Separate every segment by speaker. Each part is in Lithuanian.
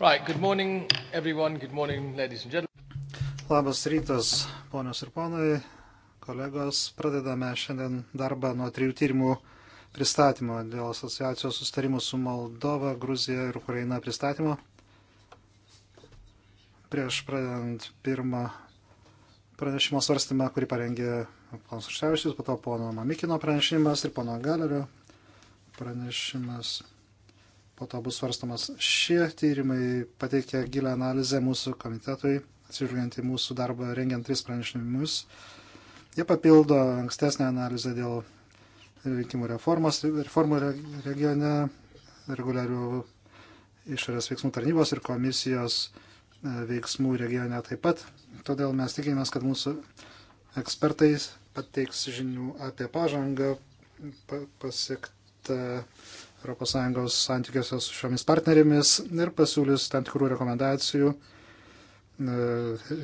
Speaker 1: Right, good morning everyone, good morning ladies and gentlemen.
Speaker 2: Labas rytas, ponios ir ponai, kolegos. Pradedame šiandien darbą nuo trijų tyrimų pristatymo dėl asociacijos sustarimų su Moldova, Gruzija ir Ukraina pristatymo. Prieš pradedant pirmą pranešimo svarstymą, kurį parengė ponas Ševičius, po to pono Mamikino pranešimas ir pono Galerio pranešimas po to bus svarstamas. Šie tyrimai pateikia gilę analizę mūsų komitetui, atsižvelgiant į mūsų darbą rengiant tris pranešimus. Jie papildo ankstesnę analizę dėl rinkimų reformos, reformų regione, reguliarių išorės veiksmų tarnybos ir komisijos e, veiksmų regione taip pat. Todėl mes tikimės, kad mūsų ekspertai pateiks žinių apie pažangą pasiekta ES santykiuose su šiomis partnerėmis ir pasiūlys tam tikrų rekomendacijų e,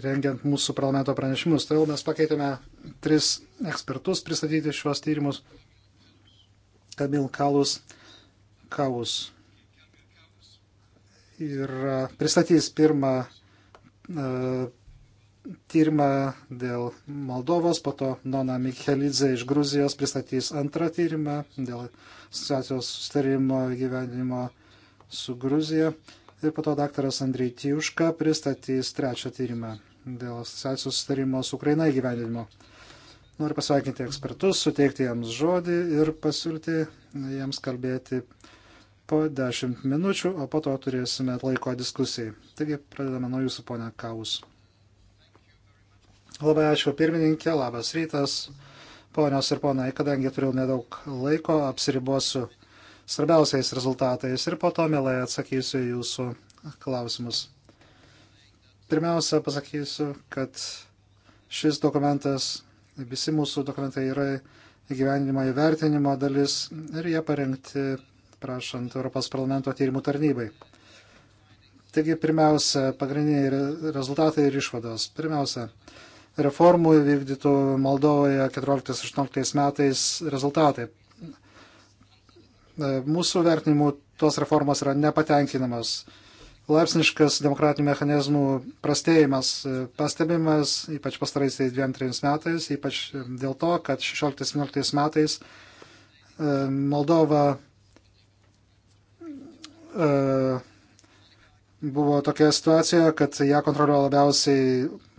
Speaker 2: rengiant mūsų parlamento pranešimus. Todėl mes pakeitėme tris ekspertus pristatyti šiuos tyrimus. Kamil Kalus, Kaus. Ir pristatys pirmą e, tyrimą dėl Moldovos, po to Nona Mikhelidze iš Gruzijos pristatys antrą tyrimą dėl asociacijos sustarimo gyvenimo su Gruzija ir po to daktaras Andrei Tijuška pristatys trečią tyrimą dėl asociacijos sustarimo su Ukraina gyvenimo. Noriu pasveikinti ekspertus, suteikti jiems žodį ir pasiūlyti jiems kalbėti po 10 minučių, o po to turėsime laiko diskusijai. Taigi pradedame nuo jūsų, ponia Kaus. Labai ačiū pirmininkė, labas rytas, ponios ir ponai, kadangi turiu nedaug laiko, apsiribosiu svarbiausiais rezultatais ir po to mielai atsakysiu jūsų klausimus. Pirmiausia, pasakysiu, kad šis dokumentas, visi mūsų dokumentai yra įgyvendinimo įvertinimo dalis ir jie parengti prašant Europos parlamento tyrimų tarnybai. Taigi, pirmiausia, pagrindiniai rezultatai ir išvados. Pirmiausia, reformų įvykdytų Moldovoje 14-18 metais rezultatai. E, mūsų vertinimu tos reformos yra nepatenkinamos. Laipsniškas demokratinių mechanizmų prastėjimas e, pastebimas, ypač pastaraisiais 2-3 metais, ypač dėl to, kad 16-17 metais e, Moldova buvo tokia situacija, kad ją kontroliuoja labiausiai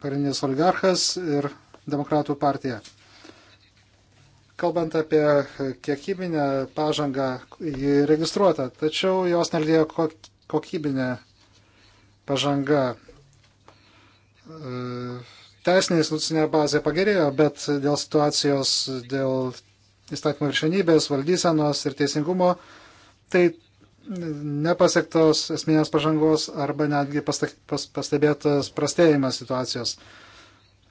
Speaker 2: pagrindinis oligarchas ir demokratų partija. Kalbant apie kiekybinę pažangą, ji registruota, tačiau jos nelydėjo kokybinė pažanga. E, teisinė institucinė bazė pagerėjo, bet dėl situacijos, dėl įstatymų viršenybės, valdysenos ir teisingumo, tai nepasiektos esminės pažangos arba netgi pastebėtas prastėjimas situacijos.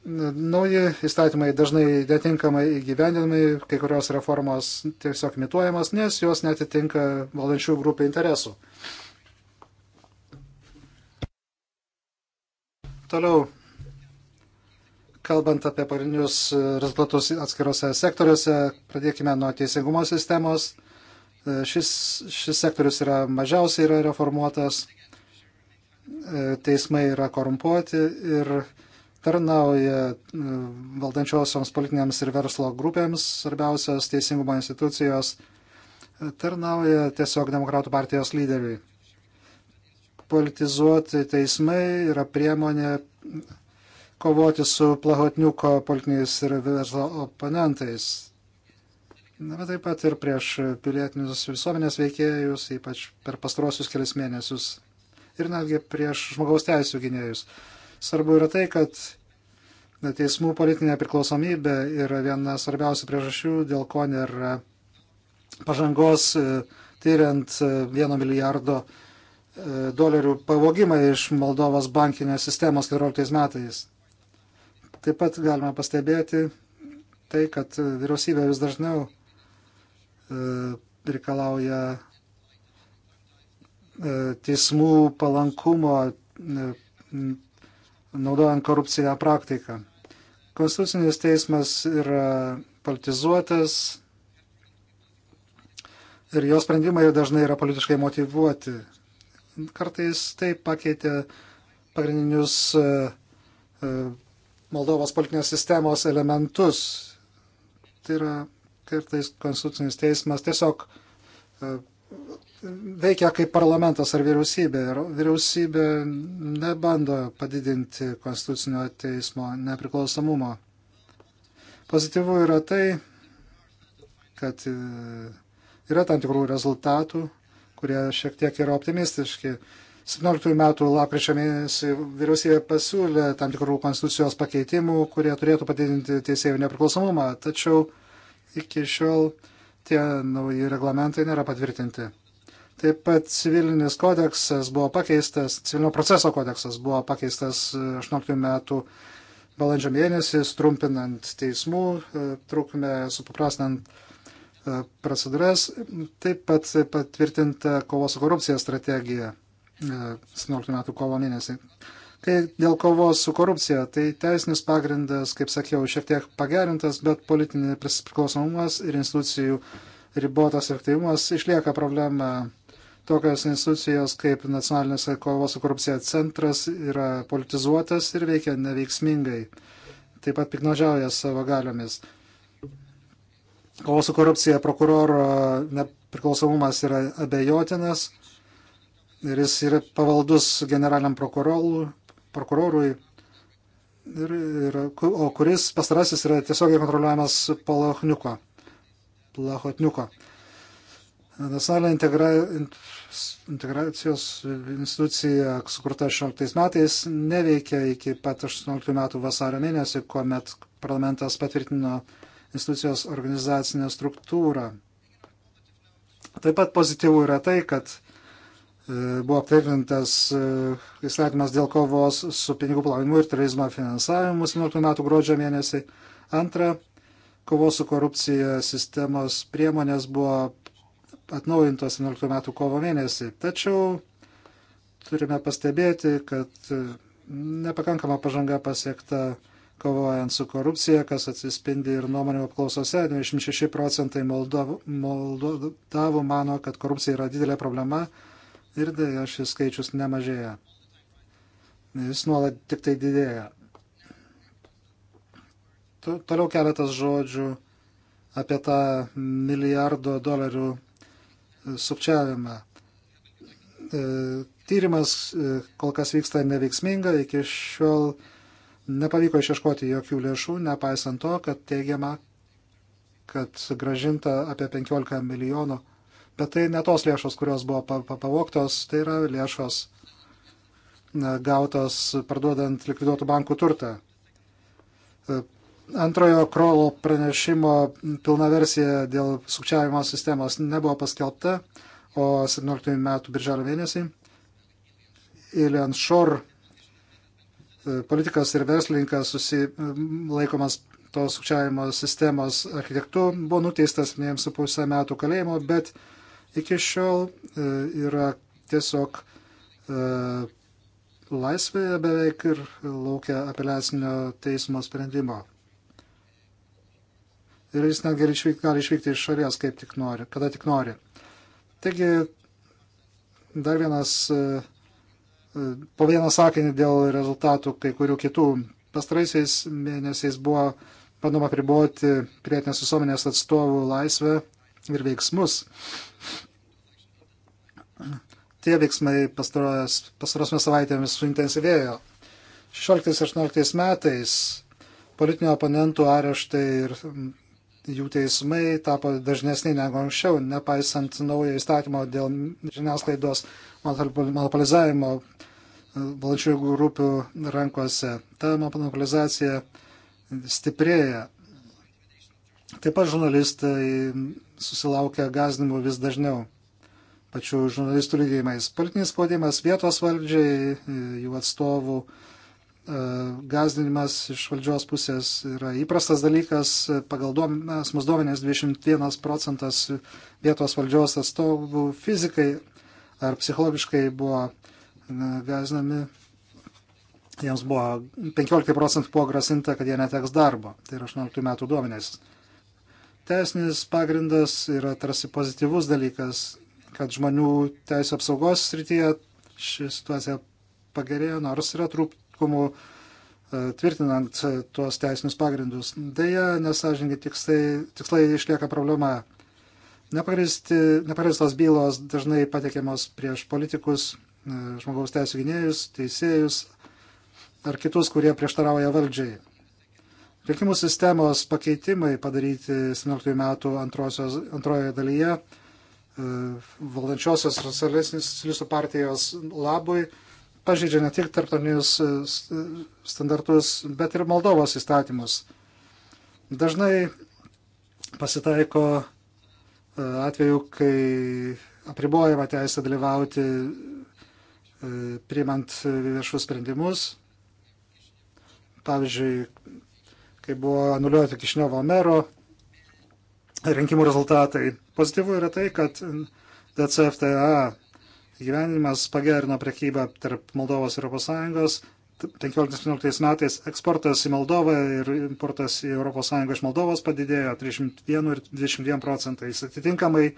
Speaker 2: Nauji įstatymai dažnai netinkamai įgyvendinami, kai kurios reformos tiesiog mituojamas, nes jos netitinka valdančių grupių interesų. Toliau, kalbant apie pagrindinius rezultatus atskirose sektoriuose, pradėkime nuo teisingumo sistemos Šis, šis sektorius yra mažiausiai yra reformuotas, e, teismai yra korumpuoti ir tarnauja e, valdančiosioms politinėms ir verslo grupėms, svarbiausios teisingumo institucijos, e, tarnauja tiesiog demokratų partijos lyderiui. Politizuoti teismai yra priemonė kovoti su plahotniuko politiniais ir verslo oponentais. Na, bet taip pat ir prieš pilietinius visuomenės veikėjus, ypač per pastarosius kelias mėnesius ir netgi prieš žmogaus teisų gynėjus. Svarbu yra tai, kad teismų politinė priklausomybė yra viena svarbiausių priežasčių, dėl ko nėra pažangos e, tyriant e, vieno milijardo e, dolerių pavogimą iš Moldovos bankinės sistemos 14 metais. Taip pat galima pastebėti tai, kad vyriausybė vis dažniau E, reikalauja e, teismų palankumo e, naudojant korupcinę praktiką. Konstitucinis teismas yra politizuotas ir jo sprendimai dažnai yra politiškai motivuoti. Kartais tai pakeitė pagrindinius Moldovos politinės sistemos elementus. Tai yra kartais konstitucinis teismas tiesiog e, veikia kaip parlamentas ar vyriausybė. Ir vyriausybė nebando padidinti konstitucinio teismo nepriklausomumo. Pozityvu yra tai, kad e, yra tam tikrų rezultatų, kurie šiek tiek yra optimistiški. 17 metų lapkričio mėnesį vyriausybė pasiūlė tam tikrų konstitucijos pakeitimų, kurie turėtų padidinti teisėjų nepriklausomumą. Tačiau iki šiol tie nauji reglamentai nėra patvirtinti. Taip pat civilinis kodeksas buvo pakeistas, civilinio proceso kodeksas buvo pakeistas 18 metų balandžio mėnesį, trumpinant teismų e, trukmę, supaprastinant e, procedūras, taip pat patvirtinta kovos su korupcija strategija 17 e, metų kovo mėnesį. Kai dėl kovos su korupcija, tai teisinis pagrindas, kaip sakiau, šiek tiek pagerintas, bet politinis priklausomumas ir institucijų ribotas efektyvumas išlieka problema. Tokios institucijos kaip Nacionalinis kovos su korupcija centras yra politizuotas ir veikia neveiksmingai. Taip pat piknožiauja savo galiomis. Kovos su korupcija prokuroro nepriklausomumas yra abejotinas ir jis yra pavaldus generaliniam prokurorui, prokurorui, ir, ir, o kuris pastarasis yra tiesiogiai kontroliuojamas Palachniuko. Plachotniuko. Nacionalinė integra, integracijos institucija, sukurta 16 metais, neveikia iki pat 18 metų vasario mėnesį, kuomet parlamentas patvirtino institucijos organizacinę struktūrą. Taip pat pozityvų yra tai, kad buvo patvirtintas e, įstatymas dėl kovos su pinigų plovimu ir terorizmo finansavimu 17 metų gruodžio mėnesį. Antra, kovos su korupcija sistemos priemonės buvo atnaujintos 17 metų kovo mėnesį. Tačiau turime pastebėti, kad e, nepakankama pažanga pasiekta kovojant su korupcija, kas atsispindi ir nuomonių apklausose. 96 procentai Moldovų, Moldovų mano, kad korupcija yra didelė problema ir dėja šis skaičius nemažėja. Jis nuolat tik tai didėja. Toliau keletas žodžių apie tą milijardo dolerių e, sukčiavimą. E, tyrimas e, kol kas vyksta neveiksminga, iki šiol nepavyko išieškoti jokių lėšų, nepaisant to, kad teigiama, kad gražinta apie 15 milijonų Bet tai ne tos lėšos, kurios buvo pavoktos, tai yra lėšos gautos parduodant likviduotų bankų turtą. E, antrojo Krolo pranešimo pilna versija dėl sukčiavimo sistemos nebuvo paskelbta, o 17 metų birželio mėnesį Ilian Shor e, politikas ir verslininkas susilaikomas tos sukčiavimo sistemos architektu buvo nuteistas 1,5 metų kalėjimo, bet Iki šiol e, yra tiesiog e, laisvėje beveik ir laukia apeliacinio teismo sprendimo. Ir jis net gali išvykti, gali išvykti iš šalies, kaip tik nori, kada tik nori. Taigi, dar vienas, e, po vieną sakinį dėl rezultatų kai kurių kitų. Pastaraisiais mėnesiais buvo bandoma priboti pilietinės visuomenės atstovų laisvę ir veiksmus. Tie veiksmai pastarosmis savaitėmis suintensyvėjo. 16-18 metais politinio oponentų areštai ir jų teismai tapo dažnesni negu anksčiau, nepaisant naujo įstatymo dėl žiniasklaidos monopolizavimo e, valančiųjų grupių rankose. Ta monopolizacija stiprėja. Taip pat žurnalistai susilaukia gazdinimų vis dažniau pačių žurnalistų lygėjimais. Politinis spaudimas vietos valdžiai, jų atstovų e, gazdinimas iš valdžios pusės yra įprastas dalykas. Pagal duomenės, mūsų duomenės 21 procentas vietos valdžios atstovų fizikai ar psichologiškai buvo e, gazdinami. Jiems buvo 15 procentų buvo grasinta, kad jie neteks darbo. Tai yra 18 metų duomenės. Teisinis pagrindas yra tarsi pozityvus dalykas, kad žmonių teisų apsaugos srityje ši situacija pagerėjo, nors yra trūkumų e, tvirtinant tuos teisinius pagrindus. Deja, nesažingi tikslai, tikslai išlieka problema. Nepagrįstos bylos dažnai patiekiamos prieš politikus, e, žmogaus teisų gynėjus, teisėjus ar kitus, kurie prieštarauja valdžiai. Rinkimų sistemos pakeitimai padaryti 17 metų antrosios, antrojoje dalyje e, valdančiosios socialistų partijos labui pažydžia ne tik tarptautinius e, standartus, bet ir Moldovos įstatymus. Dažnai pasitaiko e, atveju, kai apribojama teisė dalyvauti priimant viešus sprendimus. Pavyzdžiui, kai buvo anuliuoti Kišniovo mero rinkimų rezultatai. Pozityvų yra tai, kad DCFTA gyvenimas pagerino prekybą tarp Moldovos ir ES. 15-17 metais eksportas į Moldovą ir importas į ES iš Moldovos padidėjo 31 ir 22 procentais. Atitinkamai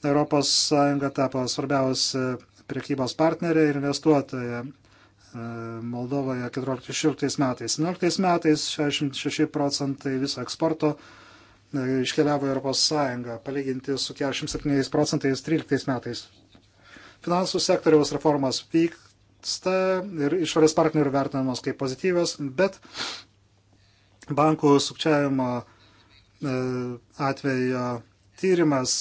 Speaker 2: ES tapo svarbiausia prekybos partnerė ir investuotoja E, Moldovoje 14-16 metais. 17 metais 66 procentai viso eksporto e, iškeliavo Europos Sąjungą, palyginti su 47 procentais 13 metais. Finansų sektoriaus reformas vyksta ir išorės partnerių vertinamos kaip pozityvios, bet bankų sukčiavimo e, atvejo tyrimas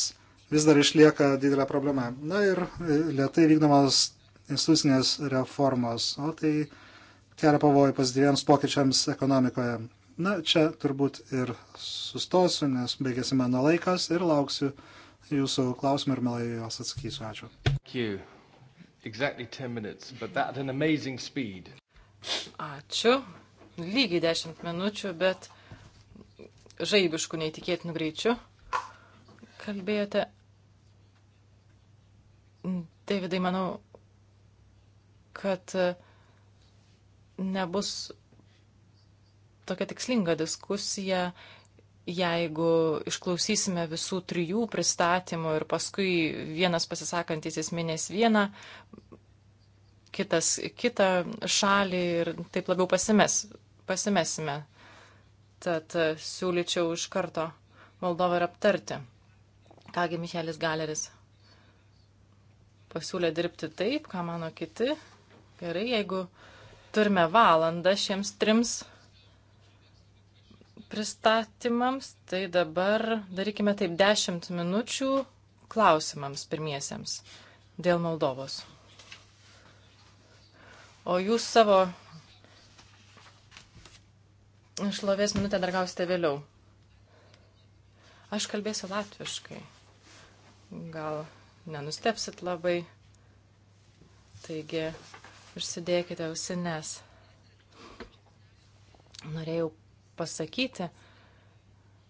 Speaker 2: vis dar išlieka didelė problema. Na ir lietai vykdomos institucinės reformos, o tai kelia pavojų pozityviems pokyčiams ekonomikoje. Na, čia turbūt ir sustosiu, nes baigėsi mano laikas ir lauksiu jūsų klausimų ir melai juos atsakysiu.
Speaker 3: Ačiū.
Speaker 1: Exactly 10 minutes, but that at an amazing speed. Ačiū. Lygiai 10 minučių, bet žaibiškų neįtikėtinų greičių. Kalbėjote. Davidai, manau, kad e, nebus tokia tikslinga diskusija, jeigu išklausysime visų trijų pristatymų ir paskui vienas pasisakantis minės vieną, kitas kitą šalį ir taip labiau pasimes, pasimesime. Tad e, siūlyčiau iš karto Moldovą ir aptarti. Kągi Michelis Galeris pasiūlė dirbti taip, ką mano kiti Gerai, jeigu turime valandą šiems trims pristatymams, tai dabar darykime taip 10 minučių klausimams pirmiesiems dėl Moldovos. O jūs savo šlovės minutę dar gausite vėliau. Aš kalbėsiu latviškai. Gal nenustepsit labai. Taigi, užsidėkite ausines. Norėjau pasakyti,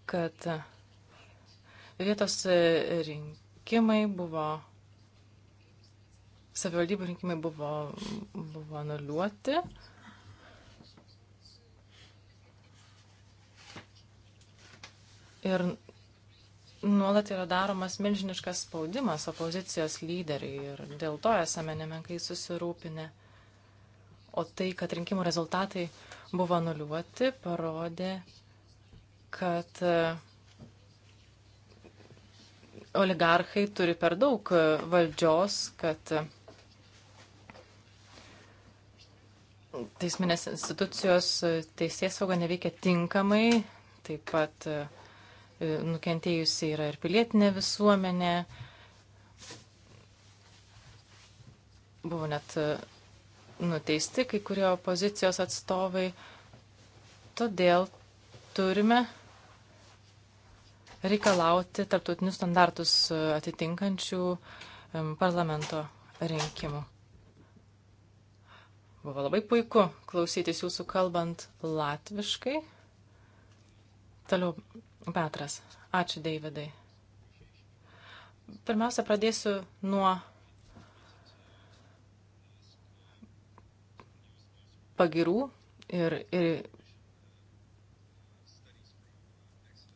Speaker 1: kad vietos rinkimai buvo, savivaldybių rinkimai buvo, buvo anuliuoti. Ir nuolat yra daromas milžiniškas spaudimas opozicijos lyderiai ir dėl to esame nemenkai susirūpinę. Ne O tai, kad rinkimų rezultatai buvo anuliuoti, parodė, kad e, oligarchai turi per daug e, valdžios, kad e, teisminės institucijos teisėsauga neveikia tinkamai, taip pat nukentėjusi yra ir pilietinė visuomenė. Buvo net nuteisti kai kurie opozicijos atstovai. Todėl turime reikalauti tarptautinius standartus atitinkančių parlamento rinkimų. Buvo labai puiku klausytis jūsų kalbant latviškai. Toliau, Petras. Ačiū, Davidai. Pirmiausia, pradėsiu nuo pagirų ir, ir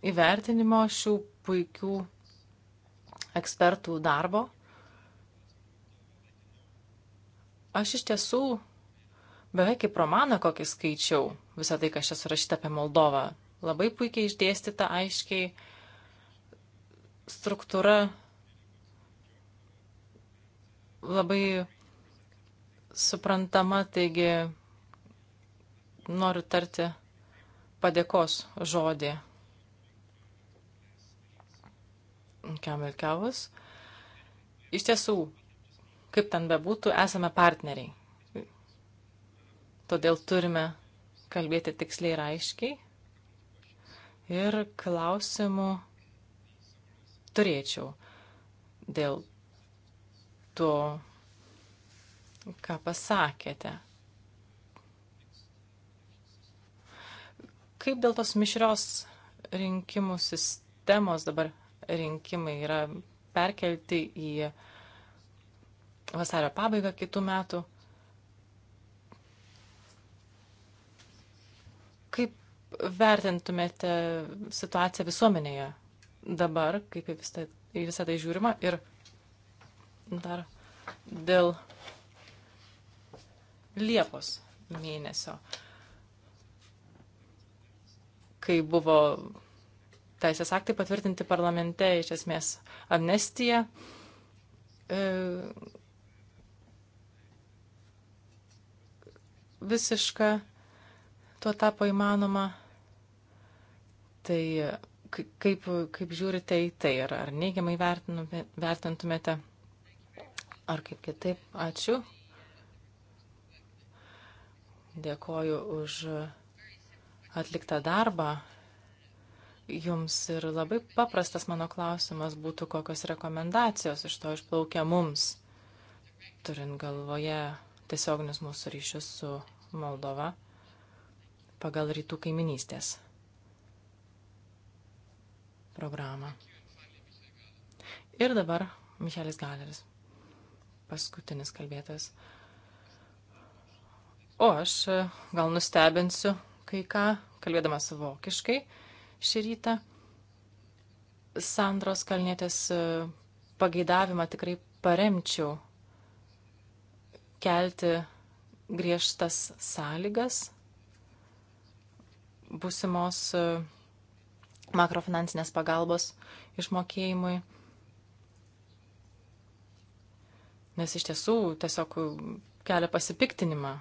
Speaker 1: įvertinimo šių puikių ekspertų darbo. Aš iš tiesų beveik kaip romaną kokį skaičiau visą tai, kas čia surašyta apie Moldovą. Labai puikiai išdėstyta, aiškiai struktūra labai suprantama, taigi noriu tarti padėkos žodį. Kamil Kavas. Iš tiesų, kaip ten bebūtų, esame partneriai. Todėl turime kalbėti tiksliai ir aiškiai. Ir klausimų turėčiau dėl to, ką pasakėte. Kaip dėl tos mišrios rinkimų sistemos dabar rinkimai yra perkelti į vasario pabaigą kitų metų? Kaip vertintumėte situaciją visuomenėje dabar, kaip į visą, į visą tai žiūrima ir dar dėl Liepos mėnesio. Uh, kai buvo teisės aktai patvirtinti parlamente, iš esmės amnestija. E, visiška tuo tapo įmanoma. Tai kaip, kaip žiūrite į tai, ar, ar neigiamai vertintumėte, ar kaip kitaip. Ačiū. Dėkoju už. Uh, atliktą darbą jums ir labai paprastas mano klausimas būtų, kokios rekomendacijos iš to išplaukia mums, turint galvoje tiesioginius mūsų ryšius su Moldova pagal rytų kaiminystės programą. Ir dabar Michelis Galeris, paskutinis kalbėtas. O aš e, gal nustebinsiu kai ką, kalbėdamas vokiškai šį rytą. Sandros Kalnėtės e, pageidavimą tikrai paremčiau kelti griežtas sąlygas būsimos e, makrofinansinės pagalbos išmokėjimui. Nes iš tiesų tiesiog kelia pasipiktinimą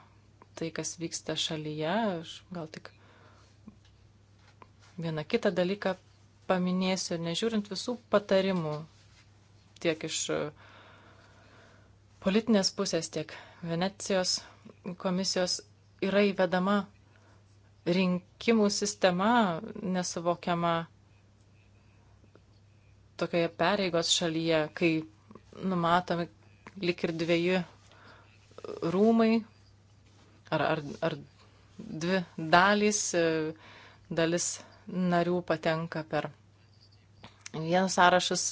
Speaker 1: tai, kas vyksta šalyje. Aš gal tik vieną kitą dalyką paminėsiu, nežiūrint visų patarimų tiek iš e, politinės pusės, tiek Venecijos komisijos yra įvedama rinkimų sistema nesuvokiama tokioje pareigos šalyje, kai numatomi lik ir dviejų rūmai, ar, ar, ar dvi dalys, e, dalis narių patenka per vienus sąrašus,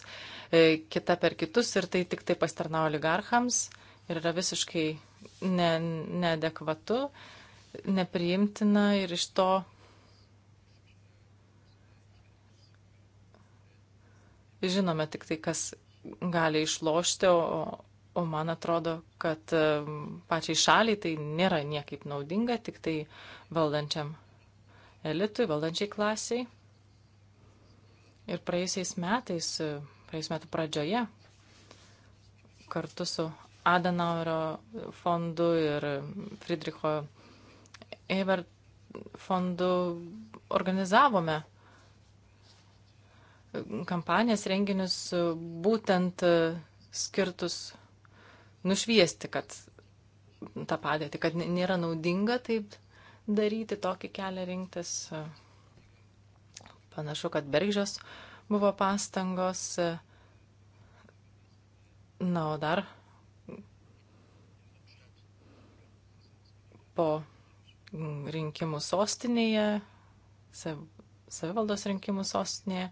Speaker 1: e, kita per kitus ir tai tik tai pastarnauja oligarchams ir yra visiškai ne, neadekvatu, nepriimtina ir iš to žinome tik tai, kas gali išlošti, o, O man atrodo, kad pačiai šaliai tai nėra niekaip naudinga, tik tai valdančiam elitui, valdančiai klasiai. Ir praėjusiais metais, praėjusiais metų pradžioje, kartu su Adenauerio fondu ir Friedricho Ebert fondu organizavome kampanijas, renginius būtent skirtus nušviesti, kad tą padėtį, kad nėra naudinga taip daryti, tokį kelią rinktis. Panašu, kad bergžios buvo pastangos. Na, o dar po rinkimų sostinėje, savivaldos rinkimų sostinėje,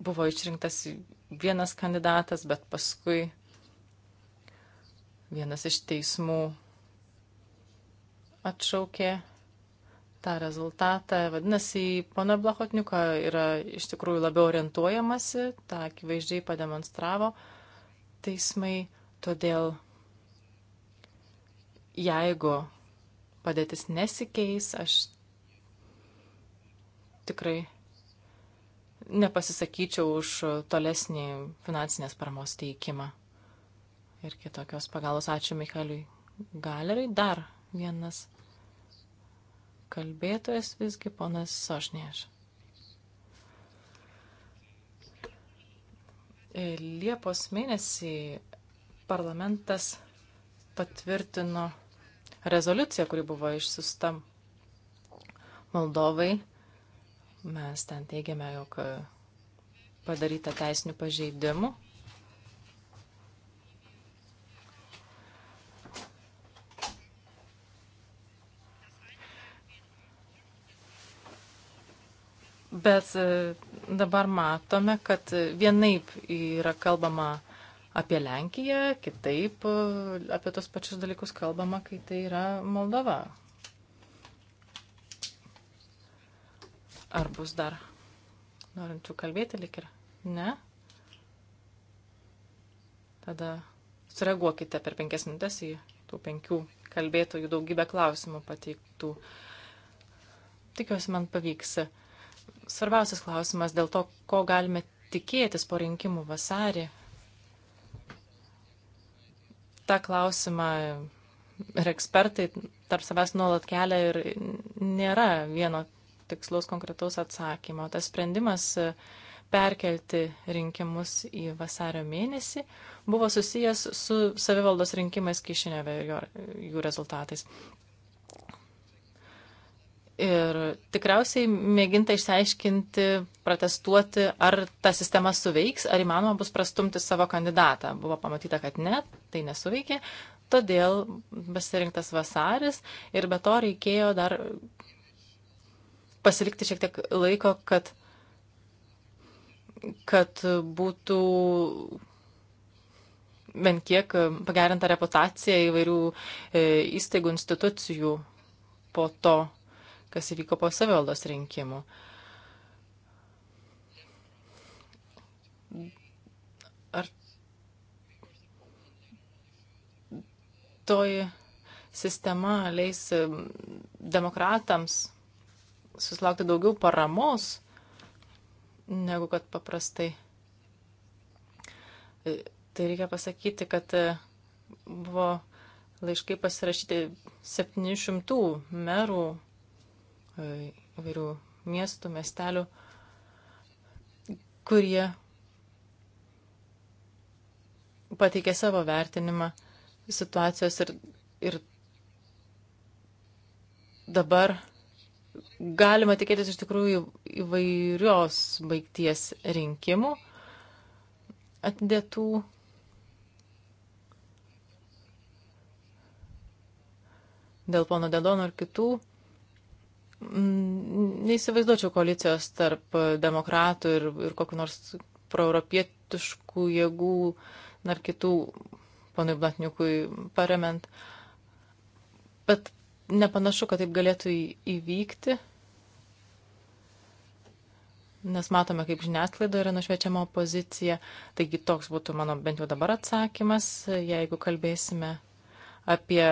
Speaker 1: buvo išrinktas vienas kandidatas, bet paskui vienas iš teismų atšaukė tą rezultatą. Vadinasi, pono Blahotniuko yra iš tikrųjų labiau orientuojamasi, tą akivaizdžiai pademonstravo teismai, todėl jeigu padėtis nesikeis, aš tikrai nepasisakyčiau už tolesnį finansinės paramos teikimą ir kitokios pagalbos. Ačiū Michaeliui Galerai. Dar vienas kalbėtojas visgi ponas Sošnieš. Liepos mėnesį parlamentas patvirtino rezoliuciją, kuri buvo išsiusta Moldovai Mes ten teigiame, jog e, padaryta teisinių pažeidimų. Bet e, dabar matome, kad vienaip yra kalbama apie Lenkiją, kitaip e, apie tos pačius dalykus kalbama, kai tai yra Moldova. Ar bus dar norinčių kalbėti lik ir ne? Tada sureaguokite per penkias minutės į tų penkių kalbėtojų daugybę klausimų pateiktų. Tikiuosi, man pavyks. Svarbiausias klausimas dėl to, ko galime tikėtis po rinkimų vasarį. Ta klausimą ir ekspertai tarp savęs nuolat kelia ir nėra vieno tikslaus konkretaus atsakymo. Tas sprendimas e, perkelti rinkimus į vasario mėnesį buvo susijęs su savivaldos rinkimais Kišinėve ir jų rezultatais. Ir tikriausiai mėginta išsiaiškinti, protestuoti, ar ta sistema suveiks, ar įmanoma bus prastumti savo kandidatą. Buvo pamatyta, kad ne, tai nesuveikė, todėl pasirinktas vasaris ir be to reikėjo dar pasilikti šiek tiek laiko, kad, kad būtų bent kiek pagerinta reputacija įvairių e, įstaigų, institucijų po to, kas įvyko po savivaldos rinkimų. Ar toji sistema leis e, demokratams susilaukti daugiau paramos, negu kad paprastai. E, tai reikia pasakyti, kad e, buvo laiškai pasirašyti 700 merų e, įvairių miestų, miestelių, kurie pateikė savo vertinimą situacijos ir, ir dabar galima tikėtis iš tikrųjų įvairios baigties rinkimų atidėtų. Dėl pono Dedono ir kitų. Mm, neįsivaizduočiau koalicijos tarp demokratų ir, ir kokiu nors proeuropietiškų jėgų, dar kitų, ponui Blatniukui paremant. Bet nepanašu, kad taip galėtų įvykti, nes matome, kaip žiniasklaidoje yra nušviečiama opozicija. Taigi toks būtų mano bent jau dabar atsakymas, jeigu kalbėsime apie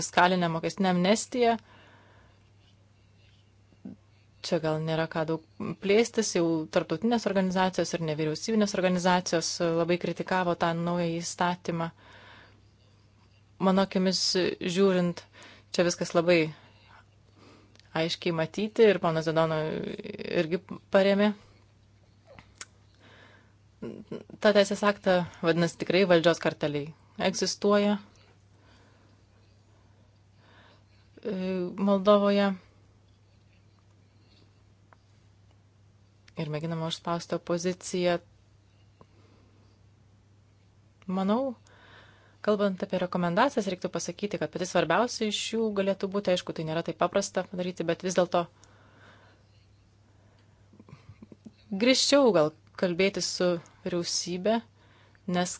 Speaker 1: fiskalinę mokestinę amnestiją. Čia gal nėra ką daug plėstis, jau tarptautinės organizacijos ir nevyriausybinės organizacijos labai kritikavo tą naują įstatymą mano akimis žiūrint, čia viskas labai aiškiai matyti ir ponas Zadono irgi paremė. Ta teisės aktą, vadinasi, tikrai valdžios karteliai egzistuoja e, Moldovoje. Ir mėginama užspausti opoziciją. Manau, Kalbant apie rekomendacijas, reiktų pasakyti, kad pati svarbiausia iš jų galėtų būti, aišku, tai nėra taip paprasta padaryti, bet vis dėlto grįžčiau gal kalbėti su vyriausybė, nes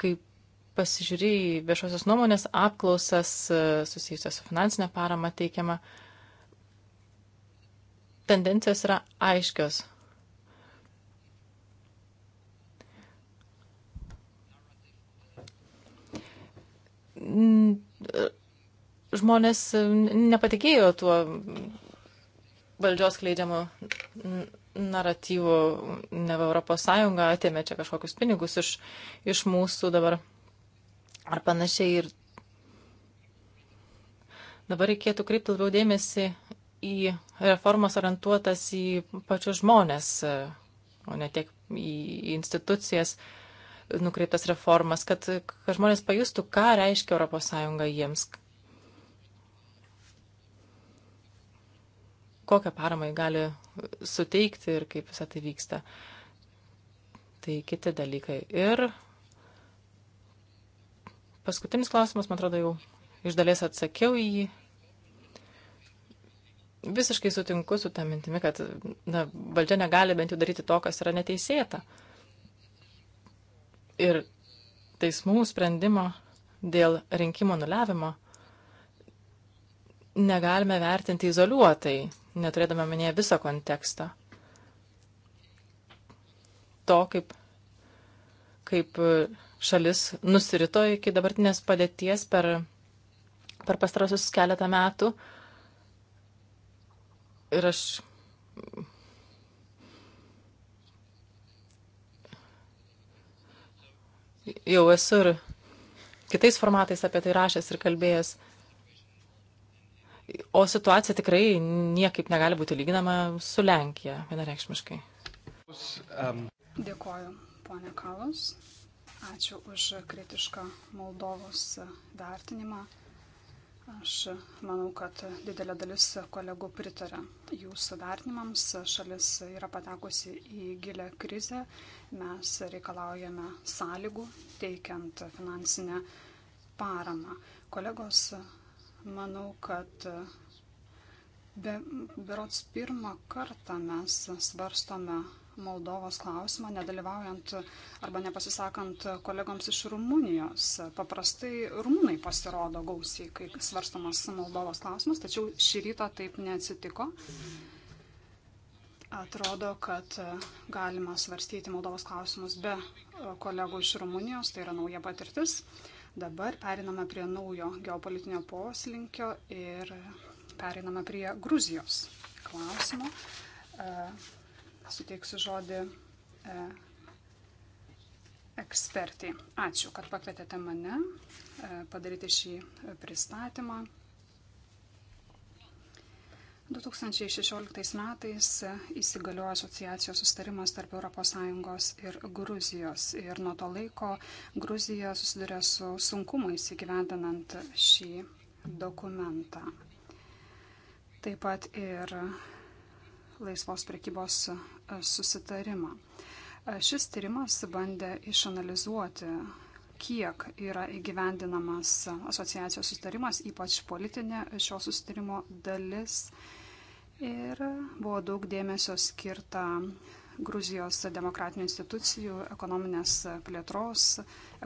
Speaker 1: kai pasižiūrėjai viešosios nuomonės apklausas e, susijusias su finansinė parama teikiama, tendencijos yra aiškios. žmonės nepatikėjo tuo valdžios kleidžiamu naratyvu, ne Europos Sąjunga atėmė čia kažkokius pinigus iš, iš mūsų dabar ar panašiai. Ir dabar reikėtų kreipti labiau dėmesį į reformas orientuotas į pačius žmonės, o ne tiek į institucijas. Uh, nukreiptas reformas, kad, kad žmonės pajustų, ką reiškia ES jiems. Kokią paramą jį gali suteikti ir kaip visą tai vyksta. Tai kiti dalykai. Ir paskutinis klausimas, man atrodo, jau iš dalies atsakiau į jį. Visiškai sutinku su tą mintimi, kad na, valdžia negali bent jau daryti to, kas yra neteisėta. Uh, ir teismų sprendimo dėl rinkimo nuliavimo negalime vertinti izoliuotai, neturėdami minėję viso konteksto. To, kaip, kaip šalis nusirito iki dabartinės padėties per, per pastarosius keletą metų. Ir aš jau esu ir kitais formatais apie tai rašęs ir kalbėjęs. O situacija tikrai niekaip negali būti lyginama su Lenkija, vienareikšmiškai.
Speaker 2: Um,
Speaker 3: Dėkoju, ponė Kalas. Ačiū už kritišką Moldovos vertinimą. Aš manau, kad didelė dalis kolegų pritarė jūsų vertinimams. Šalis yra patekusi į gilę krizę. Mes reikalaujame sąlygų, teikiant finansinę paramą. Kolegos, manau, kad be, berots pirmą kartą mes svarstome Moldovos klausimą, nedalyvaujant arba nepasisakant kolegoms iš Rumunijos. Paprastai rumūnai pasirodo gausiai, kai svarstamas Moldovos klausimas, tačiau šį rytą taip neatsitiko. Atrodo, kad galima svarstyti Moldovos klausimus be kolegų iš Rumunijos, tai yra nauja patirtis. Dabar periname prie naujo geopolitinio poslinkio ir periname prie Gruzijos klausimo suteiksiu žodį e, ekspertai. Ačiū, kad pakvietėte mane e, padaryti šį e, pristatymą. 2016 metais įsigaliojo asociacijos sustarimas tarp ES ir Gruzijos. Ir nuo to laiko Gruzija susiduria su sunkumais įgyvendinant šį dokumentą. Taip pat ir laisvos prekybos E, susitarimą. E, šis tyrimas bandė išanalizuoti, kiek yra įgyvendinamas asociacijos susitarimas, ypač politinė šio susitarimo dalis. Ir buvo daug dėmesio skirta Gruzijos demokratinių institucijų, ekonominės plėtros,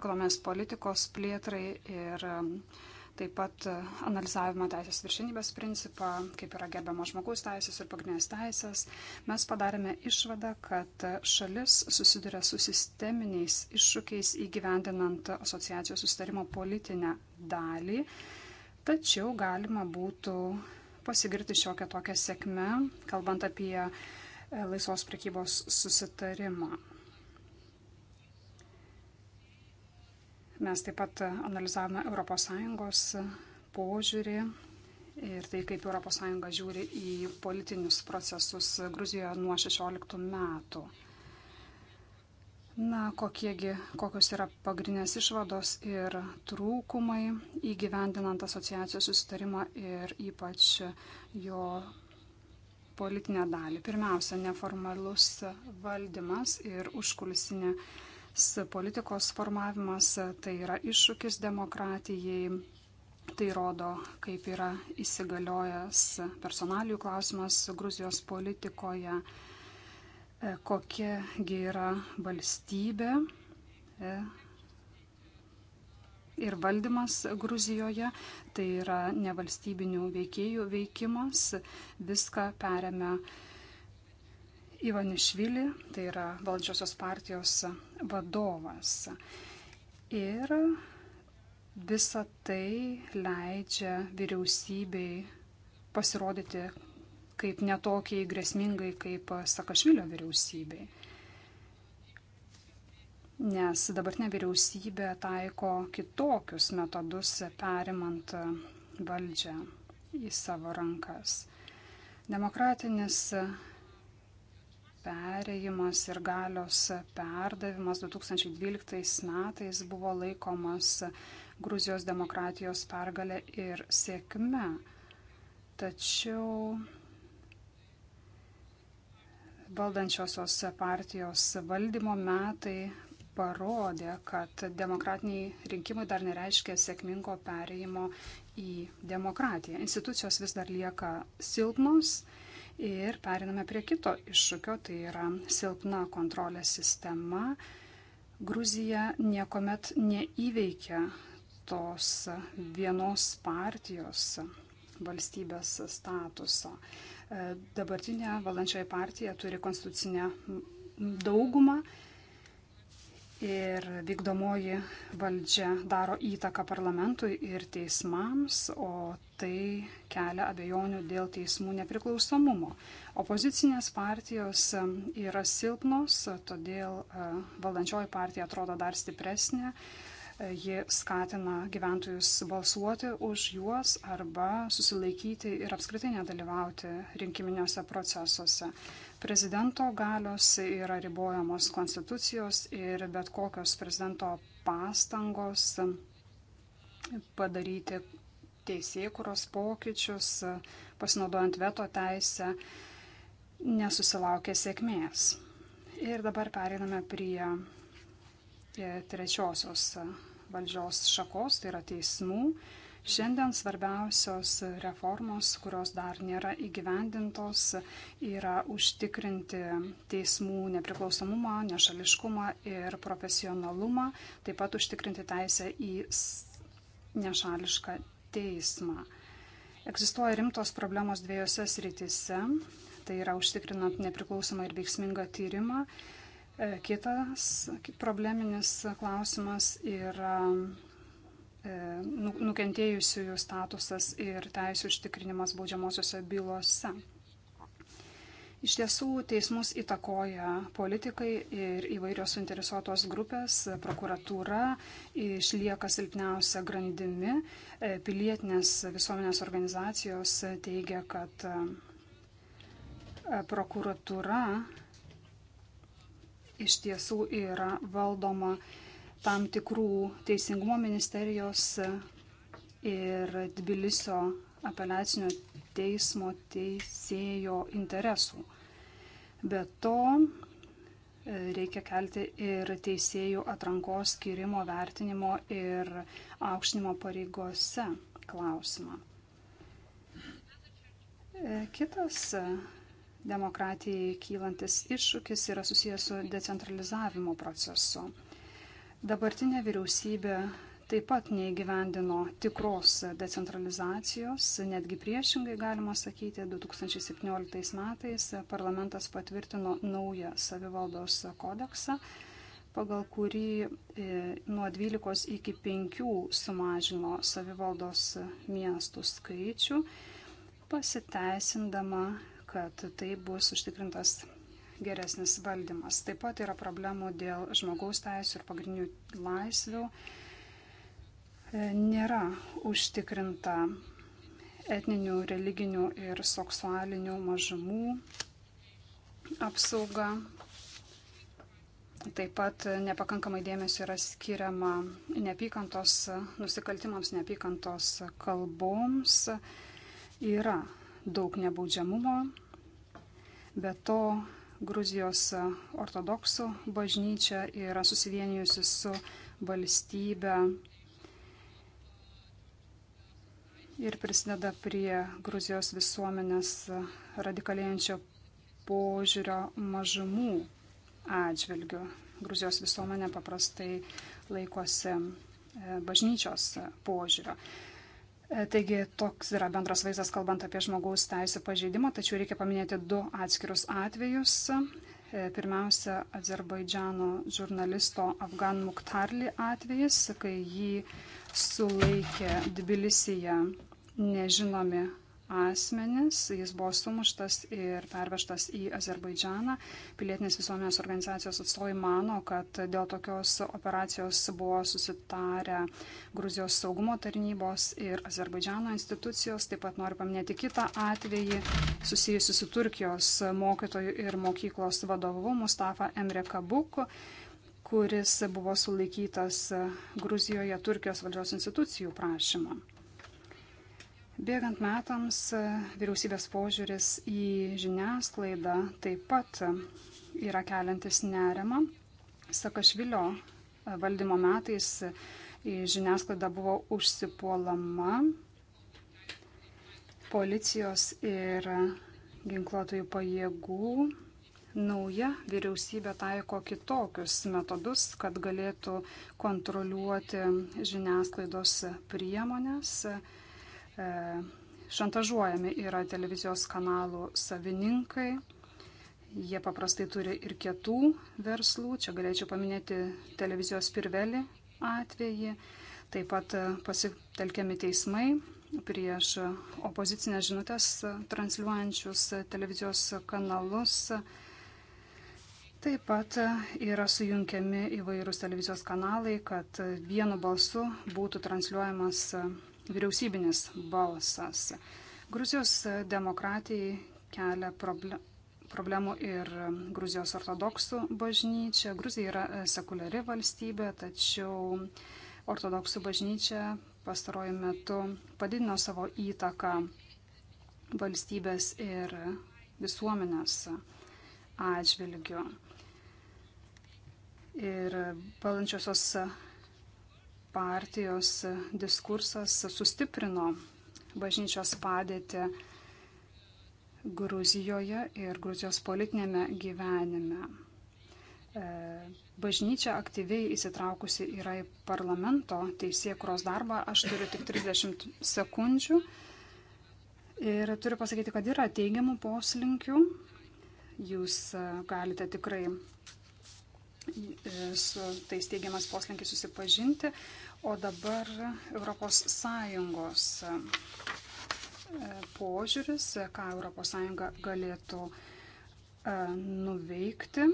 Speaker 3: ekonominės politikos plėtrai ir uh, taip pat e, analizavimą teisės viršinybės principą, kaip yra gerbiama žmogaus teisės ir pagrindinės teisės, mes padarėme išvadą, kad šalis susiduria su sisteminiais iššūkiais įgyvendinant asociacijos sustarimo politinę dalį, tačiau galima būtų pasigirti šiokią tokią sėkmę, kalbant apie e, laisvos prekybos susitarimą. Mes taip pat analizavome ES požiūrį ir tai, kaip ES žiūri į politinius procesus Gruzijoje nuo 16 metų. Na, kokiegi, kokios yra pagrindinės išvados ir trūkumai įgyvendinant asociacijos susitarimą ir ypač jo politinę dalį. Pirmiausia, neformalus valdymas ir užkulisinė politikos formavimas, tai yra iššūkis demokratijai, tai rodo, kaip yra įsigaliojęs personalijų klausimas Gruzijos politikoje, e, kokiagi yra valstybė e, ir valdymas Gruzijoje, tai yra nevalstybinių veikėjų veikimas, viską perėmė Ivanišvili, tai yra valdžiosios partijos vadovas. Ir visa tai leidžia vyriausybei pasirodyti kaip netokiai grėsmingai kaip Sakašvilio vyriausybei. Nes dabartinė vyriausybė taiko kitokius metodus, perimant valdžią į savo rankas. Demokratinis perėjimas ir galios perdavimas 2012 metais buvo laikomas Gruzijos demokratijos pergalė ir sėkme. Tačiau valdančiosios partijos valdymo metai parodė, kad demokratiniai rinkimai dar nereiškia sėkmingo perėjimo į demokratiją. Institucijos vis dar lieka silpnos Ir periname prie kito iššūkio, tai yra silpna kontrolės sistema. Gruzija niekuomet neįveikia tos vienos partijos valstybės statuso. Dabartinė valdančioji partija turi konstitucinę daugumą ir vykdomoji valdžia daro įtaką parlamentui ir teismams, o tai kelia abejonių dėl teismų nepriklausomumo. Opozicinės partijos yra silpnos, todėl e, valdančioji partija atrodo dar stipresnė. E, ji skatina gyventojus balsuoti už juos arba susilaikyti ir apskritai nedalyvauti rinkiminiuose procesuose. Prezidento galios yra ribojamos konstitucijos ir bet kokios prezidento pastangos padaryti teisėkuros pokyčius, pasinaudojant veto teisę, nesusilaukė sėkmės. Ir dabar pereiname prie e, trečiosios e, valdžios šakos, tai yra teismų. Šiandien svarbiausios reformos, kurios dar nėra įgyvendintos, yra užtikrinti teismų nepriklausomumą, nešališkumą ir profesionalumą, taip pat užtikrinti teisę į nešališką teismą. Egzistuoja rimtos problemos dviejose srityse, tai yra užtikrinant nepriklausomą ir veiksmingą tyrimą. E, kitas probleminis klausimas yra E, nu, nukentėjusiųjų statusas ir teisų užtikrinimas baudžiamosiose bylose. Iš tiesų, teismus įtakoja politikai ir įvairios suinteresuotos grupės, prokuratūra išlieka silpniausia grandimi, e, pilietinės visuomenės organizacijos teigia, kad e, prokuratūra iš tiesų yra valdoma tam tikrų Teisingumo ministerijos ir Tbilisio apeliacinio teismo teisėjo interesų. Be to, reikia kelti ir teisėjų atrankos skirimo vertinimo ir aukštinimo pareigose klausimą. Kitas demokratijai kylantis iššūkis yra susijęs su decentralizavimo procesu. Dabartinė vyriausybė taip pat neįgyvendino tikros decentralizacijos, netgi priešingai galima sakyti, 2017 metais parlamentas patvirtino naują savivaldos kodeksą, pagal kurį e, nuo 12 iki 5 sumažino savivaldos miestų skaičių, pasiteisindama, kad tai bus užtikrintas geresnis valdymas. Taip pat yra problemų dėl žmogaus teisų ir pagrindinių laisvių. E, nėra užtikrinta etninių, religinių ir seksualinių mažumų apsauga. Taip pat nepakankamai dėmesio yra skiriama neapykantos nusikaltimams, neapykantos kalboms. Yra daug nebaudžiamumo, be to Gruzijos e, ortodoksų bažnyčia yra susivienijusi su valstybe ir prisideda prie Gruzijos visuomenės e, radikalėjančio požiūrio mažumų atžvilgių. Gruzijos visuomenė paprastai laikosi e, bažnyčios požiūrio. E, taigi toks yra bendras vaizdas, kalbant apie žmogaus teisų pažeidimą, tačiau reikia paminėti du atskirus atvejus. E, pirmiausia, Azerbaidžiano žurnalisto Afgan Muktarli atvejis, kai jį sulaikė Dbilisyje nežinomi asmenis. Jis buvo sumuštas ir pervežtas į Azerbaidžaną. Pilietinės visuomenės organizacijos atstovai mano, kad dėl tokios operacijos buvo susitarę Gruzijos saugumo tarnybos ir Azerbaidžano institucijos. Taip pat noriu paminėti kitą atvejį susijusi su Turkijos mokytojų ir mokyklos vadovu Mustafa Emre Kabuku kuris buvo sulaikytas Gruzijoje Turkijos valdžios institucijų prašymą. Bėgant metams e, vyriausybės požiūris į žiniasklaidą taip pat e, yra keliantis nerima. Sakašvilio e, valdymo metais žiniasklaida buvo užsipuolama policijos ir ginkluotojų pajėgų. Nauja vyriausybė taiko kitokius metodus, kad galėtų kontroliuoti žiniasklaidos priemonės E, šantažuojami yra televizijos kanalų savininkai. Jie paprastai turi ir kietų verslų. Čia galėčiau paminėti televizijos pirvelį atvejį. Taip pat pasitelkiami teismai prieš opozicinės žinutės transliuojančius televizijos kanalus. Taip pat yra sujungiami įvairūs televizijos kanalai, kad vienu balsu būtų transliuojamas vyriausybinis balsas. Gruzijos demokratijai kelia problemų problemų ir Gruzijos ortodoksų bažnyčia. Gruzija yra e, sekuliari valstybė, tačiau ortodoksų bažnyčia pastaruoju metu padidino savo įtaką valstybės ir visuomenės atžvilgiu. Ir valančiosios partijos diskursas sustiprino bažnyčios padėtį Gruzijoje ir Gruzijos politinėme gyvenime. E, bažnyčia aktyviai įsitraukusi yra į parlamento teisėkuros darbą. Aš turiu tik 30 sekundžių ir turiu pasakyti, kad yra teigiamų poslinkių. Jūs e, galite tikrai e, su tais teigiamas poslinkiais susipažinti. O dabar ES e, požiūris, ką ES galėtų e, nuveikti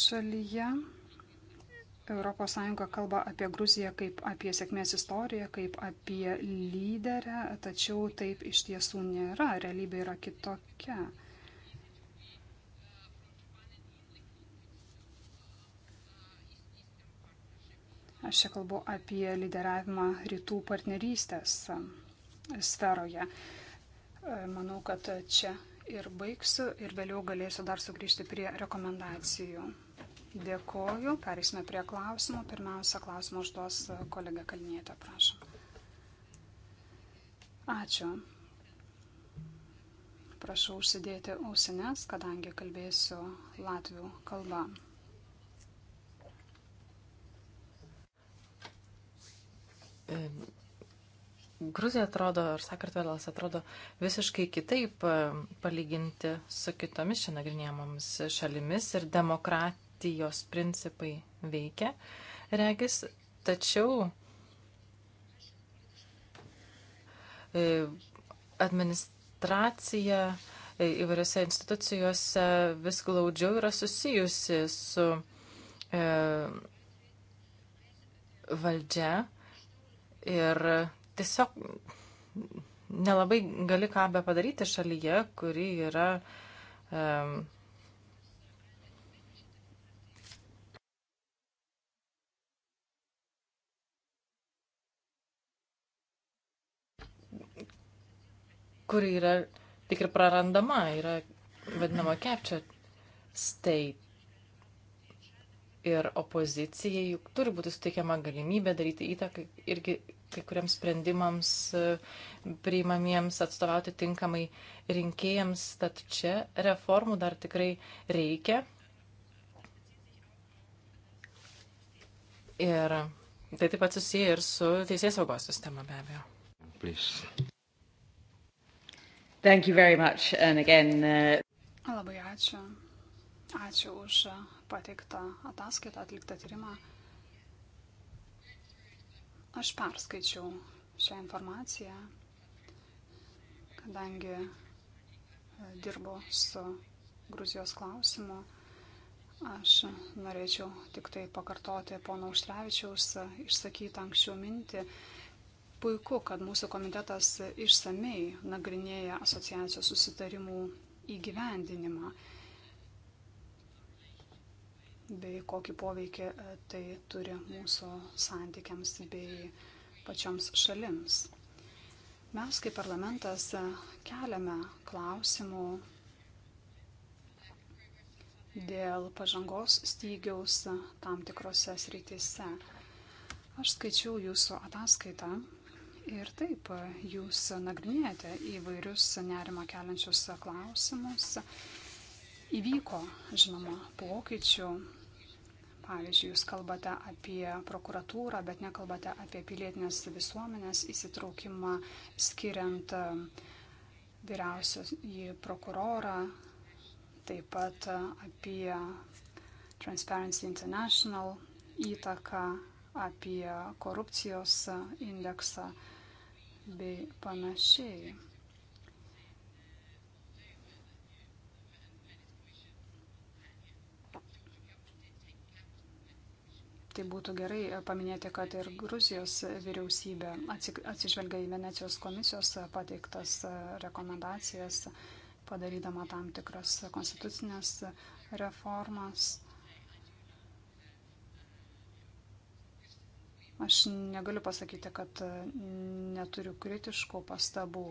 Speaker 3: šalyje. ES kalba apie Gruziją kaip apie sėkmės istoriją, kaip apie lyderę, tačiau taip iš tiesų nėra, realybė yra kitokia. Aš čia kalbu apie lyderavimą rytų partnerystės e, sferoje. E, manau, kad čia ir baigsiu ir vėliau galėsiu dar sugrįžti prie rekomendacijų. Dėkoju. Perėsime prie klausimų. Pirmiausia, klausimą užduos kolega Kalnietė, prašom. Ačiū. Prašau užsidėti ausines, kadangi kalbėsiu latvių kalbą.
Speaker 1: Gruzija atrodo, ar Sakartvelas atrodo visiškai kitaip e, palyginti su kitomis čia nagrinėjamomis šalimis ir demokratijos principai veikia, regis, tačiau e, administracija e, įvairiose institucijose vis glaudžiau yra susijusi su valdžia Ir tiesiog nelabai gali ką be padaryti šalyje, kuri yra. Um, kuri yra tik ir prarandama, yra vadinama capture state ir opozicijai juk turi būti suteikiama galimybė daryti įtaką irgi kai kuriems sprendimams e, priimamiems atstovauti tinkamai rinkėjams. Tad čia reformų dar tikrai reikia. Ir tai taip pat susiję ir su teisės saugos sistema be abejo. Please. Thank you very much. And again, uh...
Speaker 3: Labai ačiū. Ačiū už pateiktą ataskaitą, atliktą tyrimą. Aš perskaičiau šią informaciją, kadangi e, dirbu su Gruzijos klausimu. Aš norėčiau tik tai pakartoti pono Užtrevičiaus išsakytą anksčiau mintį. Puiku, kad mūsų komitetas išsamei nagrinėja asociacijos susitarimų įgyvendinimą bei kokį poveikį e, tai turi mūsų santykiams bei pačioms šalims. Mes kaip parlamentas e, keliame klausimų dėl pažangos stygiaus e, tam tikrose srityse. Aš skaičiau jūsų ataskaitą ir taip jūs nagrinėjate įvairius nerima keliančius klausimus Įvyko, žinoma, pokyčių. Pavyzdžiui, jūs kalbate apie prokuratūrą, bet nekalbate apie pilietinės visuomenės įsitraukimą, skiriant e, vyriausios į prokurorą, taip pat apie Transparency International įtaką, apie korupcijos indeksą bei panašiai. Tai būtų gerai e, paminėti, kad ir Gruzijos vyriausybė atsižvelgia į Venecijos komisijos pateiktas e, rekomendacijas, padarydama tam tikras konstitucinės reformas. Aš negaliu pasakyti, kad e, neturiu kritiškų pastabų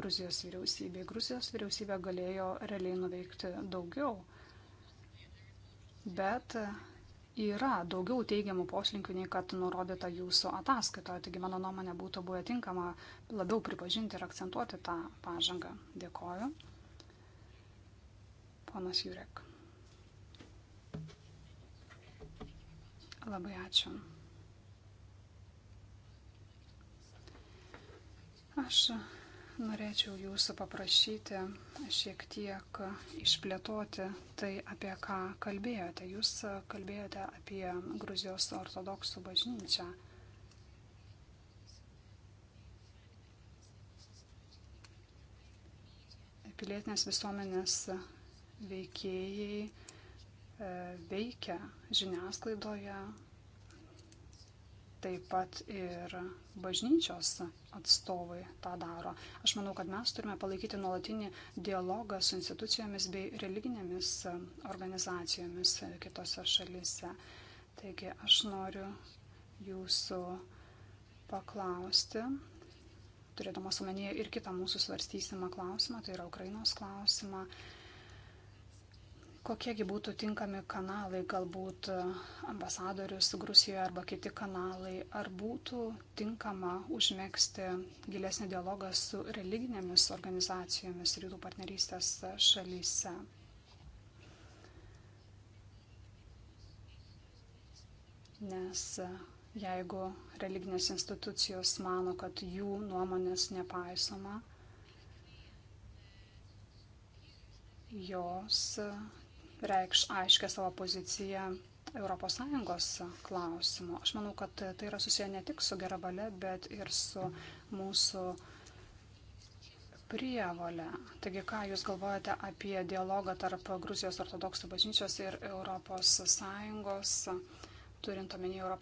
Speaker 3: Gruzijos vyriausybei. Gruzijos vyriausybė galėjo realiai nuveikti daugiau, bet yra daugiau teigiamų poslinkių, nei kad nurodyta jūsų ataskaitoje. Taigi, mano nuomonė, būtų buvę tinkama labiau pripažinti ir akcentuoti tą pažangą. Dėkoju. Ponas Jurek. Labai ačiū. Aš norėčiau jūsų paprašyti šiek tiek išplėtoti tai, apie ką kalbėjote. Jūs kalbėjote apie Gruzijos ortodoksų bažnyčią. Pilietinės visuomenės veikėjai e, veikia žiniasklaidoje, taip pat ir bažnyčios atstovai tą daro. Aš manau, kad mes turime palaikyti nuolatinį dialogą su institucijomis bei religinėmis e, organizacijomis e, kitose šalyse. Taigi aš noriu jūsų paklausti, turėdamas omenyje ir kitą mūsų svarstysimą klausimą, tai yra Ukrainos klausimą, Kokiegi būtų tinkami kanalai, galbūt e, ambasadorius Grusijoje arba kiti kanalai, ar būtų tinkama užmėgsti gilesnį dialogą su religinėmis organizacijomis rytų partnerystės šalyse. Nes e, jeigu religinės institucijos mano, kad jų nuomonės nepaisoma, jos e, reikš aiškę savo poziciją ES klausimu. Aš manau, kad tai yra susiję ne tik su gera valia, bet ir su mūsų prievalę. Taigi, ką Jūs galvojate apie dialogą tarp Gruzijos ortodoksų bažnyčios ir ES, turint omenyje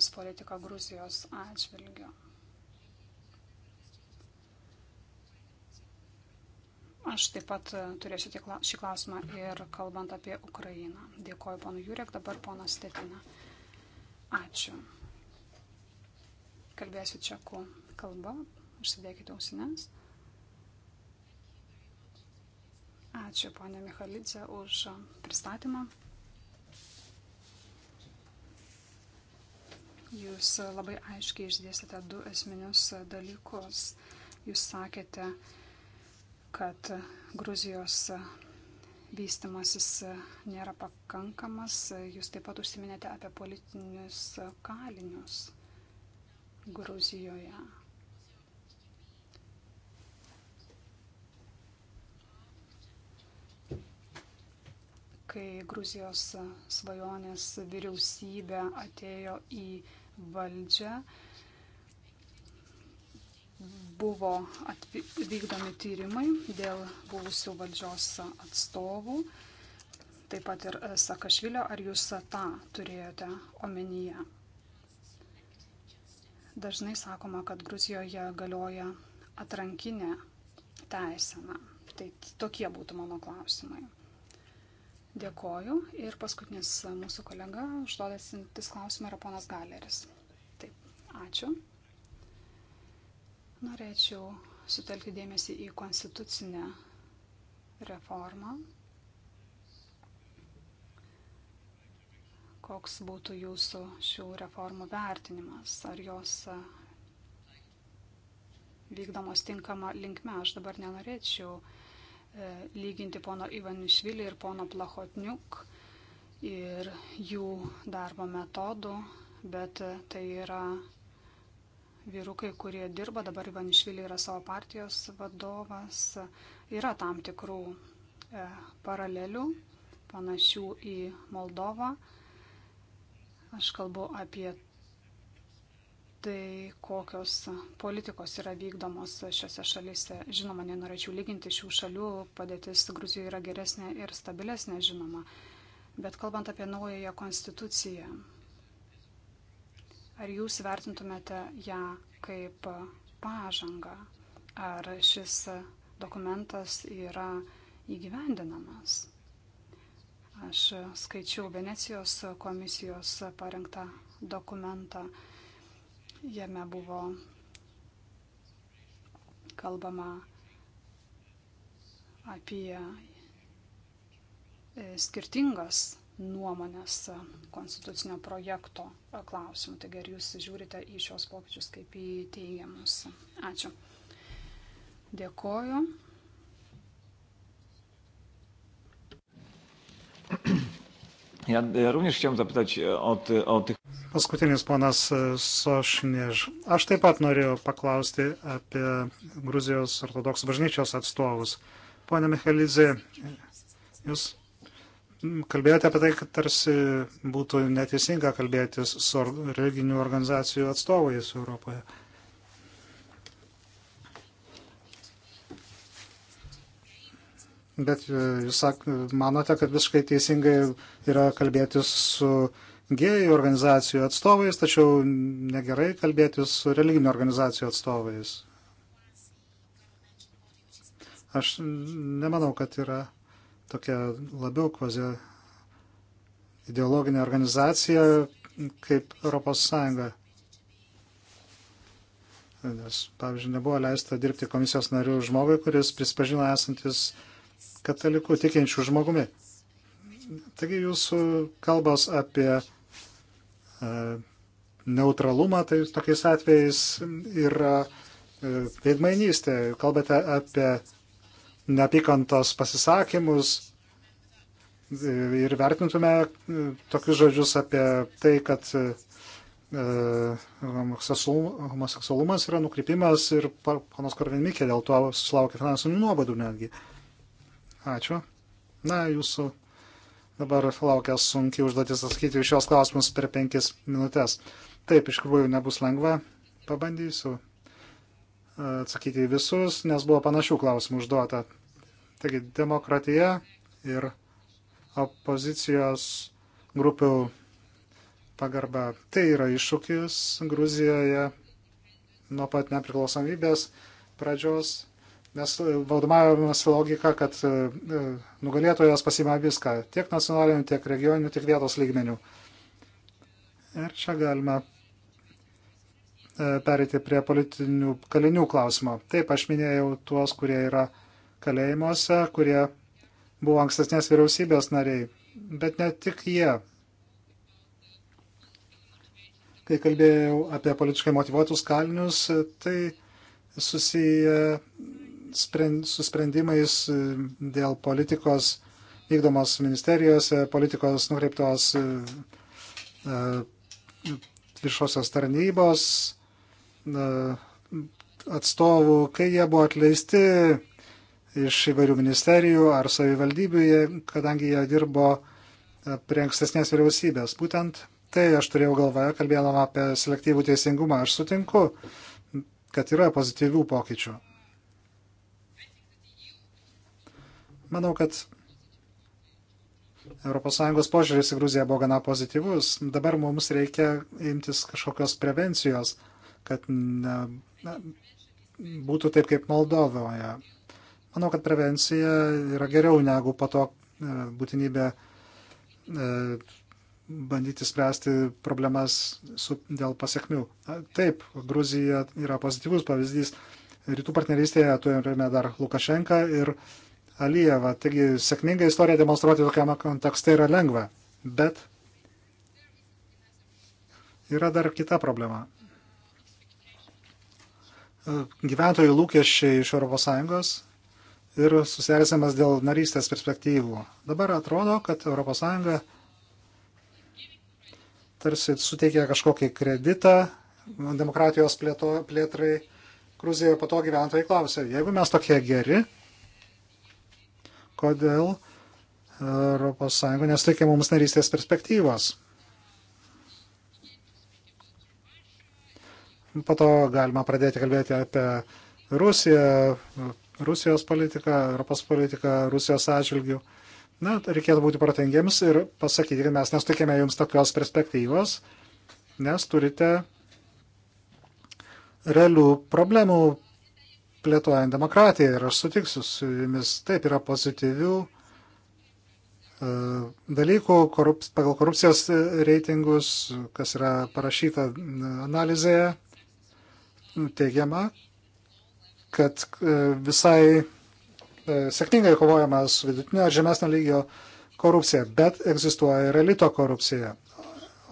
Speaker 3: ES politiką Gruzijos atžvilgiu? Aš taip pat e, turėsiu šį klausimą ir kalbant apie Ukrainą. Dėkoju ponu Jurek, dabar ponas Stetina. Ačiū. Kalbėsiu čekų kalba, užsidėkite ausinės. Ačiū ponė Michalidze už pristatymą. Jūs labai aiškiai išdėstėte du esminius dalykus. Jūs sakėte, kad kad Gruzijos vystimasis nėra pakankamas. Jūs taip pat užsiminėte apie politinius kalinius Gruzijoje. Kai Gruzijos svajonės vyriausybė atėjo į valdžią, buvo vykdomi tyrimai dėl buvusių valdžios atstovų, taip pat ir e, Sakašvilio, ar jūs tą turėjote omenyje? Dažnai sakoma, kad Gruzijoje galioja atrankinė teisena. Tai tokie būtų mano klausimai. Dėkoju. Ir paskutinis mūsų kolega užduodasintis klausimą yra ponas Galeris. Taip, ačiū. Norėčiau sutelkti dėmesį į konstitucinę reformą. Koks būtų jūsų šių reformų vertinimas? Ar jos e, vykdomos tinkama linkme? Aš dabar nenorėčiau e, lyginti pono Ivanišvilį ir pono Plahotniuk ir jų darbo metodų, bet e, tai yra vyrukai, kurie dirba, dabar Ivanišvili yra savo partijos vadovas, yra tam tikrų e, paralelių, panašių į Moldovą. Aš kalbu apie tai, kokios politikos yra vykdomos šiuose šalyse. Žinoma, nenorėčiau lyginti šių šalių, padėtis Gruzijoje yra geresnė ir stabilesnė, žinoma. Bet kalbant apie naująją konstituciją, Ar jūs vertintumėte ją kaip pažangą? Ar šis dokumentas yra įgyvendinamas? Aš skaičiau Venecijos komisijos parengtą dokumentą. Jame buvo kalbama apie skirtingas nuomonės konstitucinio projekto e, klausimu. Taigi ar jūs žiūrite į šios pokyčius kaip į teigiamus? Ačiū. Dėkoju.
Speaker 1: Ja, ja również chciałem zapytać e, o, ty, o
Speaker 2: tych. Paskutinis ponas e, Sošniež. Aš taip pat norėjau paklausti apie Gruzijos ortodoksų bažnyčios atstovus. Pone Michelidze, jūs kalbėjote apie tai, kad tarsi būtų neteisinga kalbėtis su religinių organizacijų atstovais Europoje. Bet e, jūs sak, manote, kad visiškai teisingai yra kalbėtis su gėjų organizacijų atstovais, tačiau negerai kalbėtis su religinių organizacijų atstovais. Aš nemanau, kad yra tokia labiau kvazi ideologinė organizacija kaip Europos Sąjunga. Nes, pavyzdžiui, nebuvo leista dirbti komisijos narių žmogui, kuris prisipažino esantis katalikų tikinčių žmogumi. Taigi jūsų kalbos apie e, neutralumą, tai tokiais atvejais yra e, veidmainystė. Kalbate apie neapykantos pasisakymus ir vertintume e, tokius žodžius apie tai, kad e, homoseksualumas yra nukrypimas ir panas Korvinmikė dėl to susilaukė finansinių nuobodų netgi. Ačiū. Na, jūsų dabar laukia sunkiai užduotis atsakyti iš šios klausimus per penkias minutės. Taip, iš tikrųjų nebus lengva. Pabandysiu atsakyti į visus, nes buvo panašių klausimų užduota. Taigi demokratija ir opozicijos grupių pagarba. Tai yra iššūkis Gruzijoje nuo pat nepriklausomybės pradžios, nes e, vadovavimas logika, kad e, e, nugalėtojas pasima viską tiek nacionaliniu, tiek regioniniu, tiek vietos lygmeniu. Ir čia galime E, pereiti prie politinių kalinių klausimo. Taip, aš minėjau tuos, kurie yra kalėjimuose, kurie buvo ankstesnės vyriausybės nariai, bet ne tik jie. Kai kalbėjau apie politiškai motivuotus kalinius, tai susiję su sprendimais dėl politikos vykdomos ministerijose, politikos nukreiptos e, e, viešosios tarnybos, atstovų, kai jie buvo atleisti iš įvairių ministerijų ar savivaldybių, kadangi jie dirbo e, prie ankstesnės vyriausybės. Būtent tai aš turėjau galvoje, kalbėdama apie selektyvų teisingumą. Aš sutinku, kad yra pozityvių pokyčių. Manau, kad ES požiūris į Gruziją buvo gana pozityvus. Dabar mums reikia imtis kažkokios prevencijos kad ne, na, būtų taip kaip Moldovoje. Manau, kad prevencija yra geriau negu po to e, būtinybė e, bandyti spręsti problemas su, dėl pasiekmių. Taip, Gruzija yra pozityvus pavyzdys. Rytų partnerystėje turime dar Lukašenką ir Alijevą. Taigi sėkmingą istoriją demonstruoti tokiame kontekste yra lengva. Bet yra dar kita problema gyventojų lūkesčiai iš ES ir susierzimas dėl narystės perspektyvų. Dabar atrodo, kad ES tarsi suteikia kažkokį kreditą demokratijos plėto, plėtrai. Gruzijoje po to gyventojai klausė, jeigu mes tokie geri, kodėl e, ES nesuteikia mums narystės perspektyvos? Po to galima pradėti kalbėti apie Rusiją, Rusijos politiką, Europos politiką, Rusijos atžvilgių. Na, reikėtų būti protingiems ir pasakyti, kad mes nesutikėme jums tokios perspektyvos, nes turite realių problemų plėtojant demokratiją. Ir aš sutiksiu su jumis, taip yra pozityvių e, dalykų korup, pagal korupcijos reitingus, kas yra parašyta analizėje, teigiama, kad e, visai e, sėkmingai kovojama su vidutinio ar žemesnio lygio korupcija, bet egzistuoja ir elito korupcija.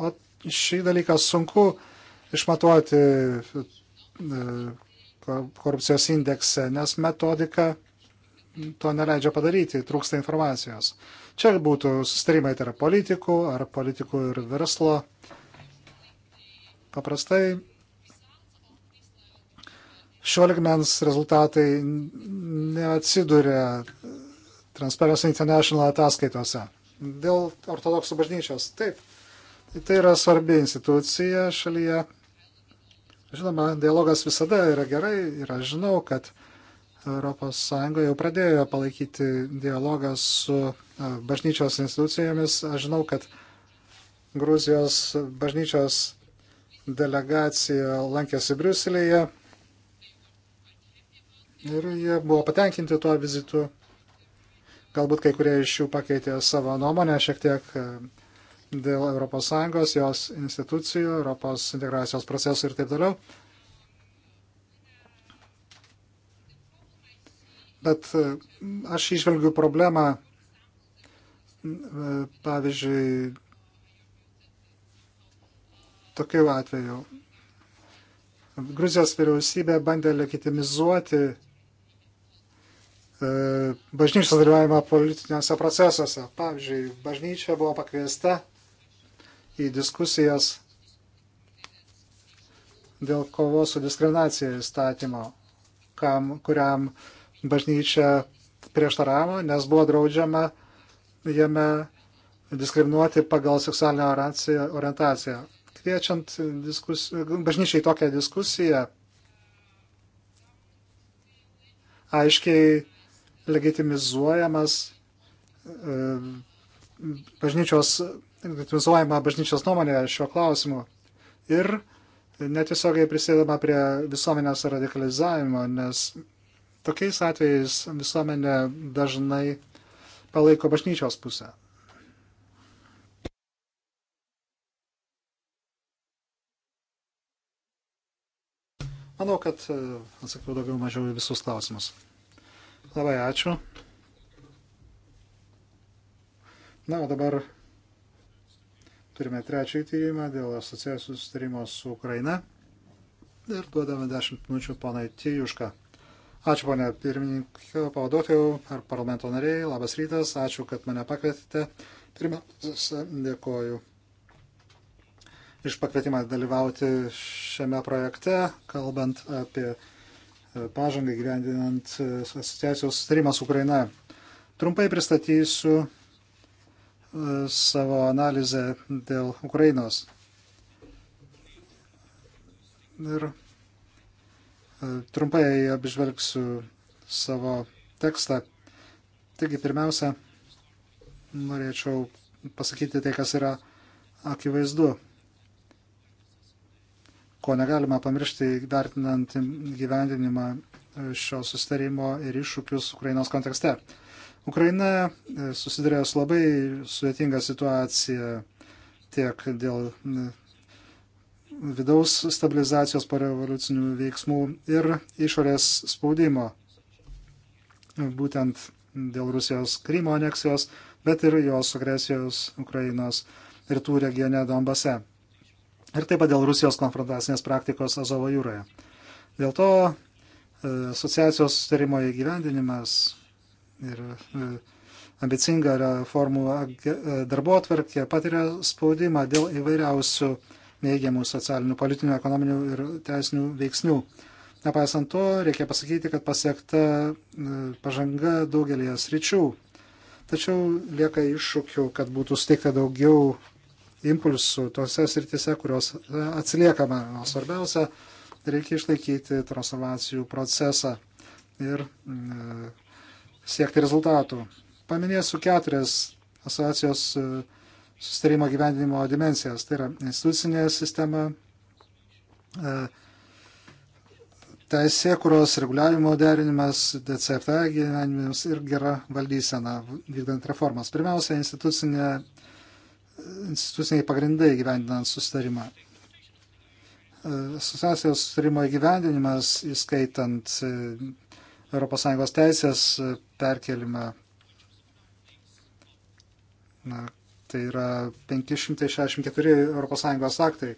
Speaker 2: O šį dalyką sunku išmatuoti e, korupcijos indekse, nes metodika to neleidžia padaryti, trūksta informacijos. Čia būtų sustarimai tarp politikų ar politikų ir verslo. Paprastai šio ligmens rezultatai neatsiduria Transparency International ataskaitose. Dėl ortodoksų bažnyčios. Taip, tai, tai yra svarbi institucija šalyje. Žinoma, dialogas visada yra gerai ir aš žinau, kad ES jau pradėjo palaikyti dialogą su e, bažnyčios institucijomis. Aš žinau, kad Gruzijos bažnyčios delegacija lankėsi Briuselėje Ir jie buvo patenkinti tuo vizitu. Galbūt kai kurie iš jų pakeitė savo nuomonę šiek tiek e, dėl ES, jos institucijų, Europos integracijos procesų ir taip toliau. Bet e, aš išvelgiu problemą, e, pavyzdžiui, tokiu atveju. Gruzijos vyriausybė bandė legitimizuoti E, bažnyčios dalyvavimą politiniuose procesuose. Pavyzdžiui, bažnyčia buvo pakviesta į diskusijas dėl kovos su diskriminacija įstatymo, kam, kuriam bažnyčia prieštaravo, nes buvo draudžiama jame diskriminuoti pagal seksualinę orientaciją. Kviečiant diskus, bažnyčiai tokią diskusiją, aiškiai legitimizuojamas e, bažnyčios, legitimizuojama bažnyčios nuomonė šiuo klausimu ir netiesiogiai prisėdama prie visuomenės radikalizavimo, nes tokiais atvejais visuomenė dažnai palaiko bažnyčios pusę. Manau, kad e, atsakiau daugiau mažiau visus klausimus. Labai ačiū. Na, o dabar turime trečiąjį tyrimą dėl asociacijos sustarimo su Ukraina. Ir duodame 10 minučių ponai Tijušką. Ačiū, ponė pirmininkė, pavaduotojų ar parlamento nariai. Labas rytas, ačiū, kad mane pakvietėte. Pirmiausia, dėkoju iš pakvietimą dalyvauti šiame projekte, kalbant apie pažangai gyvendinant e, asociacijos sustarimą su Ukraina. Trumpai pristatysiu e, savo analizę dėl Ukrainos. Ir e, trumpai apžvelgsiu savo tekstą. Taigi, pirmiausia, norėčiau pasakyti tai, kas yra akivaizdu ko negalima pamiršti, vertinant gyvendinimą e, šio sustarimo ir iššūkius Ukrainos kontekste. Ukraina e, susidurėjo su labai sudėtinga situacija tiek dėl vidaus stabilizacijos po revoliucinių veiksmų ir išorės spaudimo, būtent dėl Rusijos Krymo aneksijos, bet ir jos agresijos Ukrainos rytų regione Donbase ir taip pat dėl Rusijos konfrontacinės praktikos Azovo jūroje. Dėl to e, asociacijos sustarimo įgyvendinimas ir e, ambicinga reformų e, darbo atvarkė patiria spaudimą dėl įvairiausių neigiamų socialinių, politinių, ekonominių ir teisinių veiksnių. Nepaisant to, reikia pasakyti, kad pasiekta pažanga daugelį sričių. Tačiau lieka iššūkių, kad būtų steigta daugiau impulsų tose sritise, kurios e, atsiliekame. O svarbiausia, reikia išlaikyti transformacijų procesą ir mm, e, siekti rezultatų. Paminėsiu keturias asociacijos e, sustarimo gyvendinimo dimensijas. Tai yra institucinė sistema, e, teisė, kurios reguliavimo derinimas, DCFT gyvenimas ir gera valdysena vykdant reformas. Pirmiausia, institucinė instituciniai pagrindai gyvendinant sustarimą. E, asociacijos sustarimo įgyvendinimas, įskaitant e, ES teisės e, perkelimą, na, tai yra 564 ES aktai,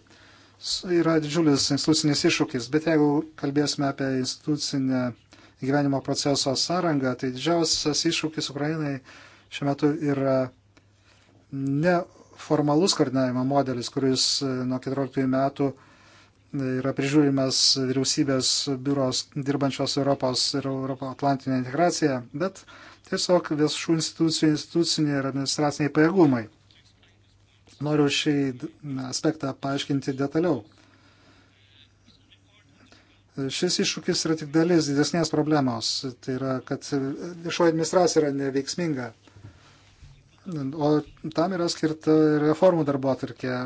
Speaker 2: yra didžiulis institucinis iššūkis, bet jeigu kalbėsime apie institucinę gyvenimo proceso sąrangą, tai didžiausias iššūkis Ukrainai šiuo metu yra ne formalus koordinavimo modelis, kuris e, nuo 14 metų e, yra prižiūrimas vyriausybės biuros dirbančios Europos ir Europo Atlantinė integracija, bet tiesiog viešų institucijų instituciniai ir administraciniai pajėgumai. Noriu šį aspektą paaiškinti detaliau. Šis iššūkis yra tik dalis didesnės problemos, tai yra, kad viešoji administracija yra neveiksminga. O tam yra skirta reformų darbo atvarkė.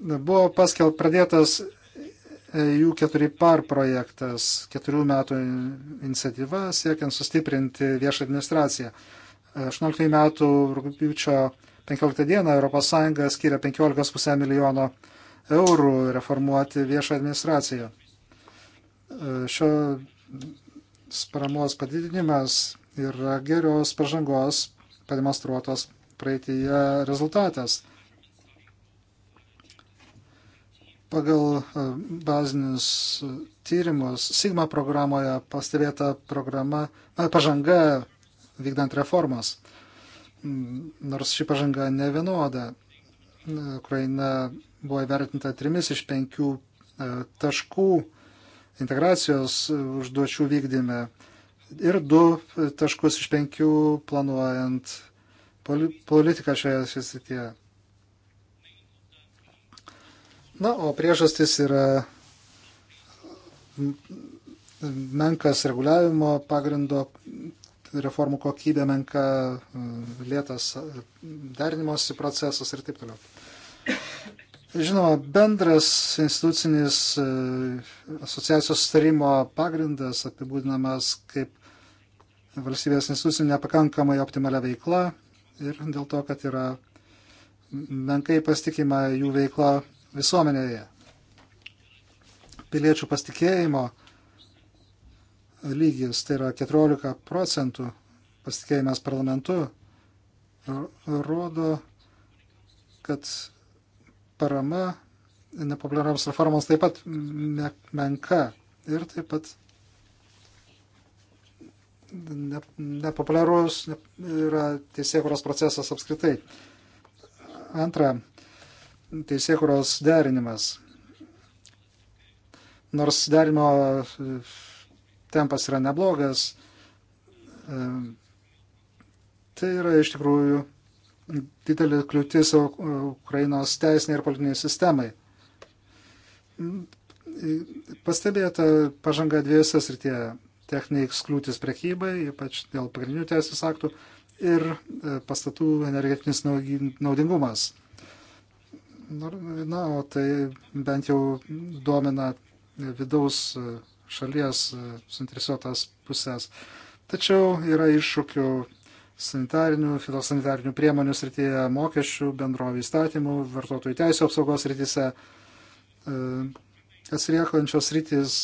Speaker 2: Buvo paskel pradėtas e, jų keturi par projektas, keturių metų iniciatyva siekiant sustiprinti viešą administraciją. 18 metų rūpiučio 15 dieną ES skiria 15,5 milijono eurų reformuoti viešą administraciją. E, Šio paramos padidinimas yra geros pažangos pademonstruotas praeitėje rezultatas. Pagal e, bazinius tyrimus Sigma programoje pastebėta programa, na, pažanga vykdant reformas. Mm, nors ši pažanga ne vienoda. Ukraina buvo įvertinta trimis iš penkių e, taškų integracijos užduočių vykdyme ir du taškus iš penkių planuojant politiką šioje srityje. Na, o priežastis yra menkas reguliavimo pagrindo reformų kokybė menka, lėtas derinimosi procesas ir taip toliau. Žinoma, bendras institucinis asociacijos sustarimo pagrindas apibūdinamas kaip valstybės institucijų nepakankamai optimalia veikla ir dėl to, kad yra menkai pasitikima jų veikla visuomenėje. Piliečių pasitikėjimo lygis tai yra 14 procentų pasitikėjimas parlamentu rodo, kad parama nepopuliariams reformams taip pat menka ir taip pat ne, nepopuliarus ne, yra teisėkuros procesas apskritai. Antra, teisėkuros derinimas. Nors derimo tempas yra neblogas, e, tai yra iš tikrųjų didelė kliūtis Ukrainos teisiniai ir politiniai sistemai. Pastebėta pažanga dviejose srityje techniniai kliūtis prekybai, ypač dėl pagrindinių teisės aktų ir e, pastatų energetinis naudingumas. Na, o tai bent jau domina vidaus e, šalies e, suinteresuotas pusės. Tačiau yra iššūkių sanitarinių, fitosanitarinių priemonių srityje, mokesčių, bendrovų įstatymų, vartotojų teisų apsaugos srityse. Atsiriekančios rytis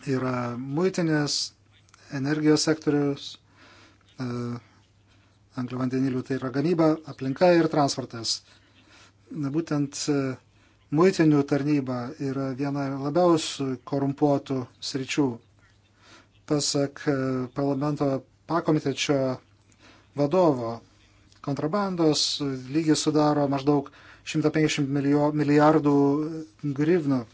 Speaker 2: Tai yra muitinės, energijos sektorius, e, anglių vandenilių, tai yra gamyba, aplinka ir transportas. Būtent e, muitinių tarnyba yra viena labiausių korumpuotų sričių. Pasak e, parlamento pakomitečio vadovo, kontrabandos lygis sudaro maždaug 150 milijardų grivnų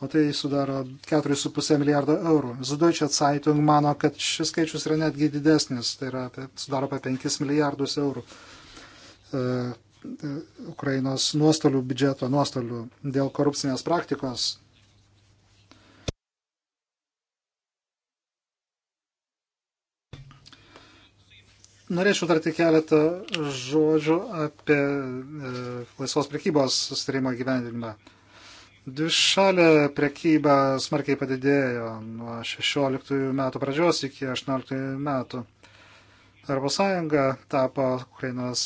Speaker 2: o tai sudaro 4,5 milijardo eurų. Zudočia Zeitung mano, kad šis skaičius yra netgi didesnis, tai yra, sudaro apie 5 milijardus eurų e, e, Ukrainos nuostolių biudžeto nuostolių dėl korupcinės praktikos. Norėčiau dar tik keletą žodžių apie e, laisvos prekybos sustarimo gyvendinimą. E, Dvišalė prekyba smarkiai padidėjo nuo 16 metų pradžios iki 18 metų. ES tapo Ukrainos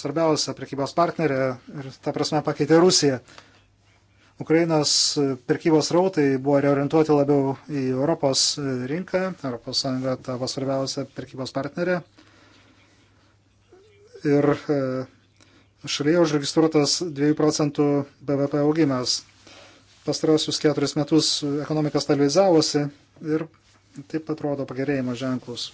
Speaker 2: svarbiausia prekybos partnerė ir ta prasme pakeitė Rusiją. Ukrainos prekybos rautai buvo reorientuoti labiau į Europos rinką. ES tapo svarbiausia prekybos partnerė. Ir e, šalyje užregistruotas 2 procentų BVP augimas pastarosius keturis metus ekonomika stabilizavosi ir taip pat rodo pagerėjimo ženklus.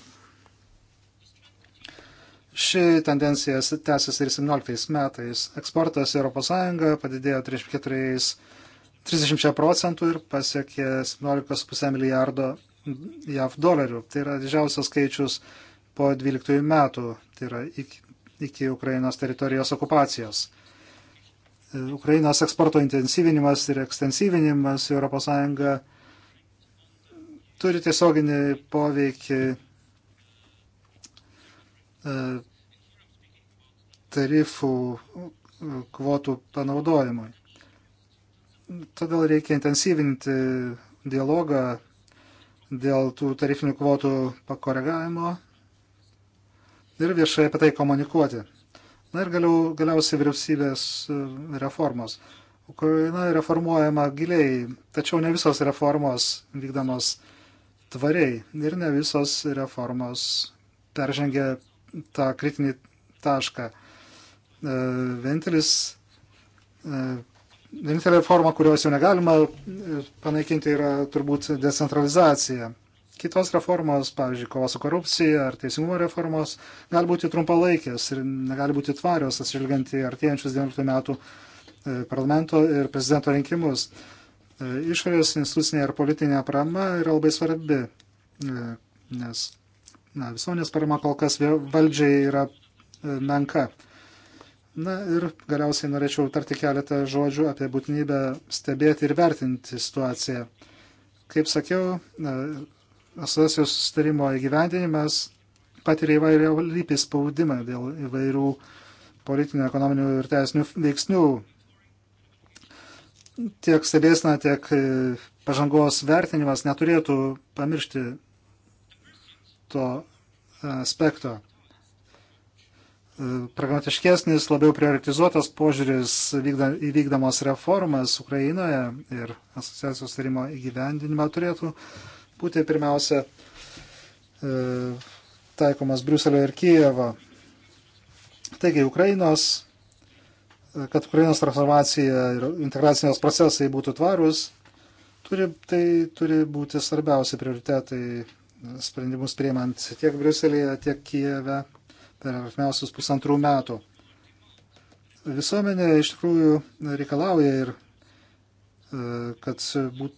Speaker 2: Ši tendencija tęsis ir 17 metais. Eksportas į ES padidėjo 34, 30 procentų ir pasiekė 17,5 milijardo JAV dolerių. Tai yra didžiausias skaičius po 12 metų, tai yra iki, iki Ukrainos teritorijos okupacijos. Ukrainos eksporto intensyvinimas ir ekstensyvinimas ES turi tiesioginį poveikį e, tarifų kvotų panaudojimui. Todėl reikia intensyvinti dialogą dėl tų tarifinių kvotų pakoregavimo ir viešai apie tai komunikuoti. Na ir galiau, galiausiai vyriausybės e, reformos. Ukraina reformuojama giliai, tačiau ne visos reformos vykdamos tvariai ir ne visos reformos peržengia tą kritinį tašką. E, vienintelis, e, vienintelė reforma, kurios jau negalima panaikinti, yra turbūt decentralizacija. Kitos reformos, pavyzdžiui, kova su korupcija ar teisingumo reformos, gali būti trumpalaikės ir negali būti tvarios, atsižvelgiant į artėjančius 19 metų e, parlamento ir prezidento rinkimus. E, išorės institucinė ir politinė parama yra labai svarbi, e, nes na, visuomenės parama kol kas valdžiai yra menka. Na ir galiausiai norėčiau tarti keletą žodžių apie būtinybę stebėti ir vertinti situaciją. Kaip sakiau, asociacijos sustarimo įgyvendinimas patiria įvairių lypį spaudimą dėl įvairių politinių, ekonominių ir teisinių veiksnių. Tiek stebėsna, tiek e, pažangos vertinimas neturėtų pamiršti to aspekto. E, pragmatiškesnis, labiau prioritizuotas požiūris įvykdamos reformas Ukrainoje ir asociacijos tarimo įgyvendinimą turėtų uh, būti pirmiausia e, taikomas Briuselio ir Kijevo. Taigi, Ukrainos, e, kad Ukrainos transformacija ir integracinės procesai būtų tvarūs, turi, tai turi būti svarbiausi prioritetai e, sprendimus prieimant tiek Briuselėje, tiek Kijeve per artimiausius pusantrų metų. Visuomenė iš tikrųjų reikalauja ir kad būt,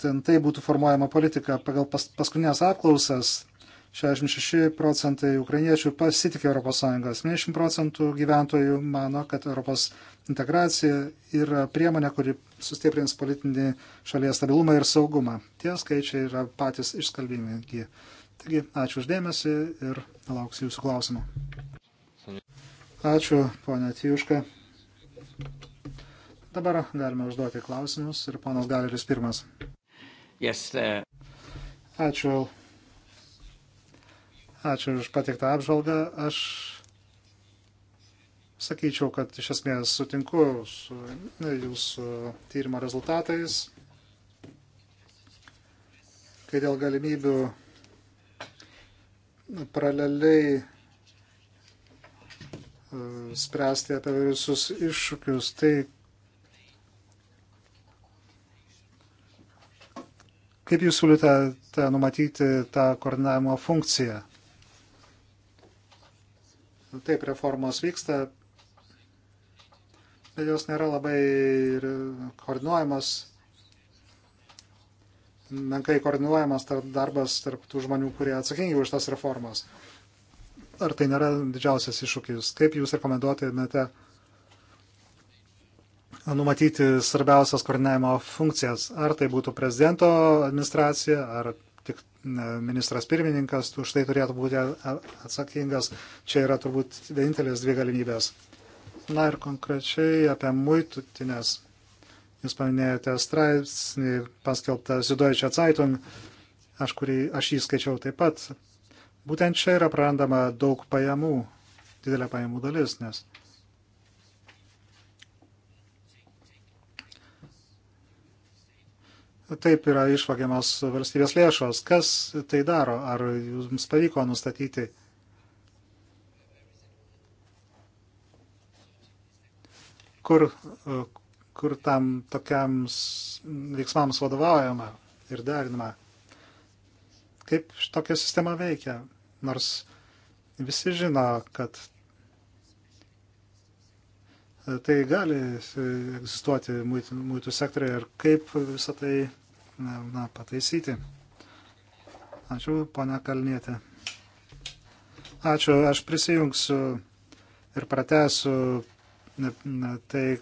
Speaker 2: būtent tai būtų formuojama politika. Pagal pas, paskutinės apklausas 66 procentai ukrainiečių pasitikė ES, 70 procentų gyventojų mano, kad Europos integracija yra priemonė, kuri sustiprins politinį šalies stabilumą ir saugumą. Tie skaičiai yra patys išskalbingi. Taigi, ačiū uždėmesi ir lauksiu jūsų klausimų. Ačiū, ponia Tijuška. Dabar galime užduoti klausimus ir ponas Galeris pirmas.
Speaker 1: Yes, uh...
Speaker 2: Ačiū. Ačiū už pateiktą apžvalgą. Aš sakyčiau, kad iš esmės sutinku su jūsų tyrimo rezultatais. Kai dėl galimybių paraleliai e, spręsti apie visus iššūkius, tai Kaip jūs siūlyte numatyti tą koordinavimo funkciją? Taip, reformos vyksta, bet jos nėra labai koordinuojamos, menkai koordinuojamas tarp darbas tarp tų žmonių, kurie atsakingi už tas reformas. Ar tai nėra didžiausias iššūkis? Kaip jūs rekomenduotumėte? Tai numatyti svarbiausias koordinavimo funkcijas. Ar tai būtų prezidento administracija, ar tik e, ministras pirmininkas, už tai turėtų būti atsakingas. Čia yra turbūt vienintelės dvi galimybės. Na ir konkrečiai apie muitinės. Jūs paminėjote straipsnį paskelbtą Zidoičio Zeitung, aš, kurį, aš jį skaičiau taip pat. Būtent čia yra prarandama daug pajamų, didelė pajamų dalis, nes taip yra išvagiamas valstybės lėšos. Kas tai daro? Ar jums pavyko nustatyti? Kur, kur tam tokiams veiksmams vadovaujama ir derinama? Kaip tokia sistema veikia? Nors visi žino, kad tai gali egzistuoti mūtų, mūtų sektoriai ir kaip visą tai na, pataisyti. Ačiū, ponia Kalnietė. Ačiū, aš prisijungsiu ir pratęsiu tai,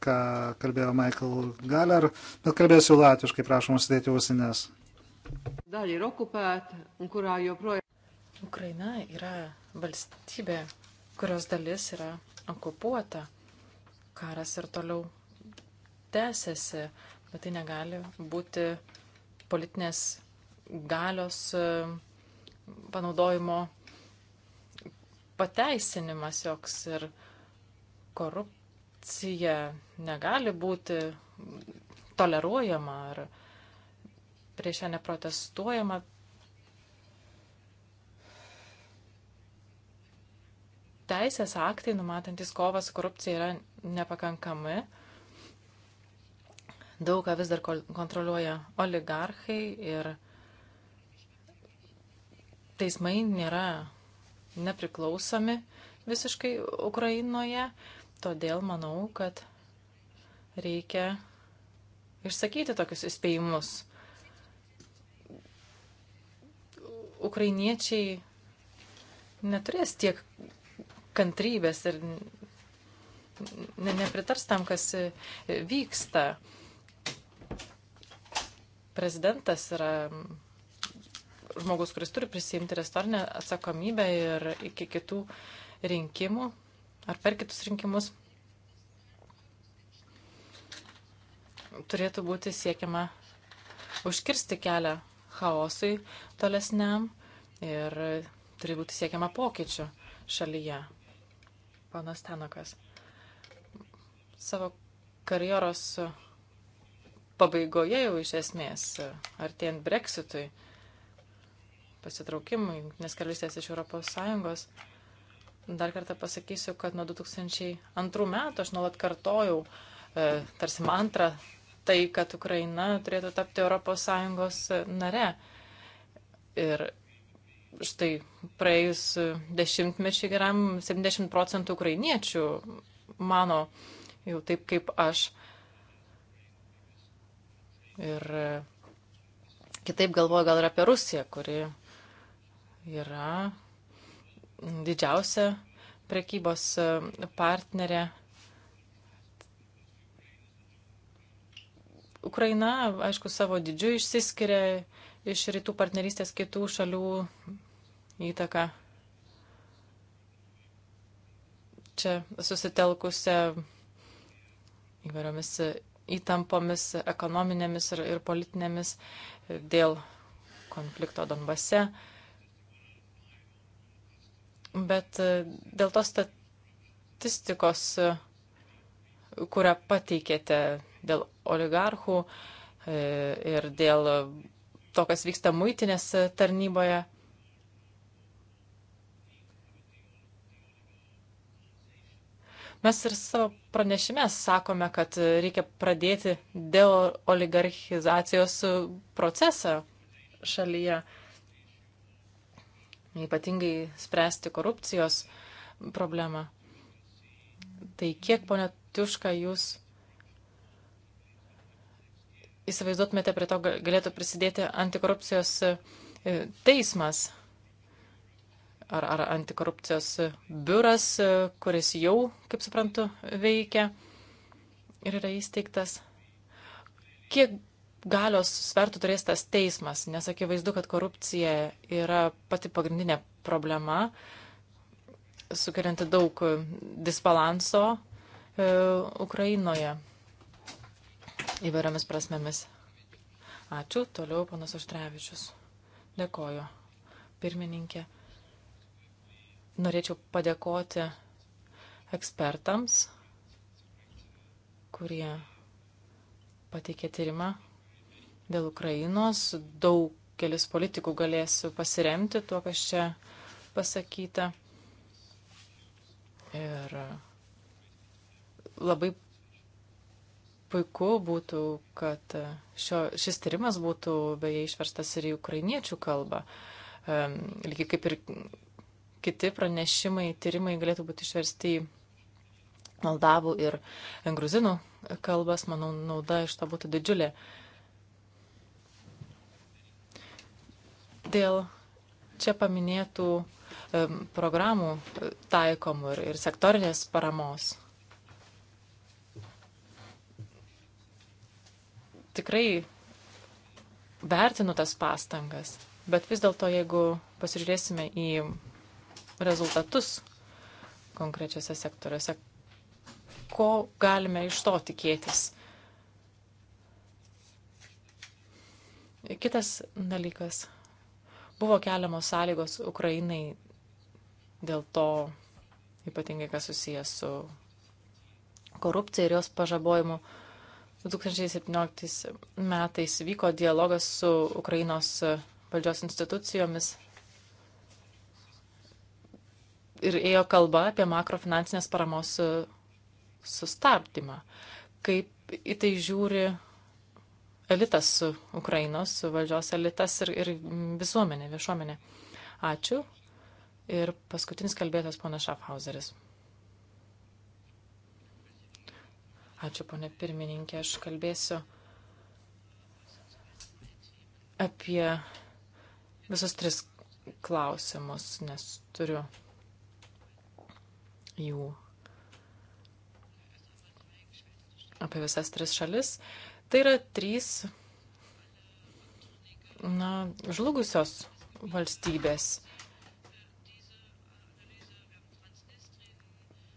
Speaker 2: ką kalbėjo Michael Galler, bet kalbėsiu latviškai, prašom sudėti ausines.
Speaker 1: Ukraina yra valstybė, kurios dalis yra okupuota karas ir toliau tęsiasi, bet tai negali būti politinės galios e, panaudojimo pateisinimas joks ir korupcija negali būti toleruojama ar prieš ją neprotestuojama, teisės aktai numatantis kovą su korupcija yra nepakankami. Daug ką vis dar kontroliuoja oligarchai ir teismai nėra nepriklausomi visiškai Ukrainoje. Todėl manau, kad reikia išsakyti tokius įspėjimus. Ukrainiečiai neturės tiek kantrybės ir ne, nepritars tam, kas vyksta. Prezidentas yra žmogus, kuris turi prisijimti restorinę atsakomybę ir iki kitų rinkimų ar per kitus rinkimus turėtų būti siekiama užkirsti kelią chaosui tolesniam ir turi būti siekiama pokyčių šalyje panas Tanakas. Savo karjeros pabaigoje jau iš esmės, artėjant Brexitui, pasitraukimui, nes karalystės iš ES, dar kartą pasakysiu, kad nuo 2002 metų aš nuolat kartojau, e, tarsi mantra, tai, kad Ukraina turėtų tapti ES nare. Ir štai praėjus dešimtmečiai geram 70 procentų ukrainiečių mano jau taip kaip aš. Ir kitaip galvoju gal ir apie Rusiją, kuri yra didžiausia prekybos partnerė. Ukraina, aišku, savo didžiu išsiskiria iš rytų partnerystės kitų šalių įtaką čia susitelkusią įvairiomis įtampomis ekonominėmis ir, ir politinėmis dėl konflikto Donbase. Bet e, dėl tos statistikos, e, kurią pateikėte dėl oligarchų e, ir dėl to, kas vyksta muitinės tarnyboje. Mes ir savo pranešime sakome, kad reikia pradėti deoligarchizacijos procesą šalyje, ypatingai spręsti korupcijos problemą. Tai kiek, ponia Tiuška, jūs įsivaizduotumėte, prie to galėtų prisidėti antikorupcijos e, e, teismas ar, ar antikorupcijos biuras, e, kuris jau, kaip suprantu, veikia ir yra įsteigtas. Kiek galios svertų turės tas teismas, nes akivaizdu, kad korupcija yra pati pagrindinė problema, sukelianti daug disbalanso e, Ukrainoje įvairiomis prasmėmis. Ačiū. Toliau panas Užtrevičius. Dėkoju. Pirmininkė. Norėčiau padėkoti ekspertams, kurie pateikė tyrimą dėl Ukrainos. Daug kelis politikų galės pasiremti tuo, kas čia pasakyta. Ir labai puiku būtų, kad e, šio, šis tyrimas būtų beje išverstas ir į ukrainiečių kalbą. Um, lygiai kaip ir kiti pranešimai, tyrimai galėtų būti išversti į moldavų ir gruzinų kalbas. Manau, nauda iš to būtų didžiulė. Dėl čia paminėtų um, programų taikomų ir, ir sektorinės paramos tikrai vertinu tas pastangas, bet vis dėlto, jeigu pasižiūrėsime į rezultatus konkrečiose sektoriuose, ko galime iš to tikėtis. Kitas dalykas. Buvo keliamos sąlygos Ukrainai dėl to, ypatingai kas susijęs su korupcija ir jos pažabojimu. Uh, 2017 metais vyko dialogas su Ukrainos valdžios institucijomis ir ėjo kalba apie makrofinansinės paramos sustabdymą. Kaip į tai žiūri elitas Ukrainos, valdžios elitas ir, ir visuomenė, viešuomenė. Ačiū. Ir paskutinis kalbėtas ponas Šafhauseris. Ačiū, ponė pirmininkė. Aš kalbėsiu apie visus tris klausimus, nes turiu jų apie visas tris šalis. Tai yra trys na, žlugusios valstybės.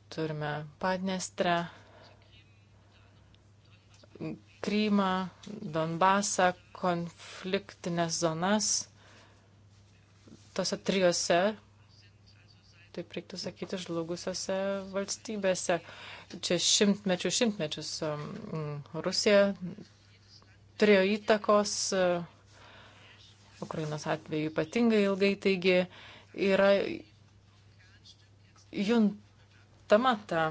Speaker 1: Turime Padnestrę, Krymą, Donbasą, konfliktinės zonas. Tose trijose, taip reiktų sakyti, žlugusiose valstybėse. Čia šimtmečių šimtmečius um, Rusija turėjo įtakos, uh, Ukrainos atveju ypatingai ilgai, taigi yra juntama ta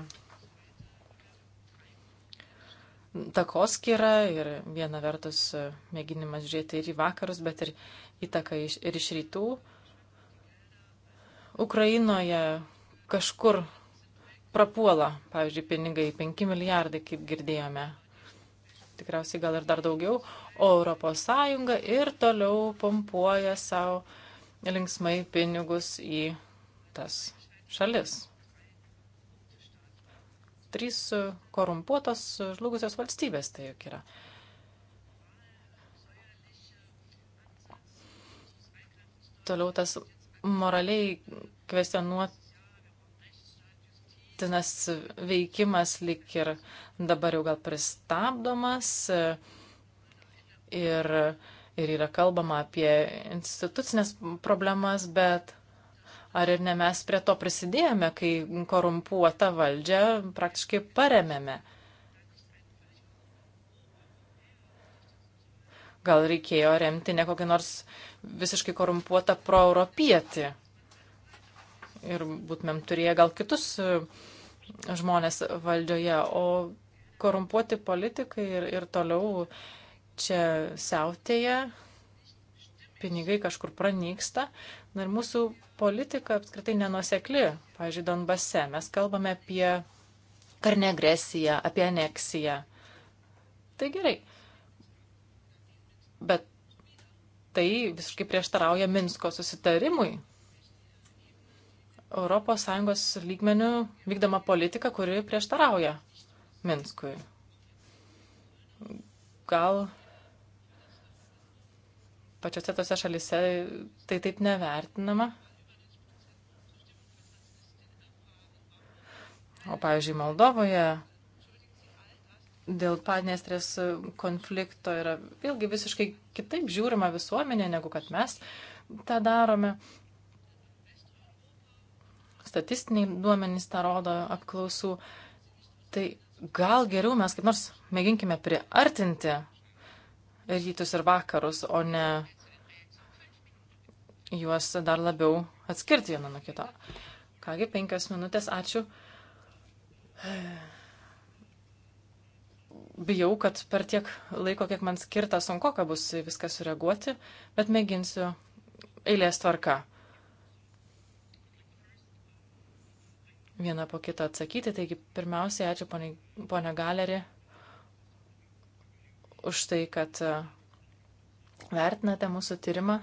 Speaker 1: takoskirą ir viena vertus e, mėginimas žiūrėti ir į vakarus, bet ir įtaką iš, ir iš rytų. Ukrainoje kažkur prapuola, pavyzdžiui, pinigai 5 milijardai, kaip girdėjome. Tikriausiai gal ir dar daugiau. O ES ir toliau pompuoja savo linksmai pinigus į tas šalis trys korumpuotos žlugusios valstybės tai juk yra. Toliau tas moraliai kvestionuotinas veikimas lik ir dabar jau gal pristabdomas ir, ir yra kalbama apie institucinės problemas, bet Ar ir ne mes prie to prisidėjome, kai korumpuotą valdžią praktiškai paremėme? Gal reikėjo remti ne kokį nors visiškai korumpuotą proeuropietį. Ir būtumėm turėję gal kitus e, žmonės valdžioje, o korumpuoti politikai ir, ir toliau čia siautėja pinigai kažkur pranyksta. Na ir mūsų politika apskritai nenusekli. Pavyzdžiui, Donbase mes kalbame apie karne agresiją, apie aneksiją. Tai gerai. Bet tai visiškai prieštarauja Minsko susitarimui. ES lygmenių vykdoma politika, kuri prieštarauja Minskui. Gal pačiose tose šalise tai taip nevertinama. O pavyzdžiui, Moldovoje dėl Padnestrės konflikto yra vėlgi visiškai kitaip žiūrima visuomenė, negu kad mes tą darome. Statistiniai duomenys tą rodo apklausų. Tai gal geriau mes kaip nors mėginkime priartinti rytus ir vakarus, o ne juos dar labiau atskirti vieną nuo kito. Kągi, penkios minutės, ačiū. Bijau, kad per tiek laiko, kiek man skirta, sunku, kad bus viską sureaguoti, bet mėginsiu eilės tvarka. Vieną po kitą atsakyti, taigi pirmiausiai ačiū ponia Galerį už tai, kad e, vertinate mūsų tyrimą.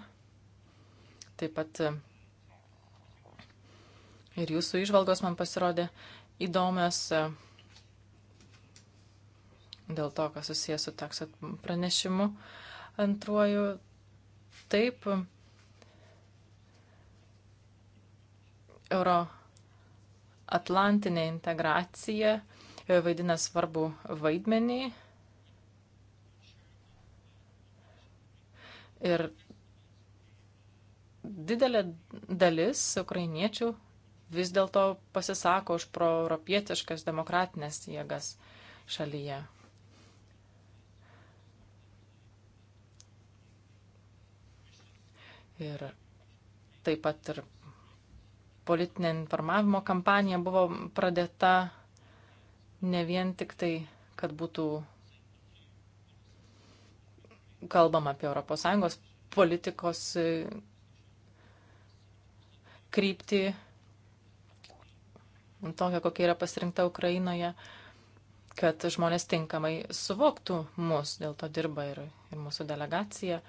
Speaker 1: Taip pat e, ir jūsų išvalgos man pasirodė įdomios e, dėl to, kas susijęs su takso pranešimu. Antruoju, taip, euro atlantinė integracija vaidina svarbu vaidmenį Ir didelė dalis ukrainiečių vis dėlto pasisako už proeuropietiškas demokratinės jėgas šalyje. Ir taip pat ir politinė informavimo kampanija buvo pradėta ne vien tik tai, kad būtų kalbam apie ES politikos e, kryptį, tokią, kokia yra pasirinkta Ukrainoje, kad žmonės tinkamai suvoktų mus, dėl to dirba ir, ir mūsų delegacija,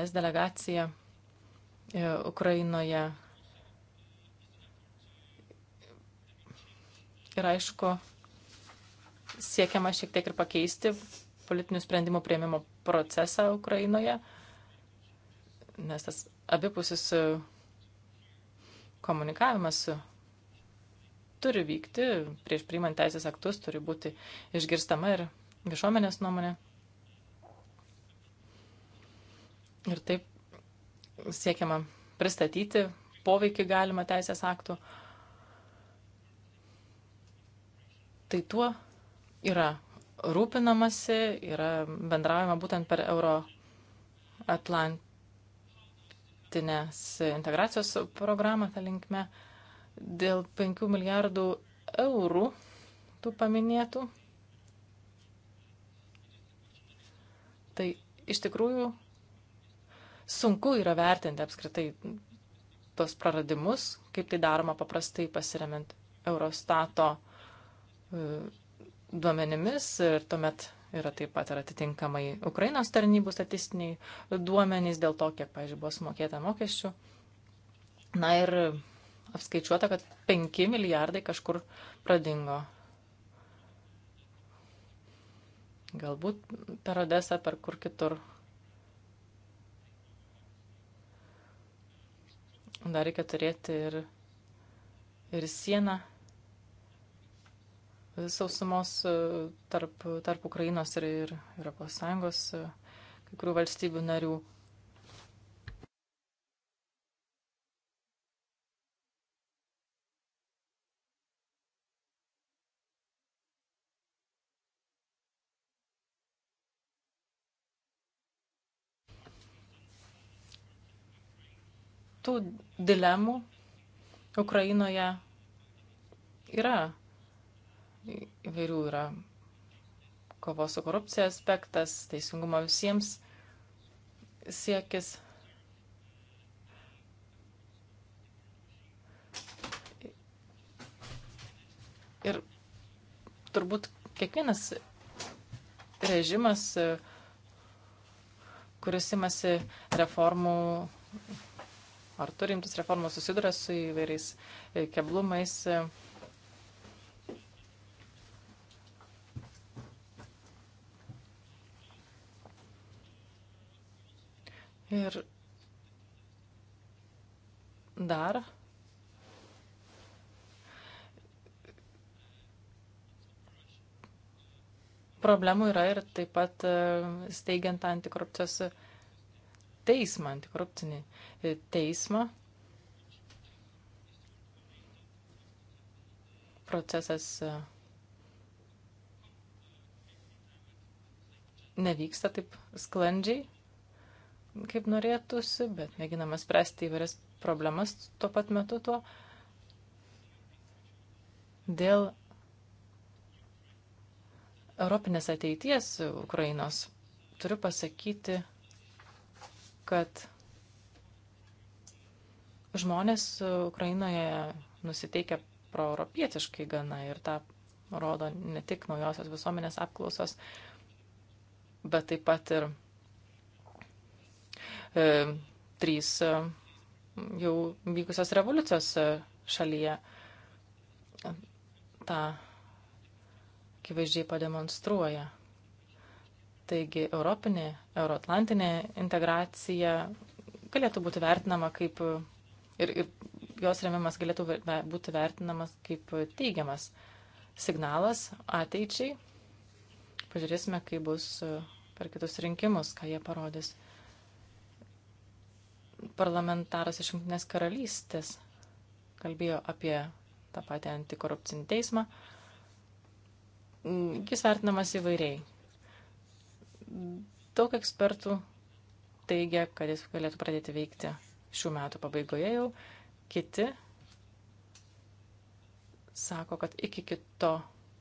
Speaker 1: es delegacija e, Ukrainoje. Ir aišku, siekiama šiek tiek ir pakeisti politinių sprendimų prieimimo procesą Ukrainoje, nes tas abipusis e, komunikavimas e, turi vykti, prieš priimant teisės aktus turi būti išgirstama ir viešuomenės nuomonė. Ir taip siekiama pristatyti poveikį galima teisės aktų. Tai tuo yra rūpinamasi, yra bendraujama būtent per Euroatlantinės integracijos programą tą linkme dėl 5 milijardų eurų tų paminėtų. Tai iš tikrųjų sunku yra vertinti apskritai tos praradimus, kaip tai daroma paprastai pasiremint Eurostato e, duomenimis ir tuomet yra taip pat ir atitinkamai Ukrainos tarnybų statistiniai duomenys dėl to, kiek, pažiūrėjau, buvo sumokėta mokesčių. Na ir apskaičiuota, kad 5 milijardai kažkur pradingo. Galbūt per Odesą, per kur kitur. Dar reikia turėti ir, ir sieną sausumos e, tarp, tarp Ukrainos ir, ir Europos Sąjungos e, kai kurių valstybių narių. Tų dilemų Ukrainoje yra įvairių yra kovos su korupcija aspektas, teisingumo visiems siekis. Ir turbūt kiekvienas režimas, kuris imasi reformų, ar turintis reformų, susiduria su įvairiais keblumais, Ir dar. Problemų yra ir taip pat e, steigiant antikorupcijos teismą, antikorupcinį e, teismą. Procesas e, nevyksta taip sklandžiai kaip norėtųsi, bet mėginame spręsti įvairias problemas tuo pat metu tuo. Dėl Europinės ateities Ukrainos turiu pasakyti, kad žmonės Ukrainoje nusiteikia proeuropietiškai gana ir tą rodo ne tik naujosios visuomenės apklausos, bet taip pat ir e, trys e, jau vykusios revoliucijos e, šalyje. Ta akivaizdžiai pademonstruoja. Taigi europinė, euroatlantinė integracija galėtų būti vertinama kaip ir, ir jos remiamas galėtų būti vertinamas kaip teigiamas signalas ateičiai. Pažiūrėsime, kaip bus e, per kitus rinkimus, ką jie parodys parlamentaras iš Junktinės karalystės kalbėjo apie tą patį antikorupcinį teismą. Jis vertinamas įvairiai. Daug ekspertų teigia, kad jis galėtų pradėti veikti šių metų pabaigoje jau. Kiti sako, kad iki kito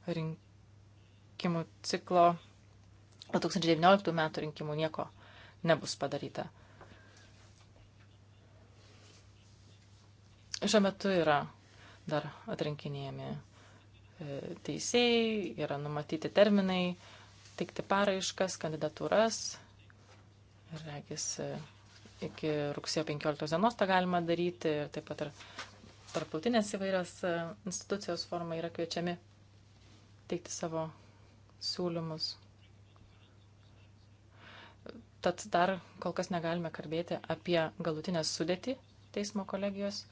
Speaker 1: rinkimų ciklo 2019 metų rinkimų nieko nebus padaryta. Šiuo metu yra dar atrinkinėjami e, teisėjai, yra numatyti terminai, teikti paraiškas, kandidatūras. Ir regis e, iki rugsėjo 15 dienos tą galima daryti ir taip pat ir tarptautinės įvairios e, institucijos formai yra kviečiami teikti savo siūlymus. Tad dar kol kas negalime kalbėti apie galutinę sudėtį teismo kolegijos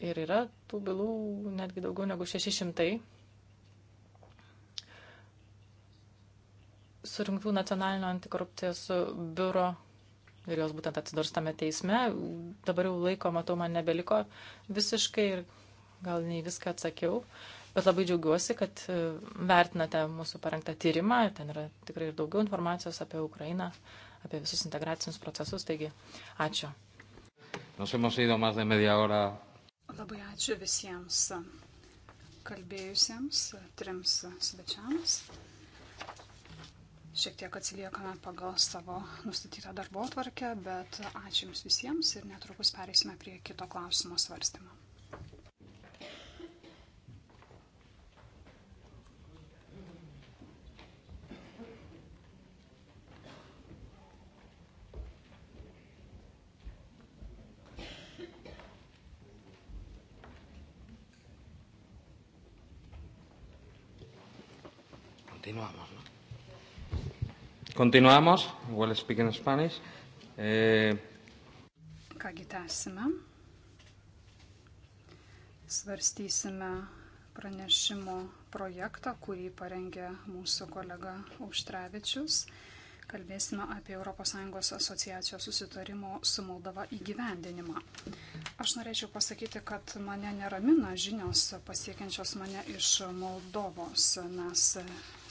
Speaker 1: ir yra tų bylų netgi daugiau negu 600 surinktų nacionalinio antikorupcijos biuro ir jos būtent atsidurs tame teisme. Dabar jau laiko, matau, man nebeliko visiškai ir gal ne viską atsakiau, bet labai džiaugiuosi, kad e, vertinate mūsų parengtą tyrimą. Ten yra tikrai ir daugiau informacijos apie Ukrainą, apie visus integracinius procesus. Taigi, ačiū.
Speaker 4: Nos hemos ido más de media hora
Speaker 3: Labai ačiū visiems kalbėjusiems, trims svečiams. Šiek tiek atsiliekame pagal savo nustatytą darbo tvarkę, bet ačiū Jums visiems ir netrukus pereisime prie kito klausimo svarstymo.
Speaker 4: Continuamos. Well, speaking in Spanish. E...
Speaker 3: Kągi tęsime. Svarstysime pranešimo projektą, kurį parengė mūsų kolega Auštrevičius kalbėsime apie ES asociacijos susitarimo su Moldova įgyvendinimą. Aš norėčiau pasakyti, kad mane neramina žinios pasiekiančios mane iš Moldovos. Mes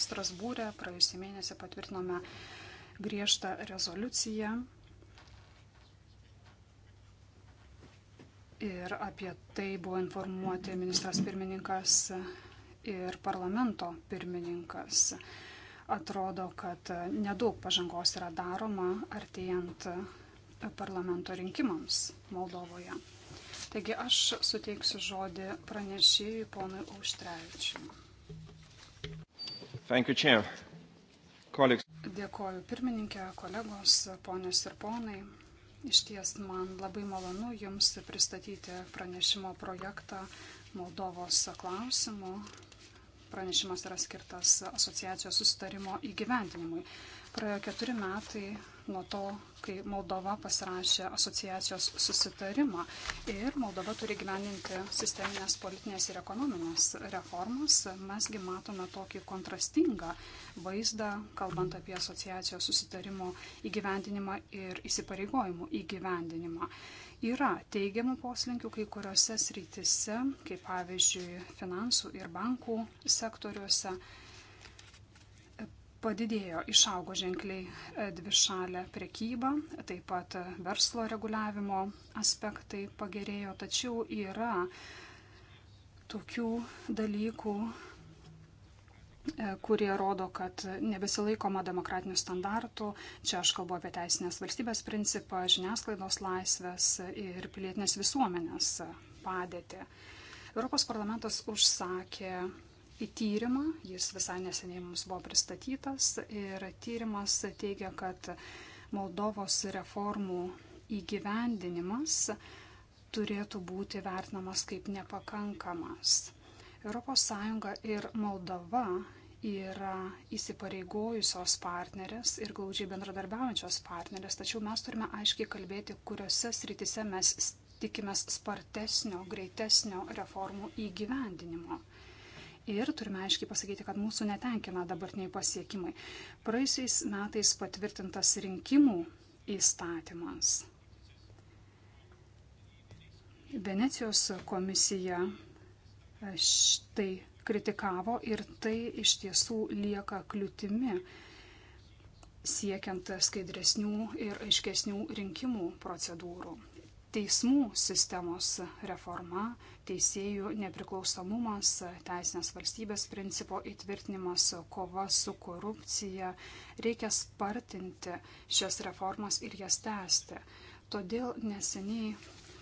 Speaker 3: Strasbūrė praėjusį mėnesį patvirtinome griežtą rezoliuciją. Ir apie tai buvo informuoti ministras pirmininkas ir parlamento pirmininkas. Atrodo, kad nedaug pažangos yra daroma artėjant parlamento rinkimams Moldovoje. Taigi aš suteiksiu žodį pranešėjui ponui Auštrevičiui. Dėkoju pirmininkė, kolegos, ponios ir ponai. Iš ties man labai malonu Jums pristatyti pranešimo projektą Moldovos klausimu, pranešimas yra skirtas asociacijos sustarimo įgyventinimui. Praėjo keturi metai nuo to, kai Moldova pasirašė asociacijos susitarimą ir Moldova turi gyveninti sisteminės politinės ir ekonominės reformas. Mesgi matome tokį kontrastingą vaizdą, kalbant apie asociacijos susitarimo įgyvendinimą ir įsipareigojimų įgyvendinimą. Yra teigiamų poslinkių kai kuriuose srityse, kaip pavyzdžiui finansų ir bankų sektoriuose, padidėjo, išaugo ženkliai e, dvišalė prekyba, taip pat e, verslo reguliavimo aspektai pagerėjo, tačiau yra tokių dalykų, E, kurie rodo, kad nebesilaikoma demokratinių standartų. Čia aš kalbu apie teisinės valstybės principą, žiniasklaidos laisvės ir pilietinės visuomenės padėtį. Europos parlamentas užsakė į tyrimą, jis visai neseniai mums buvo pristatytas ir tyrimas teigia, kad Moldovos reformų įgyvendinimas turėtų būti vertinamas kaip nepakankamas. ES ir Moldova yra įsipareigojusios partnerės ir glaudžiai bendradarbiaujančios partnerės, tačiau mes turime aiškiai kalbėti, kuriuose sritise mes tikimės spartesnio, greitesnio reformų įgyvendinimo. Ir turime aiškiai pasakyti, kad mūsų netenkina dabartiniai pasiekimai. Praėjusiais metais patvirtintas rinkimų įstatymas. Venecijos komisija e, štai kritikavo ir tai iš tiesų lieka kliūtimi siekiant skaidresnių ir aiškesnių rinkimų procedūrų. Teismų sistemos reforma, teisėjų nepriklausomumas, teisinės valstybės principo įtvirtinimas, kova su korupcija - reikia spartinti šias reformas ir jas tęsti. Todėl neseniai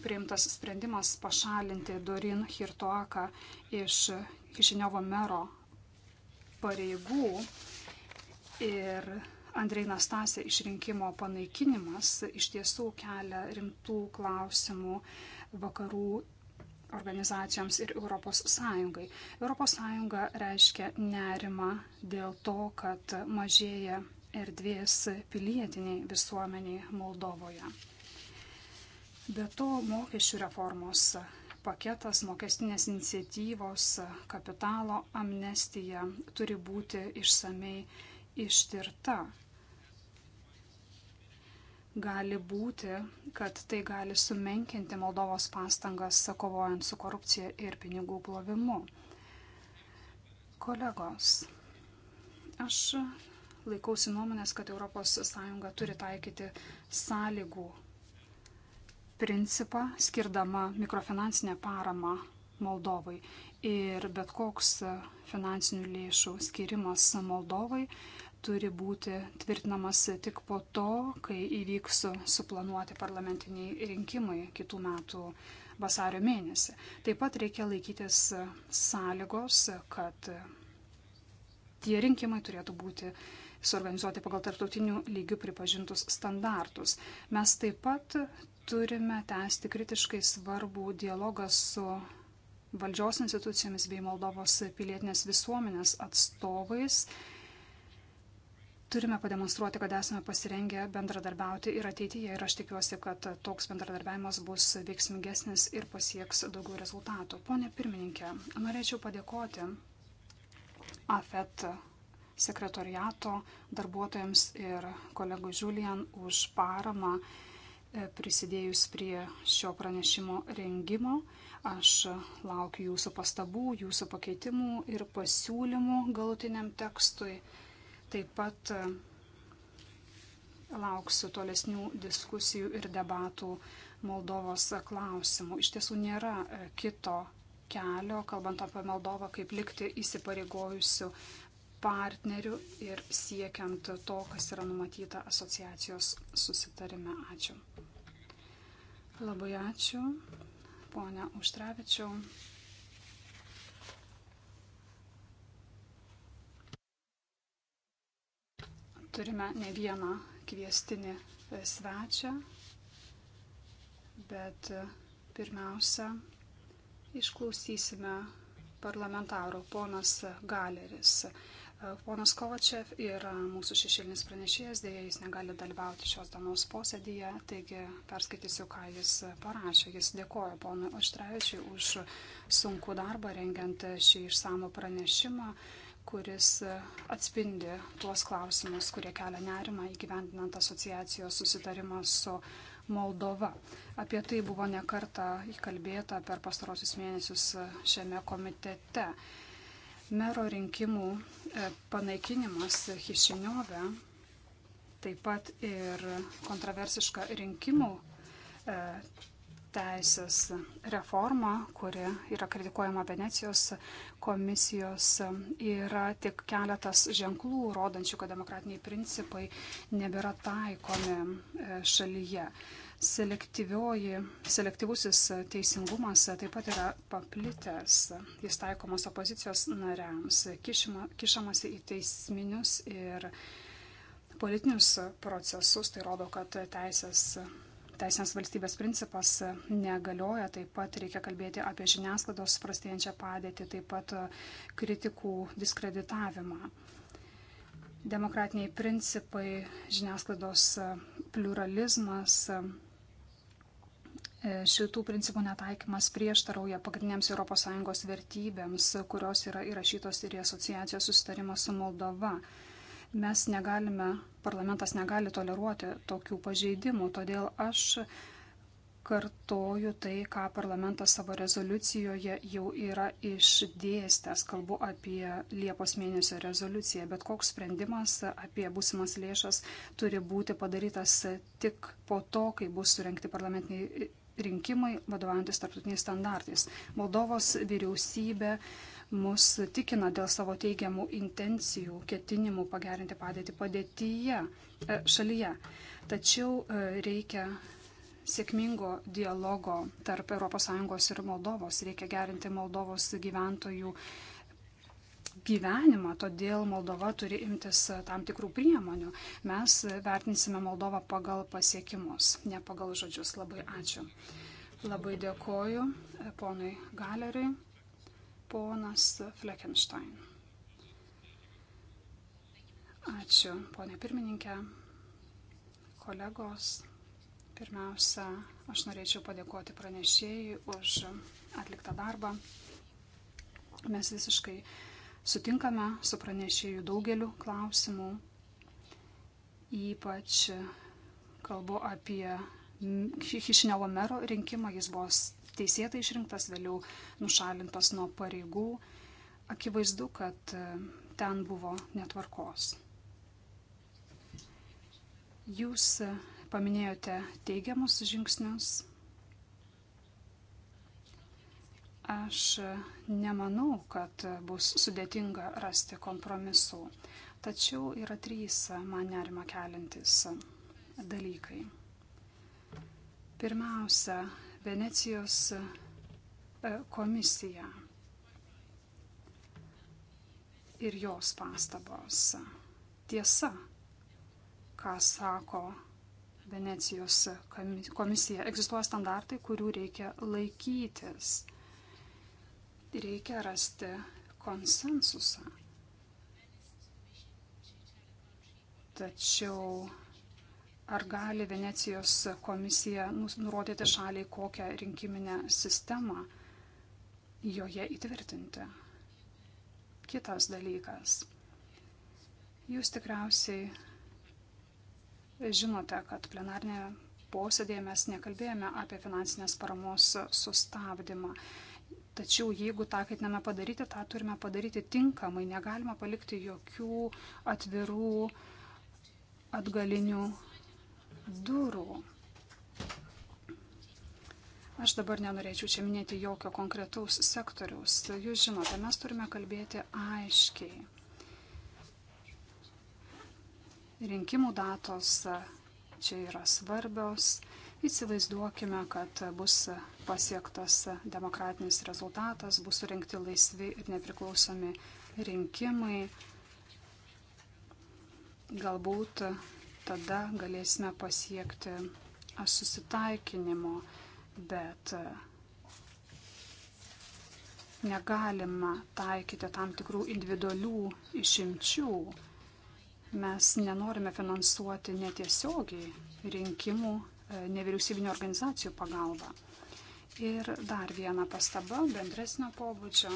Speaker 3: priimtas sprendimas pašalinti Dorin Hirtoaką iš Kišiniovo mero pareigų ir Andrei Nastasė išrinkimo panaikinimas iš tiesų kelia rimtų klausimų vakarų organizacijoms ir Europos Sąjungai. Europos Sąjunga reiškia nerimą dėl to, kad mažėja erdvės pilietiniai visuomeniai Moldovoje. Be to, mokesčių reformos paketas, mokestinės iniciatyvos, kapitalo amnestija turi būti išsamei ištirta. Gali būti, kad tai gali sumenkinti Moldovos pastangas kovojant su korupcija ir pinigų plovimu. Kolegos, aš laikausi nuomonės, kad ES turi taikyti sąlygų principą, skirdama mikrofinansinę paramą Moldovai. Ir bet koks finansinių lėšų skirimas Moldovai turi būti tvirtinamas tik po to, kai įvyks suplanuoti parlamentiniai rinkimai kitų metų vasario mėnesį. Taip pat reikia laikytis sąlygos, kad tie rinkimai turėtų būti suorganizuoti pagal tarptautinių lygių pripažintus standartus. Mes taip pat Turime tęsti kritiškai svarbų dialogą su valdžios institucijomis bei Moldovos pilietinės visuomenės atstovais. Turime pademonstruoti, kad esame pasirengę bendradarbiauti ir ateityje ir aš tikiuosi, kad toks bendradarbiavimas bus veiksmingesnis ir pasieks daugiau rezultatų. Pone pirmininkė, norėčiau padėkoti AFET sekretoriato darbuotojams ir kolegų Julian už paramą E, prisidėjus prie šio pranešimo rengimo. Aš laukiu jūsų pastabų, jūsų pakeitimų ir pasiūlymų galutiniam tekstui. Taip pat e, lauksiu tolesnių diskusijų ir debatų Moldovos klausimų. Iš tiesų nėra e, kito kelio, kalbant apie Moldovą, kaip likti įsipareigojusiu partnerių ir siekiant to, kas yra numatyta asociacijos susitarime. Ačiū. Labai ačiū, ponia Užtrevičiau. Turime ne vieną kviestinį svečią, bet pirmiausia, išklausysime parlamentaro ponas Galeris. Ponas Kovačev yra mūsų šešėlinis pranešėjas, dėja jis negali dalyvauti šios dienos posėdėje, taigi perskaitysiu, ką jis parašė. Jis dėkoja ponui Oštrevičiui už sunkų darbą rengiant šį išsamų pranešimą, kuris atspindi tuos klausimus, kurie kelia nerimą įgyvendinant asociacijos susitarimą su Moldova. Apie tai buvo nekarta įkalbėta per pastarosius mėnesius šiame komitete. Mero rinkimų e, panaikinimas Hišiniove, taip pat ir kontroversiška rinkimų e, teisės reforma, kuri yra kritikuojama Venecijos komisijos, yra tik keletas ženklų, rodančių, kad demokratiniai principai nebėra taikomi e, šalyje selektyvusis teisingumas taip pat yra paplitęs. Jis taikomas opozicijos nariams, kišima, kišamasi į teisminius ir politinius procesus. Tai rodo, kad teisės, teisinės valstybės principas negalioja. Taip pat reikia kalbėti apie žiniasklaidos prastėjančią padėtį, taip pat kritikų diskreditavimą demokratiniai principai, žiniasklaidos pluralizmas E, šitų principų netaikymas prieštarauja pagrindiniams ES vertybėms, kurios yra įrašytos ir į asociacijos susitarimą su Moldova. Mes negalime, parlamentas negali toleruoti tokių pažeidimų, todėl aš kartoju tai, ką parlamentas savo rezoliucijoje jau yra išdėstęs. Kalbu apie Liepos mėnesio rezoliuciją, bet koks sprendimas apie būsimas lėšas turi būti padarytas tik po to, kai bus surenkti parlamentiniai rinkimai vadovantis tarptautiniais standartais. Moldovos vyriausybė mus tikina dėl savo teigiamų intencijų, ketinimų pagerinti padėtį padėtyje, e, šalyje. Tačiau e, reikia sėkmingo dialogo tarp ES ir Moldovos. Reikia gerinti Moldovos gyventojų gyvenimą, todėl Moldova turi imtis e, tam tikrų priemonių. Mes e, vertinsime Moldovą pagal pasiekimus, ne pagal žodžius. Labai ačiū. Labai dėkoju e, ponui Galeriui, ponas Fleckenstein. Ačiū, ponė pirmininkė, kolegos. Pirmiausia, aš norėčiau padėkoti pranešėjai už atliktą darbą. Mes visiškai uh, Sutinkame su pranešėjų daugeliu klausimų, ypač kalbu apie Hišiniovo mero rinkimą, jis buvo teisėtai išrinktas, vėliau nušalintas nuo pareigų. Akivaizdu, kad e, ten buvo netvarkos. Jūs e, paminėjote teigiamus žingsnius, Aš nemanau, kad bus sudėtinga rasti kompromisų, tačiau yra trys man nerima kelintis dalykai. Pirmiausia, Venecijos e, komisija ir jos pastabos. Tiesa, ką sako Venecijos komisija, egzistuoja standartai, kurių reikia laikytis reikia rasti konsensusą. Tačiau ar gali Venecijos komisija nurodyti šaliai kokią rinkiminę sistemą joje įtvirtinti? Kitas dalykas. Jūs tikriausiai žinote, kad plenarnėje posėdėje mes nekalbėjome apie finansinės paramos sustabdymą. Tačiau jeigu tą ketiname padaryti, tą turime padaryti tinkamai. Negalima palikti jokių atvirų atgalinių durų. Aš dabar nenorėčiau čia minėti jokio konkretaus sektoriaus. Jūs žinote, mes turime kalbėti aiškiai. Rinkimų datos čia yra svarbios. Įsivaizduokime, kad bus pasiektas demokratinis rezultatas, bus surinkti laisvi ir nepriklausomi rinkimai. Galbūt tada galėsime pasiekti susitaikinimo, bet negalima taikyti tam tikrų individualių išimčių. Mes nenorime finansuoti netiesiogiai rinkimų E, nevyriausybinio organizacijų pagalba. Ir dar viena pastaba bendresnio pobūdžio.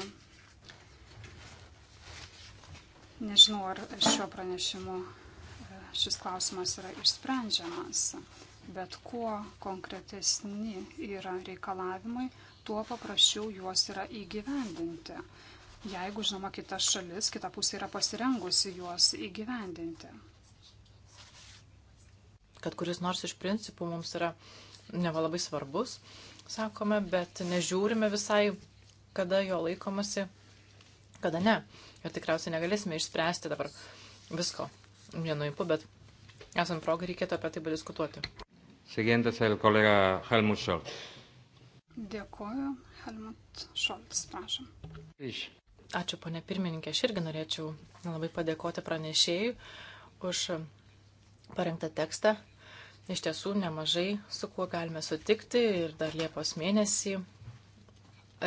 Speaker 3: Nežinau, ar šiuo pranešimu e, šis klausimas yra išsprendžiamas, bet kuo konkretesni yra reikalavimai, tuo paprasčiau juos yra įgyvendinti. Jeigu, žinoma, kita šalis, kita pusė yra pasirengusi juos įgyvendinti
Speaker 1: kad kuris nors iš principų mums yra neva labai svarbus, sakome, bet nežiūrime visai, kada jo laikomasi, kada ne. Ir tikriausiai negalėsime išspręsti dabar visko vienu įpu, bet esant progą reikėtų apie tai padiskutuoti.
Speaker 4: Siguientes el kolega Helmut Scholz.
Speaker 3: Dėkuoju, Helmut Scholz, prašom.
Speaker 1: Iš. Ačiū, ponė pirmininkė, aš irgi norėčiau labai padėkoti pranešėjui už parengtą tekstą iš tiesų nemažai, su kuo galime sutikti ir dar Liepos mėnesį,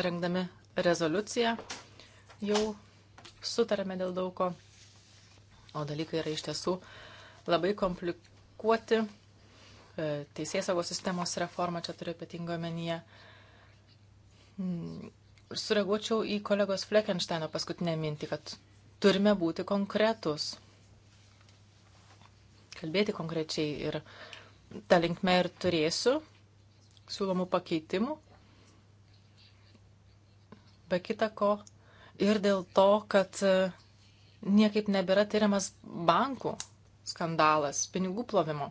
Speaker 1: rengdami rezoliuciją, jau sutarėme dėl daugo, o dalykai yra iš tiesų labai komplikuoti. E, Teisės saugos sistemos reforma čia turiu ypatingo omenyje. Mm, sureaguočiau į kolegos Fleckensteino paskutinę mintį, kad turime būti konkretus. Kalbėti konkrečiai ir uh, tą linkmę ir turėsiu siūlomų pakeitimų. Be kita ko ir dėl to, kad e, niekaip nebėra tyriamas bankų skandalas, pinigų plovimo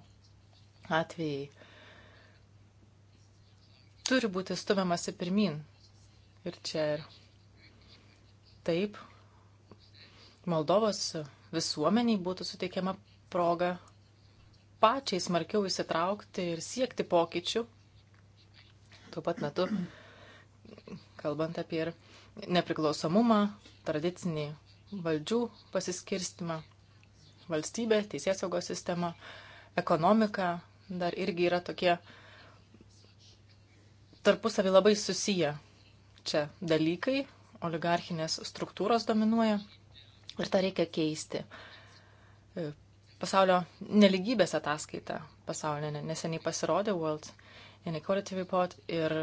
Speaker 1: atvejai. Turi būti stumiamasi pirmin. Ir čia ir taip Moldovos visuomeniai būtų suteikiama proga pačiai smarkiau įsitraukti ir siekti pokyčių. Tuo pat metu, kalbant apie ir nepriklausomumą, tradicinį valdžių pasiskirstimą, valstybę, teisėsaugos sistemą, ekonomiką, dar irgi yra tokie tarpusavį labai susiję čia dalykai, oligarchinės struktūros dominuoja ir tą reikia keisti pasaulio neligybės ataskaita pasaulinė neseniai pasirodė World Inequality Report ir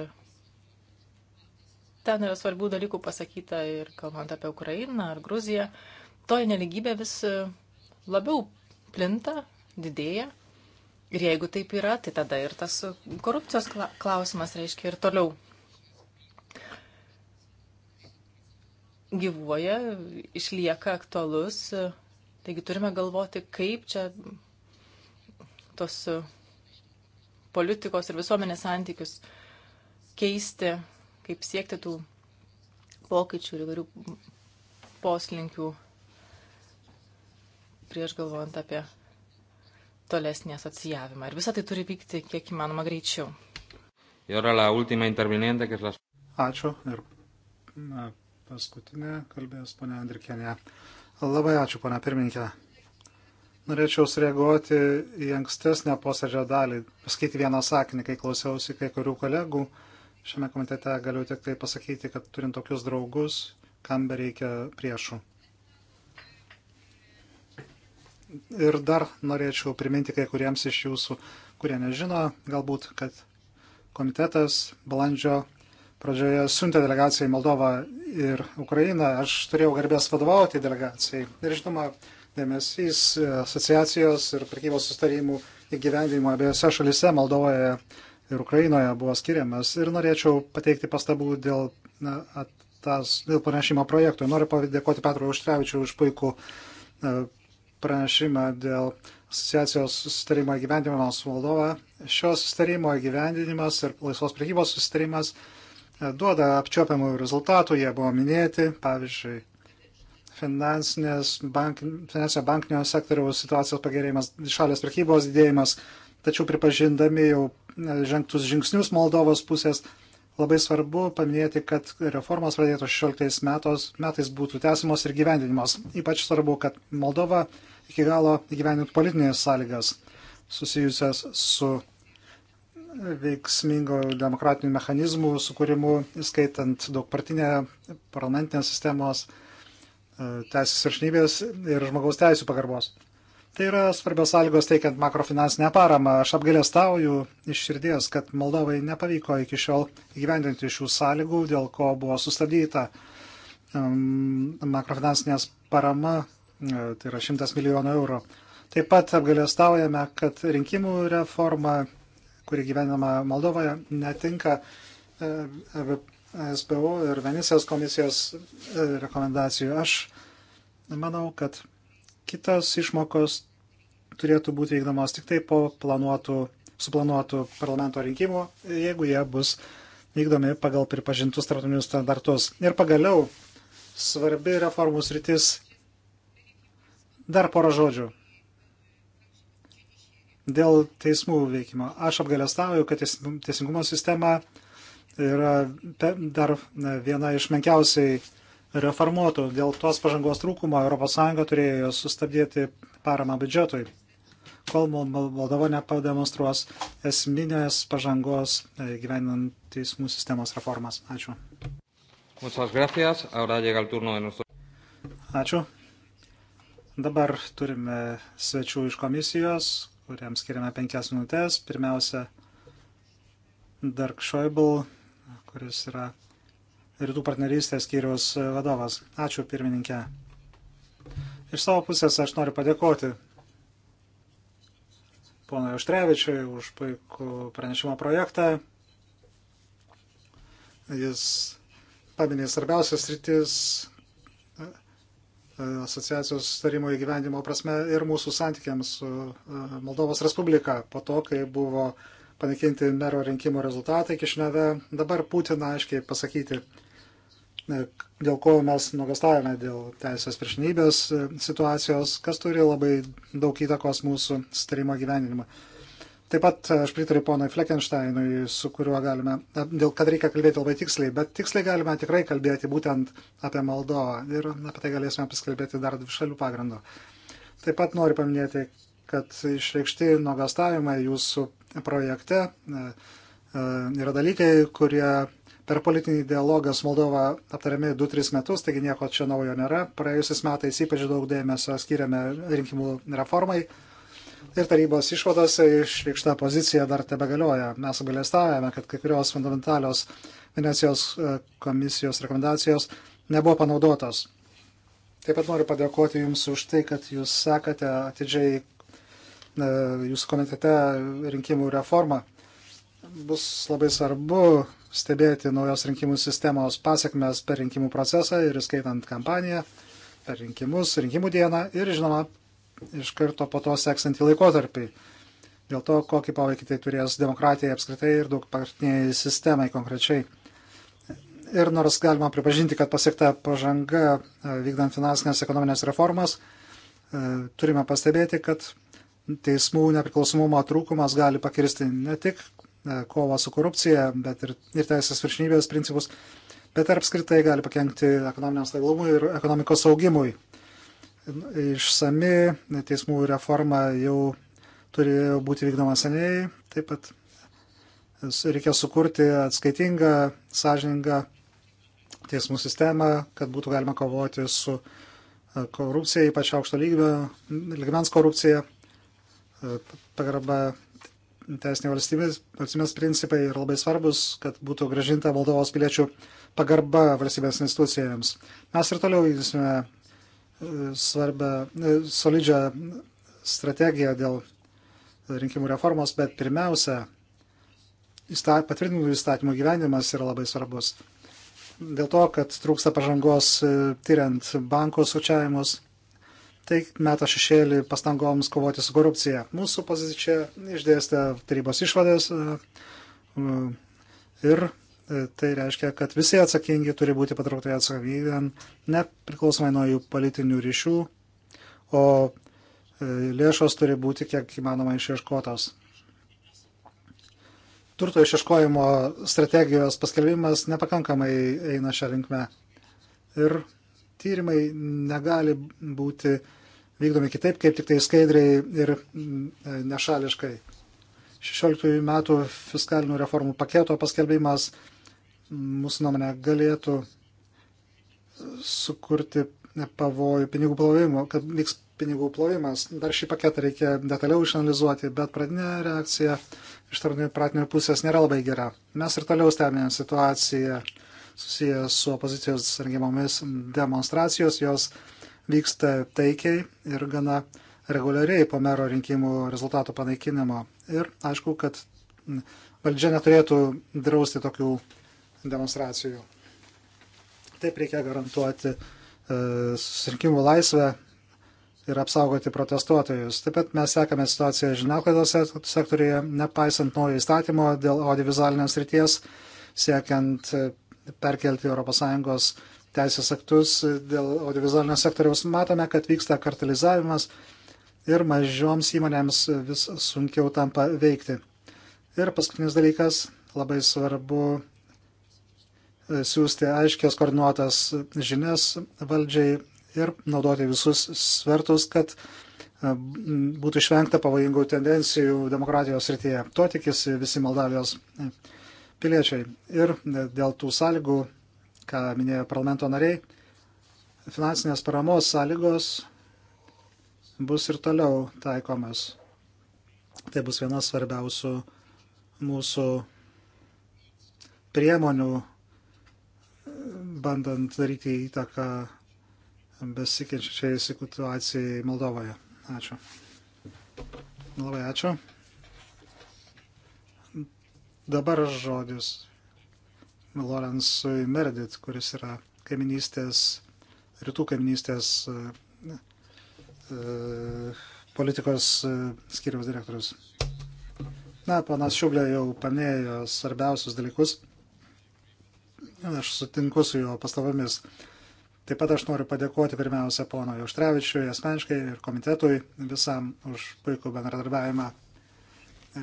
Speaker 1: ten yra svarbių dalykų pasakyta ir kalbant apie Ukrainą ar Gruziją. Toji neligybė vis e, labiau plinta, didėja. Ir jeigu taip yra, tai tada ir tas korupcijos klausimas reiškia ir toliau gyvuoja, išlieka aktualus e, Taigi turime galvoti, kaip čia tos e, politikos ir visuomenės santykius keisti, kaip siekti tų pokyčių ir įvairių poslinkių prieš galvojant apie tolesnį asociavimą. Ir visą tai turi vykti kiek įmanoma greičiau.
Speaker 2: Ačiū. Ir na, paskutinė kalbės ponia Andrikenė. Labai ačiū, pana pirmininkė. Norėčiau sureaguoti į ankstesnę posėdžio dalį, pasakyti vieną sakinį, kai klausiausi kai kurių kolegų. Šiame komitete galiu tik tai pasakyti, kad turint tokius draugus, kam bereikia priešų. Ir dar norėčiau priminti kai kuriems iš jūsų, kurie nežino, galbūt, kad komitetas balandžio pradžioje siuntė delegaciją į Moldovą ir Ukrainą, aš turėjau garbės vadovauti delegacijai. Ir žinoma, dėmesys asociacijos ir prekybos sustarimų įgyvendinimo abiejose šalise, Moldovoje ir Ukrainoje, buvo skiriamas. Ir norėčiau pateikti pastabų dėl, na, tas, dėl pranešimo projektų. Noriu padėkoti Petrui Užtrevičiu už puikų pranešimą dėl asociacijos sustarimo įgyvendinimo su Moldova. Šio sustarimo įgyvendinimas ir laisvos prekybos sustarimas duoda apčiopiamų rezultatų, jie buvo minėti, pavyzdžiui, finansinės bank, finansinio bankinio sektoriaus situacijos pagerėjimas, šalės prekybos didėjimas, tačiau pripažindami jau e, žengtus žingsnius Moldovos pusės, labai svarbu paminėti, kad reformos pradėtos 16 metos, metais būtų tęsimos ir gyvendinimos. Ypač svarbu, kad Moldova iki galo įgyvendintų politinės sąlygas susijusias su veiksmingo demokratinių mechanizmų sukūrimu, skaitant daugpartinę parlamentinės sistemos, e, teisės viršnybės ir žmogaus teisų pagarbos. Tai yra svarbios sąlygos teikiant makrofinansinę paramą. Aš apgailestauju iš širdies, kad Moldovai nepavyko iki šiol įgyvendinti šių sąlygų, dėl ko buvo sustabdyta makrofinansinės parama, e, tai yra 100 milijonų eurų. Taip pat apgailestaujame, kad rinkimų reforma kuri gyvenama Moldovoje, netinka e, SBO ir Venecijos komisijos e, rekomendacijų. Aš manau, kad kitos išmokos turėtų būti vykdomos tik tai po planuotų, suplanuotų parlamento rinkimų, jeigu jie bus vykdomi pagal pripažintus tarptautinius standartus. Ir pagaliau svarbi reformų sritis. Dar porą žodžių. Dėl teismų veikimo. Aš apgalėstauju, kad teisingumo sistema yra dar viena iš menkiausiai reformuotų. Dėl tos pažangos trūkumo ES turėjo sustabdyti paramą biudžetui, kol Moldova nepademonstruos esminės pažangos e, gyvenant teismų sistemos reformas. Ačiū. Ačiū. Dabar turime svečių iš komisijos, kuriam skiriame penkias minutės. Pirmiausia, Dark Schäuble, kuris yra rytų partnerystės skyriaus vadovas. Ačiū pirmininkė. Iš savo pusės aš noriu padėkoti ponui Oštrevičiui už puikų pranešimo projektą. Jis paminė svarbiausias rytis, E, asociacijos sustarimo įgyvendimo prasme ir mūsų santykiams su e, Moldovos Respublika po to, kai buvo panaikinti mero rinkimų rezultatai Kišneve. Dabar Putina aiškiai pasakyti, e, dėl ko mes nuogastavome dėl teisės priešinybės situacijos, kas turi labai daug įtakos mūsų sustarimo gyvenimą. Taip pat e, aš pritariu ponui Fleckensteinui, su kuriuo galime, dėl kad reikia kalbėti labai tiksliai, bet tiksliai galime tikrai kalbėti būtent apie Moldovą ir apie tai galėsime paskalbėti dar dvi šalių pagrindų. Taip pat noriu paminėti, kad išreikšti nuogastavimai jūsų projekte e, e, yra dalykai, kurie per politinį dialogą su Moldova aptariami 2-3 metus, taigi nieko čia naujo nėra. Praėjusiais metais ypač daug dėmesio skiriame rinkimų reformai ir tarybos išvadose išreikšta pozicija dar tebe galioja. Mes apgalėstavome, kad kai kurios fundamentalios Venecijos e, komisijos rekomendacijos nebuvo panaudotos. Taip pat noriu padėkoti Jums už tai, kad Jūs sekate atidžiai e, Jūsų komitete rinkimų reformą. Bus labai svarbu stebėti naujos rinkimų sistemos pasiekmes per rinkimų procesą ir įskaitant kampaniją, per rinkimus, rinkimų dieną ir, žinoma, iš karto po to seksantį laikotarpį. Dėl to, kokį poveikį tai turės demokratijai apskritai ir daug partiniai sistemai konkrečiai. Ir nors galima pripažinti, kad pasiekta pažanga e, vykdant finansinės ekonominės reformas, e, turime pastebėti, kad teismų nepriklausomumo trūkumas gali pakirsti ne tik e, kovą su korupcija, bet ir, ir teisės viršinybės principus, bet ir apskritai gali pakengti ekonominiam stabilumui ir ekonomikos augimui išsami, teismų reforma jau turėjo būti vykdoma seniai, taip pat reikia sukurti atskaitingą, sąžiningą teismų sistemą, kad būtų galima kovoti su korupcija, ypač aukšto lygio, lygmens korupcija, pagarba teisinė valstybės, valstybės principai yra labai svarbus, kad būtų gražinta valdovos piliečių pagarba valstybės institucijams. Mes ir toliau vykdysime svarbę, e, solidžią strategiją dėl rinkimų reformos, bet pirmiausia, patvirtinimų įstatymų gyvenimas yra labai svarbus. Dėl to, kad trūksta pažangos e, tyriant bankų sučiavimus, tai meta šešėlį pastangoms kovoti su korupcija. Mūsų pozicija išdėstė tarybos išvadas e, ir E, tai reiškia, kad visi atsakingi turi būti patraukti atsakingam, nepriklausomai nuo jų politinių ryšių, o e, lėšos turi būti kiek įmanoma išieškotos. Turto išieškojimo strategijos paskelbimas nepakankamai eina šią linkmę. Ir tyrimai negali būti vykdomi kitaip, kaip tik tai skaidriai ir mm, e, nešališkai. 16 metų fiskalinių reformų paketo paskelbimas mūsų nuomonė, galėtų sukurti pavojų pinigų plovimo, kad vyks pinigų plovimas. Dar šį paketą reikia detaliau išanalizuoti, bet pradinė reakcija iš tarnų pusės nėra labai gera. Mes ir toliau stebime situaciją susiję su opozicijos rengimomis demonstracijos, jos vyksta taikiai ir gana reguliariai po mero rinkimų rezultatų panaikinimo. Ir aišku, kad valdžia neturėtų drausti tokių demonstracijų. Taip reikia garantuoti e, susirinkimų laisvę ir apsaugoti protestuotojus. Taip pat mes sekame situaciją žiniasklaidos sektorėje, nepaisant naujo įstatymo dėl audiovizualinės ryties, siekiant e, perkelti ES teisės aktus dėl audiovizualinio sektoriaus. Matome, kad vyksta kartelizavimas ir mažoms įmonėms vis sunkiau tampa veikti. Ir paskutinis dalykas, labai svarbu siūsti aiškės koordinuotas žinias valdžiai ir naudoti visus svertus, kad e, būtų išvengta pavojingų tendencijų demokratijos rytyje. To tikisi visi Moldavijos e, piliečiai. Ir e, dėl tų sąlygų, ką minėjo parlamento nariai, finansinės paramos sąlygos bus ir toliau taikomas. Tai bus vienas svarbiausių mūsų priemonių bandant daryti įtaką besikenčiai situacijai Moldovoje. Ačiū. Labai ačiū. Dabar žodis Lorenzui Merdit, kuris yra kaiminystės, rytų kaiminystės e, politikos e, skiriaus direktorius. Na, panas Šiublė jau panėjo svarbiausius dalykus. Aš sutinku su jo pastabomis. Taip pat aš noriu padėkoti pirmiausia pono Jauštrevičiui asmeniškai ir komitetui visam už puikų bendradarbiavimą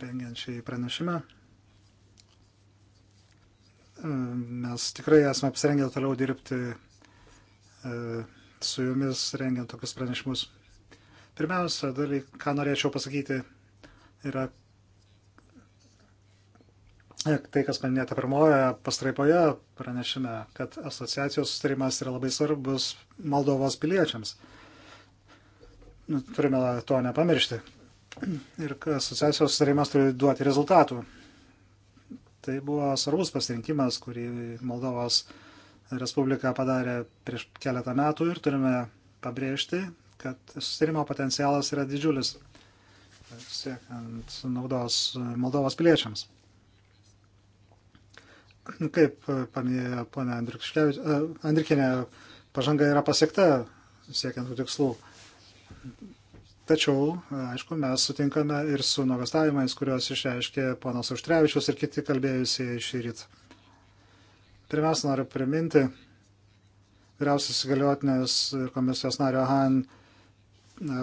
Speaker 2: rengiant šį pranešimą. Mes tikrai esame apsirengę toliau dirbti e, su jumis rengiant tokius pranešimus. Pirmiausia, dalyk, ką norėčiau pasakyti, yra E, tai, kas paminėta pirmoje pastraipoje pranešime, kad asociacijos sustarimas yra labai svarbus Moldovos piliečiams. Nu, turime to nepamiršti. Ir asociacijos sustarimas turi duoti rezultatų. Tai buvo svarbus pasirinkimas, kurį Moldovos Respublika padarė prieš keletą metų ir turime pabrėžti, kad sustarimo potencialas yra didžiulis, siekiant naudos Moldovos piliečiams. Nu, kaip e, paminėjo ponia e, Andrikinė, pažanga yra pasiekta siekiant tų tikslų. Tačiau, e, aišku, mes sutinkame ir su nuogastavimais, kuriuos išreiškė ponas Užtrevičius ir kiti kalbėjusieji šį rytą. Pirmiausia, noriu priminti vyriausios įgaliotinės komisijos nario Han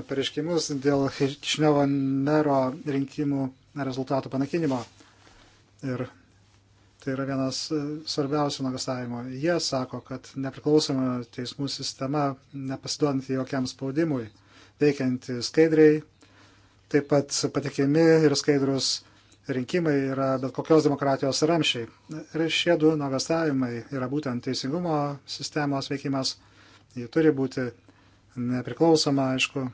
Speaker 2: pareiškimus dėl Hičnevo mero rinkimų rezultatų panakinimo. Ir tai yra vienas e, svarbiausių nuogastavimų. Jie sako, kad nepriklausoma teismų sistema, nepasiduodanti jokiam spaudimui, veikianti skaidriai, taip pat patikimi ir skaidrus rinkimai yra bet kokios demokratijos ramšiai. Ir šie du nuogastavimai yra būtent teisingumo sistemos veikimas, ji turi būti nepriklausoma, aišku.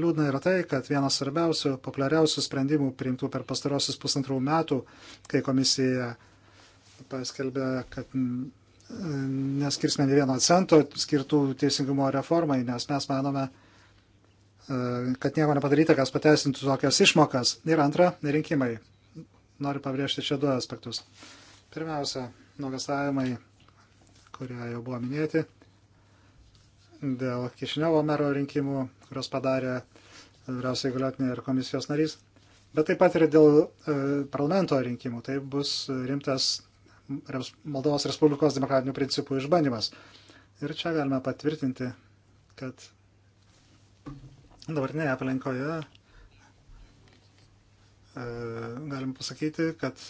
Speaker 2: Liūdna yra tai, kad vienas svarbiausių, populiariausių sprendimų priimtų per pastarosius pusantrų metų, kai komisija paskelbė, kad mm, e, neskirsime ne vieno cento skirtų teisingumo reformai, nes mes manome, e, kad nieko nepadaryta, kas pateisintų tokias išmokas. Ir antra, rinkimai. Noriu pabrėžti čia du aspektus. Pirmiausia, nuogastavimai, kurie jau buvo minėti, dėl Kišiniovo mero rinkimų, kurios padarė vyriausiai galiotinė ir komisijos narys, bet taip pat ir dėl e, parlamento rinkimų. Tai bus rimtas Moldovos Respublikos demokratinių principų išbandymas. Ir čia galime patvirtinti, kad dabartinėje aplinkoje e, galim pasakyti, kad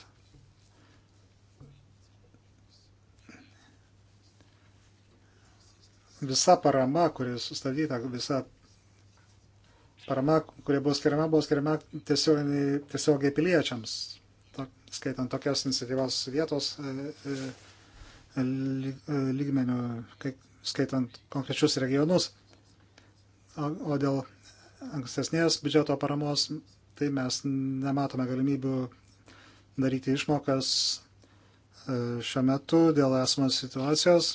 Speaker 2: visa parama, kuri sustabdyta, visa parama, kurie buvo skiriama, buvo skiriama tiesiogiai, tiesiogiai piliečiams skaitant tokias iniciatyvas vietos e, e, e, lygmenių, skaitant konkrečius regionus. O dėl ankstesnės biudžeto paramos, tai mes nematome galimybių daryti išmokas šiuo metu dėl esamos situacijos.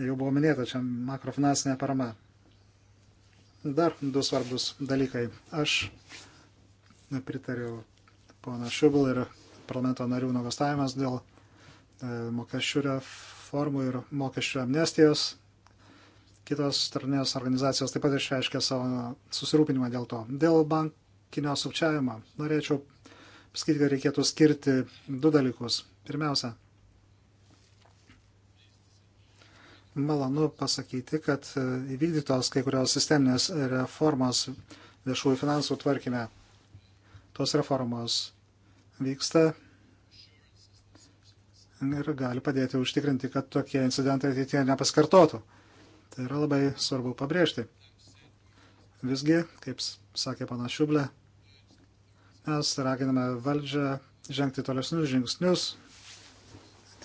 Speaker 2: Jau buvo minėta čia makrofinansinė parama. Dar du svarbus dalykai. Aš pritariu pono Šubel ir parlamento narių nuogastavimas dėl e, mokesčių reformų ir mokesčių amnestijos. Kitos tarnės organizacijos taip pat išreiškė savo susirūpinimą dėl to. Dėl bankinio sukčiavimo norėčiau pasakyti, kad reikėtų skirti du dalykus. Pirmiausia, malonu pasakyti, kad e, įvykdytos kai kurios sisteminės reformos viešųjų finansų tvarkime Tos reformos vyksta ir gali padėti užtikrinti, kad tokie incidentai ateityje nepaskartotų. Tai yra labai svarbu pabrėžti. Visgi, kaip sakė pana Šiublė, mes raginame valdžią žengti tolesnius žingsnius,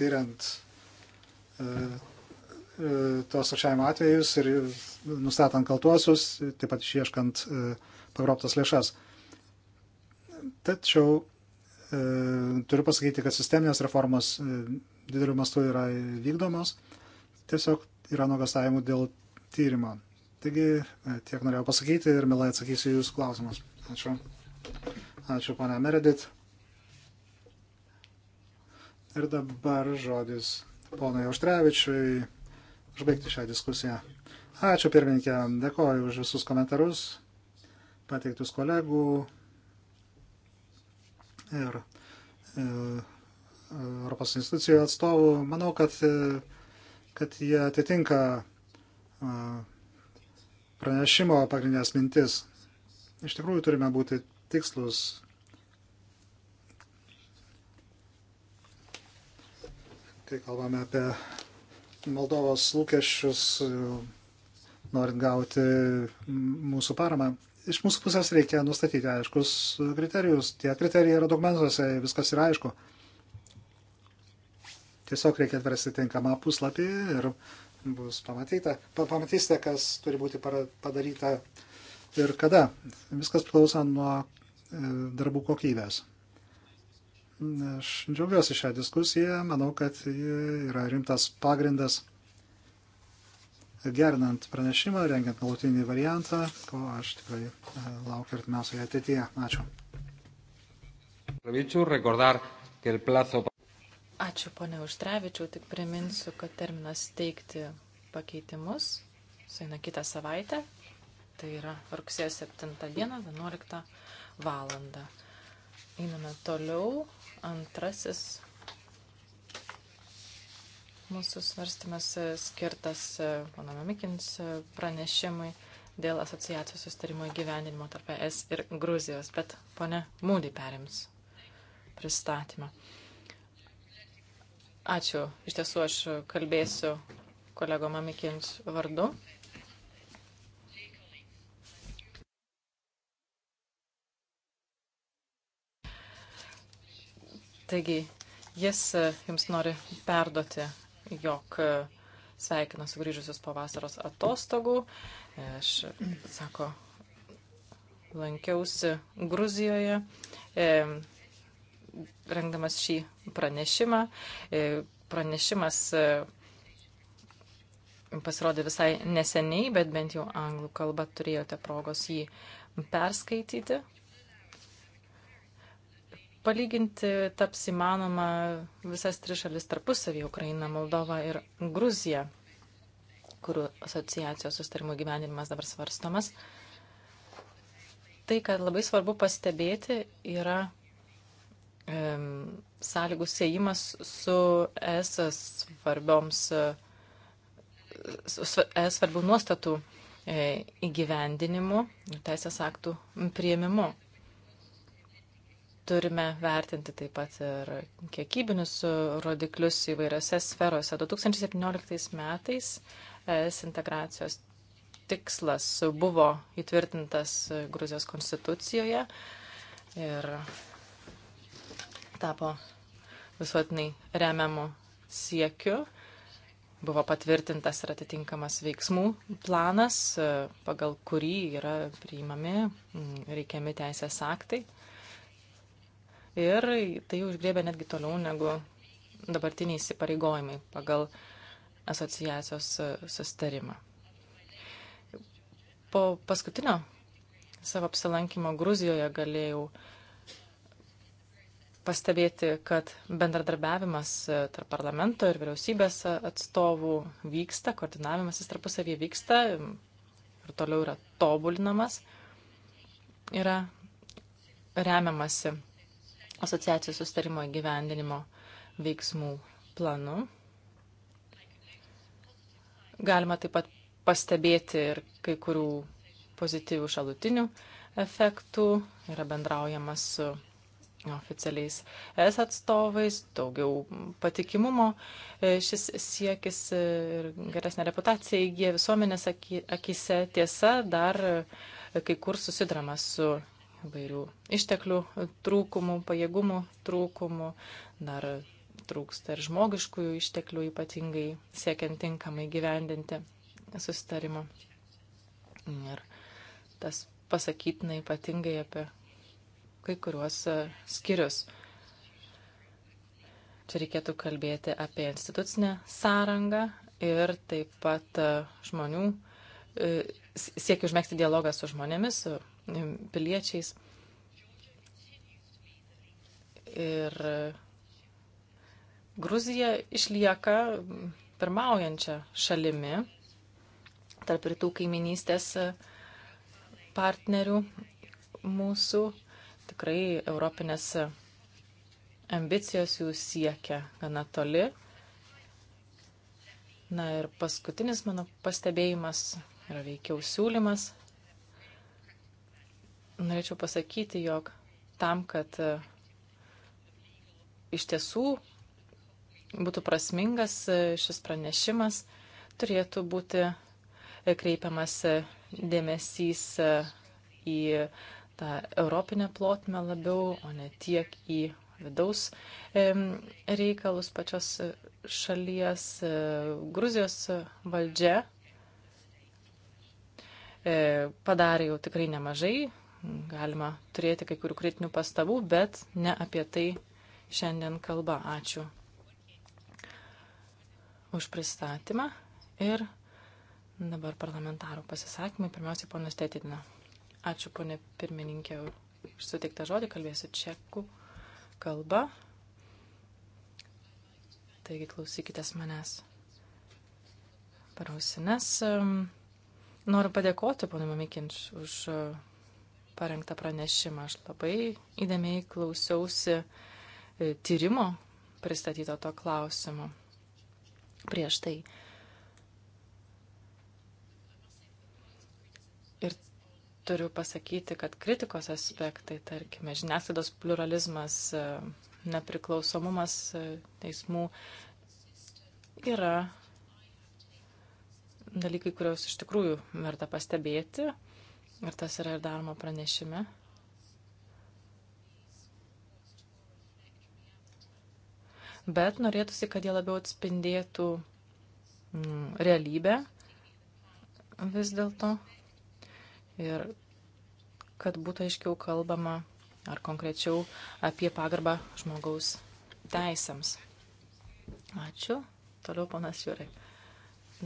Speaker 2: tyriant e, e, tos sukčiavimo atvejus ir nustatant kaltuosius, taip pat išieškant e, pagrobtas lėšas. Tačiau e, turiu pasakyti, kad sisteminės reformos e, dideliu mastu yra vykdomos, tiesiog yra nuogastavimų dėl tyrimo. Taigi e, tiek norėjau pasakyti ir mielai atsakysiu jūsų klausimus. Ačiū. Ačiū, ponia Meredit. Ir dabar žodis ponui Auštrevičiui užbaigti šią diskusiją. Ačiū pirmininkė, dėkoju už visus komentarus, pateiktus kolegų, ir Europos institucijų atstovų. Manau, kad, kad jie atitinka pranešimo pagrindinės mintis. Iš tikrųjų turime būti tikslus. Kai kalbame apie Moldovos lūkesčius, norint gauti mūsų paramą, iš mūsų pusės reikia nustatyti aiškus kriterijus. Tie kriterijai yra dokumentuose, viskas yra aišku. Tiesiog reikia atversti tinkamą puslapį ir bus pamatyta. Pamatysite, kas turi būti padaryta ir kada. Viskas priklauso nuo e, darbų kokybės. Aš džiaugiuosi šią diskusiją, manau, kad yra rimtas pagrindas gerinant pranešimą, rengiant galutinį variantą, ko aš tikrai e, laukiu artimiausioje ateityje. Ačiū. Ačiū, ponia Užtrevičiau,
Speaker 1: tik priminsiu, kad terminas teikti pakeitimus suina kitą savaitę, tai yra rugsėjo 7 dieną, 11 valandą. Einame toliau. Antrasis Mūsų svarstymas e, skirtas mano e, Mikins e, pranešimui dėl asociacijos sustarimo gyvenimo tarp ES ir Gruzijos, bet pone Mūdy perims pristatymą. Ačiū. Iš tiesų aš kalbėsiu kolego Mamikins vardu. Taigi, jis jums nori perduoti jog e, sveikina sugrįžusius po vasaros atostogų. E, aš, sako, lankiausi Gruzijoje, e, rengdamas šį pranešimą. E, pranešimas e, pasirodė visai neseniai, bet bent jau anglų kalbą turėjote progos jį perskaityti. Palyginti taps įmanoma visas tris šalis tarpusavį - Ukraina, Moldova ir Gruzija, kurių asociacijos sustarimo gyvenimas dabar svarstomas. Tai, kad labai svarbu pastebėti, yra sąlygų siejimas su es svarbioms, su es svarbių nuostatų e, įgyvendinimu ir teisės aktų prieimimu turime vertinti taip pat ir kiekybinius rodiklius įvairiose sferose. 2017 metais ES integracijos tikslas buvo įtvirtintas Gruzijos konstitucijoje ir tapo visuotinai remiamu siekiu. Buvo patvirtintas ir atitinkamas veiksmų planas, pagal kurį yra priimami reikiami teisės aktai ir tai užgrėbė netgi toliau negu dabartiniai įsipareigojimai pagal asociacijos e, sustarimą. Po paskutinio savo apsilankimo Gruzijoje galėjau pastebėti, kad bendradarbiavimas e, tarp parlamento ir vyriausybės atstovų vyksta, koordinavimas jis tarpusavį vyksta ir toliau yra tobulinamas, yra remiamasi asociacijos sustarimo įgyvendinimo veiksmų planu. Galima taip pat pastebėti ir kai kurių pozityvių šalutinių efektų. Yra bendraujama su oficialiais es atstovais, daugiau patikimumo. E, šis siekis e, ir geresnė reputacija įgyja visuomenės akise. Tiesa, dar e, kai kur susidrama su vairių išteklių trūkumų, pajėgumų trūkumų, dar trūksta ir žmogiškųjų išteklių, ypatingai siekiant tinkamai gyvendinti susitarimą. Ir tas pasakytina ypatingai apie kai kuriuos e, skirius. Čia reikėtų kalbėti apie institucinę sąrangą ir taip pat e, žmonių, e, siekiu užmėgti dialogą su žmonėmis, su piliečiais. Ir Gruzija išlieka pirmaujančia šalimi tarp rytų kaiminystės partnerių mūsų. Tikrai europinės ambicijos jų siekia gana toli. Na ir paskutinis mano pastebėjimas yra veikiau siūlymas Norėčiau pasakyti, jog tam, kad e, iš tiesų būtų prasmingas e, šis pranešimas, turėtų būti e, kreipiamas dėmesys į tą europinę plotmę labiau, o ne tiek į vidaus reikalus pačios šalies. Gruzijos valdžia padarė jau tikrai nemažai, galima turėti kai kurių kritinių pastabų, bet ne apie tai šiandien kalba. Ačiū už pristatymą ir dabar parlamentarų pasisakymai. Pirmiausiai, ponas Tetitina. Ačiū, ponė pirmininkė, už suteiktą žodį. Kalbėsiu čekų kalba. Taigi klausykitės manęs. Parausines. Noriu padėkoti, ponė Mamikinč, už uh, parengtą pranešimą. Aš labai įdėmiai klausiausi e, tyrimo pristatyto to klausimu prieš tai. Ir turiu pasakyti, kad kritikos aspektai, tarkime, žiniasklaidos pluralizmas, e, nepriklausomumas e, teismų yra dalykai, kuriuos iš tikrųjų verta pastebėti Ir tas yra ir daroma pranešime. Bet norėtųsi, kad jie labiau atspindėtų mm, realybę vis dėlto. Ir kad būtų aiškiau kalbama ar konkrečiau apie pagarbą žmogaus teisėms. Ačiū. Toliau ponas Jūrai.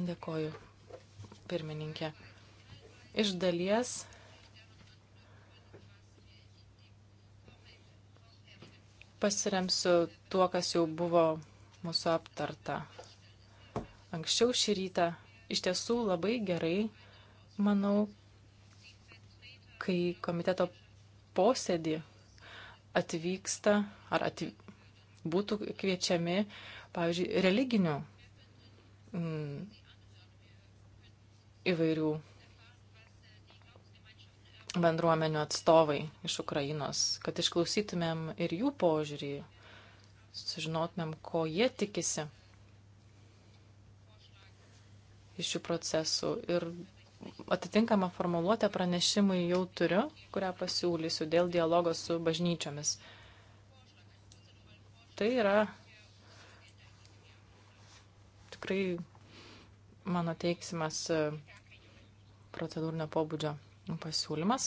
Speaker 1: Dėkoju, pirmininkė iš dalies pasiremsiu tuo, kas jau buvo mūsų aptarta. Anksčiau šį rytą iš tiesų labai gerai, manau, kai komiteto posėdį atvyksta ar atv... būtų kviečiami, pavyzdžiui, religinių m, mm, įvairių bendruomenių atstovai iš Ukrainos, kad išklausytumėm ir jų požiūrį, sužinotumėm, ko jie tikisi iš šių procesų. Ir atitinkamą formuluotę pranešimui jau turiu, kurią pasiūlysiu dėl dialogo su bažnyčiomis. Tai yra tikrai mano teiksimas e, procedūrinio pobūdžio Nu, pasiūlymas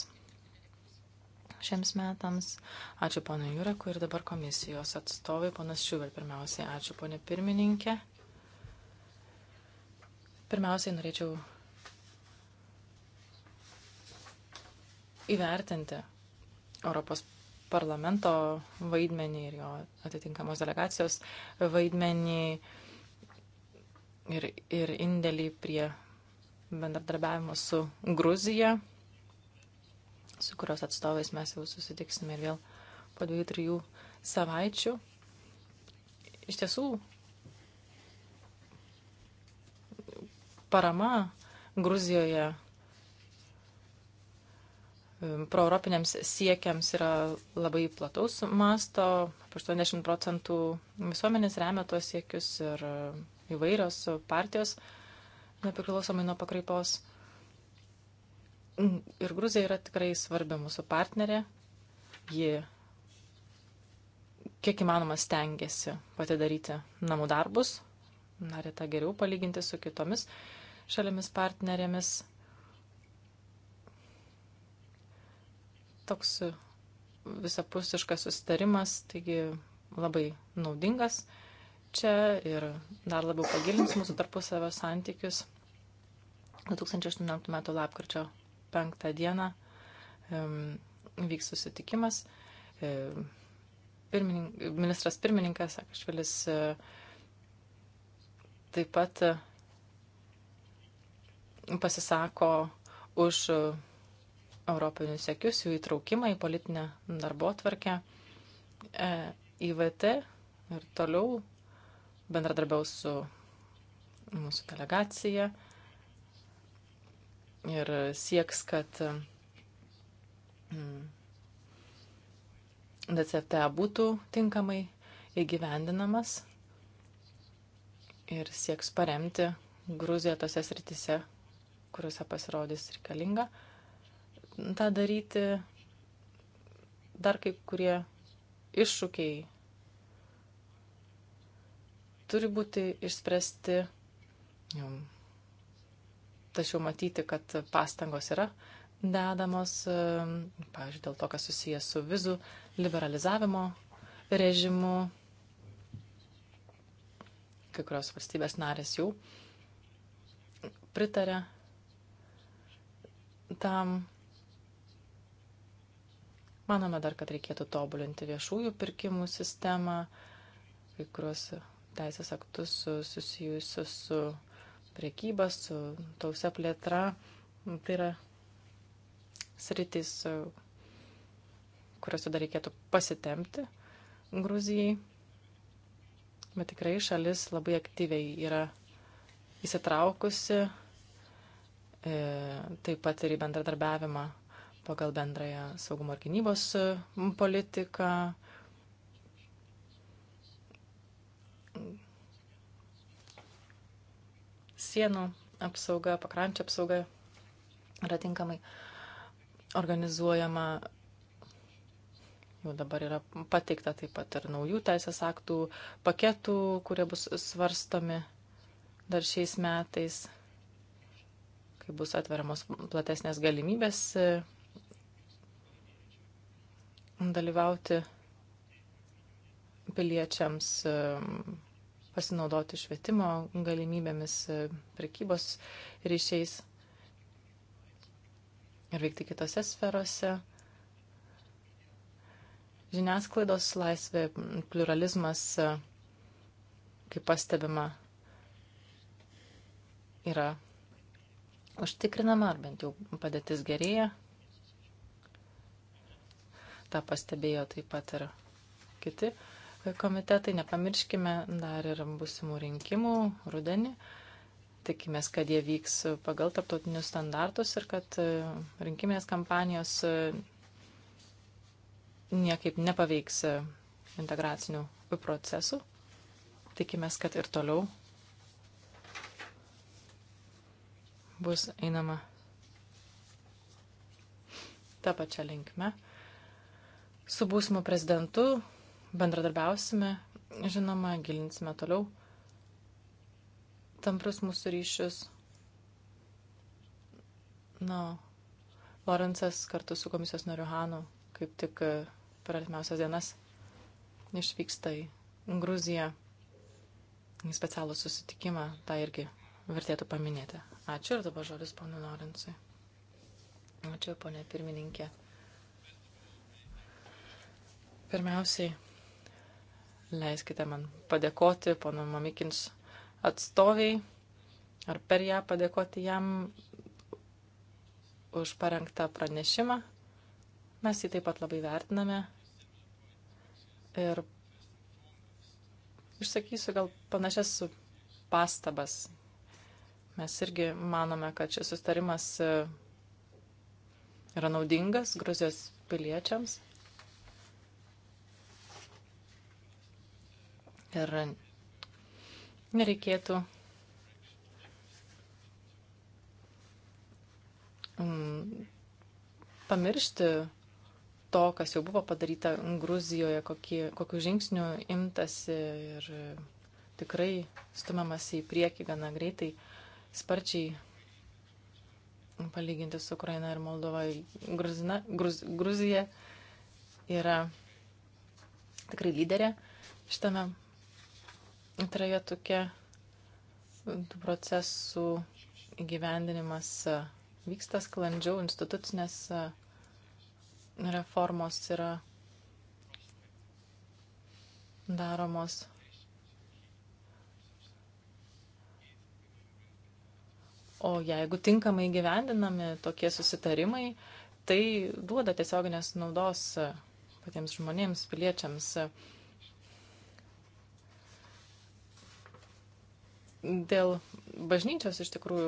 Speaker 1: šiems metams. Ačiū ponui Jurekui ir dabar komisijos atstovai, ponas Šiuvel, pirmiausiai ačiū ponė pirmininkė. Pirmiausiai norėčiau įvertinti Europos parlamento vaidmenį ir jo atitinkamos delegacijos vaidmenį ir, ir indėlį prie bendradarbiavimo su Gruzija su kurios atstovais mes jau susitiksime vėl po dviejų, trijų savaičių. Iš tiesų, parama Gruzijoje um, proeuropiniams siekiams yra labai plataus masto. 80 procentų visuomenės remia tuos siekius ir um, įvairios partijos, nepriklausomai nuo pakraipos. Ir Gruzija yra tikrai svarbi mūsų partnerė. Ji kiek įmanoma stengiasi pati daryti namų darbus. Darė tą geriau palyginti su kitomis šalimis partnerėmis. Toks visapusiškas susitarimas, taigi labai naudingas čia ir dar labiau pagilins mūsų tarpusavio santykius. 2018 m. lapkričio 5 dieną vyks susitikimas. E, pirmininkas, ministras pirmininkas Akašvilis e, taip pat e, pasisako už europinius sėkius, jų įtraukimą į politinę darbo tvarkę. IVT ir toliau bendradarbiaus su mūsų delegacija ir sieks, kad mm, DCFTA būtų tinkamai įgyvendinamas ir sieks paremti Gruziją tose sritise, kuriuose pasirodys reikalinga. Ta daryti dar kai kurie iššūkiai turi būti išspręsti tačiau matyti, kad pastangos yra dedamos, e, pavyzdžiui, dėl to, kas susijęs su vizų liberalizavimo režimu. Kai kurios valstybės narės jau pritarė tam. Manome dar, kad reikėtų tobulinti viešųjų pirkimų sistemą, kai kurios teisės aktus susijusius su. su priekyba, su tausia plėtra. Tai yra sritis, kuriuose dar reikėtų pasitemti Gruzijai. Bet tikrai šalis labai aktyviai yra įsitraukusi e, taip pat ir į bendradarbiavimą pagal bendrąją saugumo ir gynybos politiką, sienų apsauga, pakrančio apsauga yra tinkamai organizuojama. Jau dabar yra pateikta taip pat ir naujų teisės aktų paketų, kurie bus svarstomi dar šiais metais, kai bus atveriamos platesnės galimybės e, dalyvauti piliečiams e, pasinaudoti švietimo galimybėmis, e, prekybos ryšiais ir veikti kitose sferose. Žiniasklaidos laisvė, pluralizmas, e, kaip pastebima, yra užtikrinama, ar bent jau padėtis gerėja. Ta pastebėjo taip pat ir kiti komitetai. Nepamirškime dar ir busimų rinkimų rudenį. Tikimės, kad jie vyks pagal tarptautinius standartus ir kad e, rinkiminės kampanijos e, niekaip nepaveiks e, integracinių procesų. Tikimės, kad ir toliau bus einama tą pačią linkmę. Su būsimu prezidentu bendradarbiausime, žinoma, gilinsime toliau tamprus mūsų ryšius. Na, Lorenzas kartu su komisijos nariu Hanu kaip tik e, per artimiausias dienas išvyksta į Gruziją į specialų susitikimą, tą irgi vertėtų paminėti. Ačiū ir dabar žodis ponui Lorenzui. Ačiū, ponė pirmininkė. Pirmiausiai, Leiskite man padėkoti pono Mamikins atstoviai ar per ją padėkoti jam už parengtą pranešimą. Mes jį taip pat labai vertiname. Ir išsakysiu gal panašias pastabas. Mes irgi manome, kad šis sustarimas yra naudingas Gruzijos piliečiams. Ir nereikėtų mm, pamiršti to, kas jau buvo padaryta Gruzijoje, kokie, kokiu žingsniu imtasi ir tikrai stumiamas į priekį gana greitai, sparčiai palyginti su Ukraina ir Moldova. Gruzina, Gruz, Gruzija yra tikrai lyderė šitame trajetuke tų procesų įgyvendinimas e, vyksta sklandžiau, institucinės e, reformos yra daromos. O jeigu tinkamai gyvendinami tokie susitarimai, tai duoda tiesioginės naudos e, patiems žmonėms, piliečiams. Uh, Dėl bažnyčios iš tikrųjų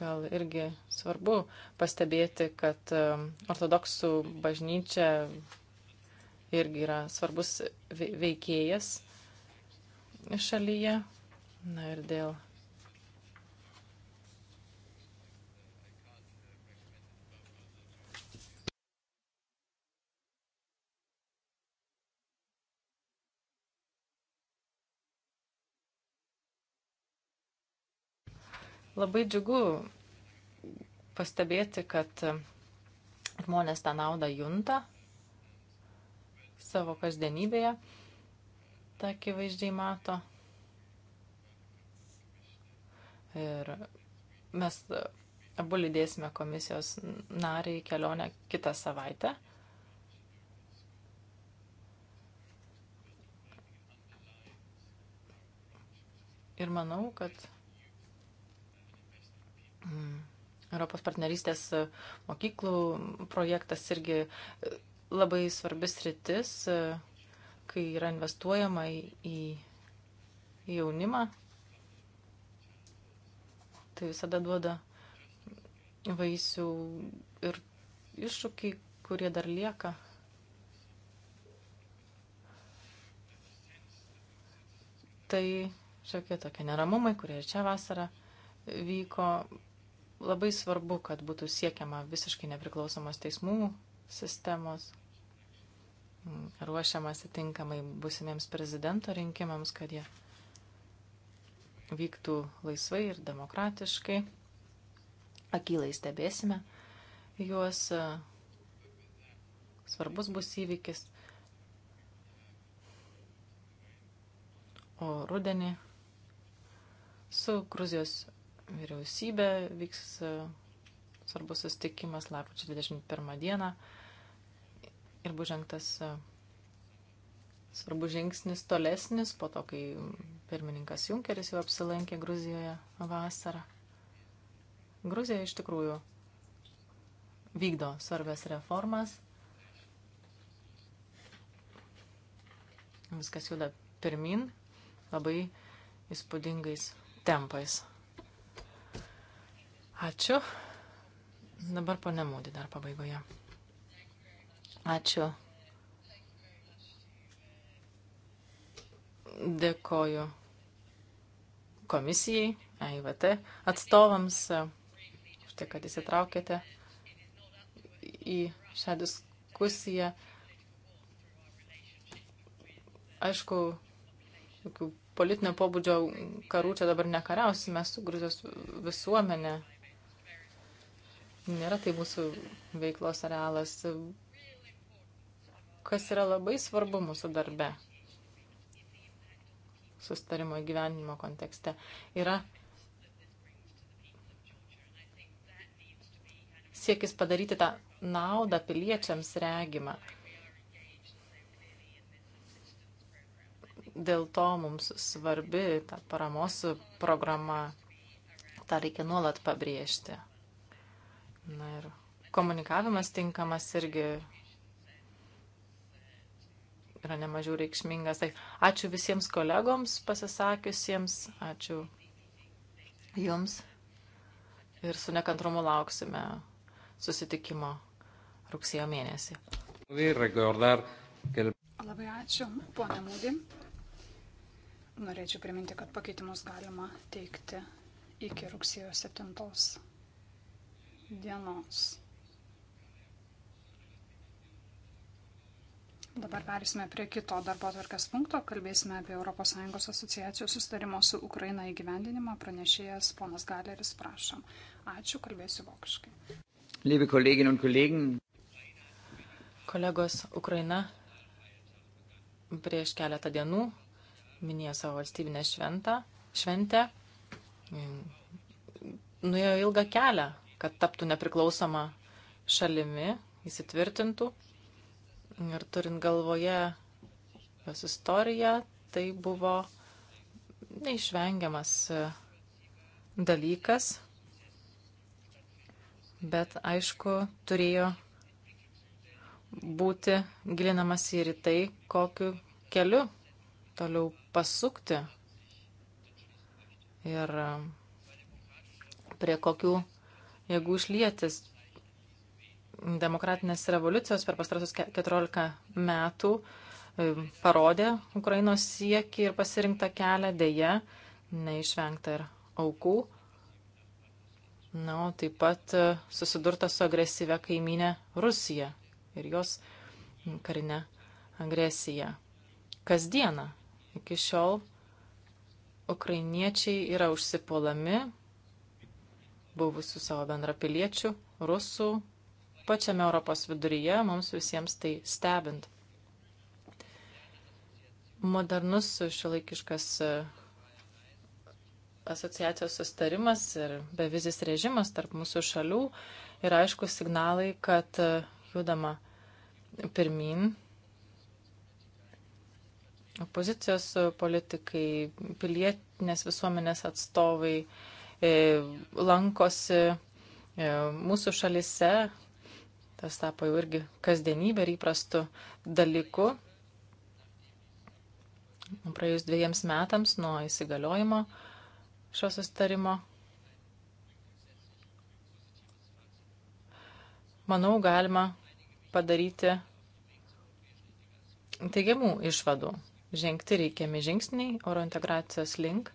Speaker 1: gal irgi svarbu pastebėti, kad um, ortodoksų bažnyčia irgi yra svarbus veikėjas šalyje. Na ir dėl Labai džiugu pastebėti, kad žmonės tą naudą junta savo kasdienybėje, tą akivaizdžiai mato. Ir mes abu lydėsime komisijos narį į kelionę kitą savaitę. Ir manau, kad Europos partnerystės e, mokyklų projektas irgi e, labai svarbis rytis, e, kai yra investuojama į, į jaunimą. Tai visada duoda vaisių ir iššūkiai, kurie dar lieka. Tai šiokie tokie neramumai, kurie ir čia vasarą vyko, Labai svarbu, kad būtų siekiama visiškai nepriklausomos teismų sistemos, ruošiamasi tinkamai busimiems prezidento rinkimams, kad jie vyktų laisvai ir demokratiškai. Akylai stebėsime juos. Svarbus bus įvykis. O rudenį su Gruzijos vyriausybė vyks e, svarbus susitikimas lapkričio 21 dieną ir bus žengtas e, svarbus žingsnis tolesnis po to, kai pirmininkas Junkeris jau apsilankė Gruzijoje vasarą. Gruzija iš tikrųjų vykdo svarbės reformas. Viskas juda pirmin labai įspūdingais tempais. Ačiū. Dabar ponė Mūdi dar pabaigoje. Ačiū. Dėkoju komisijai, EIVT atstovams, už tai, kad įsitraukėte į šią diskusiją. Aišku, politinio pobūdžio karų čia dabar nekariausime su Gruzijos visuomenė Nėra tai mūsų veiklos arealas. Kas yra labai svarbu mūsų darbe, sustarimo įgyvenimo kontekste, yra siekis padaryti tą naudą piliečiams regimą. Dėl to mums svarbi ta paramos programa. Ta reikia nuolat pabrėžti. Na ir komunikavimas tinkamas irgi yra nemažiau reikšmingas. Tai ačiū visiems kolegoms pasisakiusiems, ačiū jums ir su nekantrumu lauksime
Speaker 3: susitikimo
Speaker 1: rugsėjo mėnesį.
Speaker 3: Labai ačiū, ponė Mūdį. Norėčiau priminti, kad pakeitimus galima teikti iki rugsėjo 7 dienos. Dabar perėsime prie kito darbo atvarkės punkto. Kalbėsime apie ES asociacijos sustarimo su Ukraina įgyvendinimą. Pranešėjas ponas Galeris, prašom. Ačiū, kalbėsiu vokiškai. Liebe Kolleginnen und Kollegen.
Speaker 1: Kolegos, Ukraina prieš keletą dienų minėjo savo valstybinę šventą, šventę. Nuėjo ilgą kelią kad taptų nepriklausoma šalimi, įsitvirtintų. Ir turint galvoje jos istoriją, tai buvo neišvengiamas e, dalykas, bet aišku, turėjo būti gilinamas ir į tai, kokiu keliu toliau pasukti ir e, prie kokių jėgų išlietis. Demokratinės revoliucijos per pastarosius 14 metų e, parodė Ukrainos siekį ir pasirinktą kelią, dėje neišvengta ir aukų. Na, o taip pat e, susidurta su agresyvia kaiminė Rusija ir jos karinė agresija. Kasdieną iki šiol ukrainiečiai yra užsipolami, buvusių savo bendrapiliečių, rusų, pačiame Europos viduryje, mums visiems tai stebint. Modernus šiolaikiškas e, asociacijos sustarimas ir bevizis režimas tarp mūsų šalių yra aišku signalai, kad e, judama pirmin. Opozicijos politikai, pilietinės visuomenės atstovai, uh, E, lankosi e, mūsų šalise. Tas tapo jau irgi kasdienybė ir įprastu dalyku. Praėjus dviejams metams nuo įsigaliojimo šio sustarimo manau, galima padaryti teigiamų išvadų. Žengti reikiami žingsniai oro integracijos link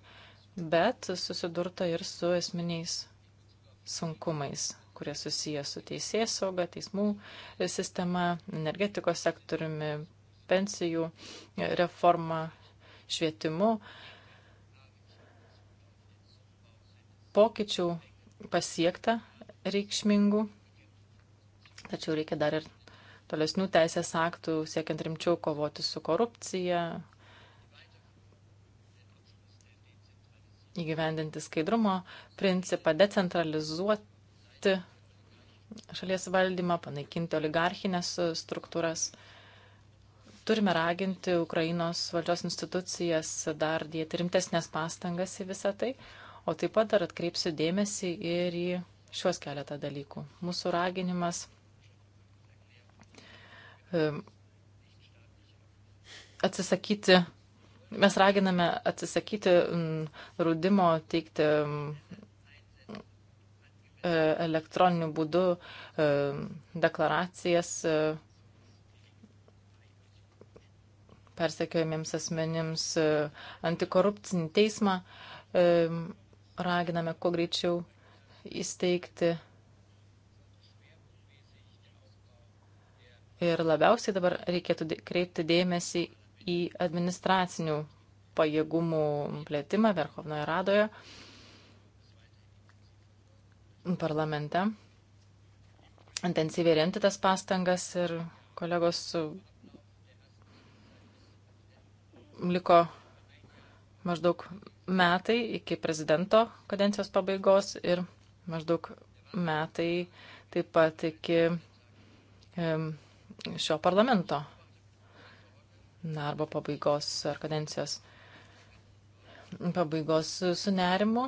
Speaker 1: bet susidurta ir su esminiais sunkumais, kurie susiję su teisės sauga, teismų sistema, energetikos sektoriumi, pensijų reforma, švietimu. Pokyčių pasiekta reikšmingų, tačiau reikia dar ir tolesnių teisės aktų, siekiant rimčiau kovoti su korupcija, įgyvendinti skaidrumo principą, decentralizuoti šalies valdymą, panaikinti oligarchinės struktūras. Turime raginti Ukrainos valdžios institucijas dar dėti rimtesnės pastangas į visą tai, o taip pat dar atkreipsiu dėmesį ir į šiuos keletą dalykų. Mūsų raginimas e, atsisakyti Mes raginame atsisakyti mm, rūdimo, teikti mm, e, elektroniniu būdu e, deklaracijas e, persekiojamiems asmenims, antikorupcinį teismą raginame kuo greičiau įsteigti. Ir labiausiai dabar reikėtų kreipti dėmesį į administracinių pajėgumų plėtimą Verhovnoje Radoje parlamente. Intensyviai remti tas pastangas ir kolegos liko maždaug metai iki prezidento kadencijos pabaigos ir maždaug metai taip pat iki šio parlamento darbo pabaigos ar kadencijos pabaigos su nerimu.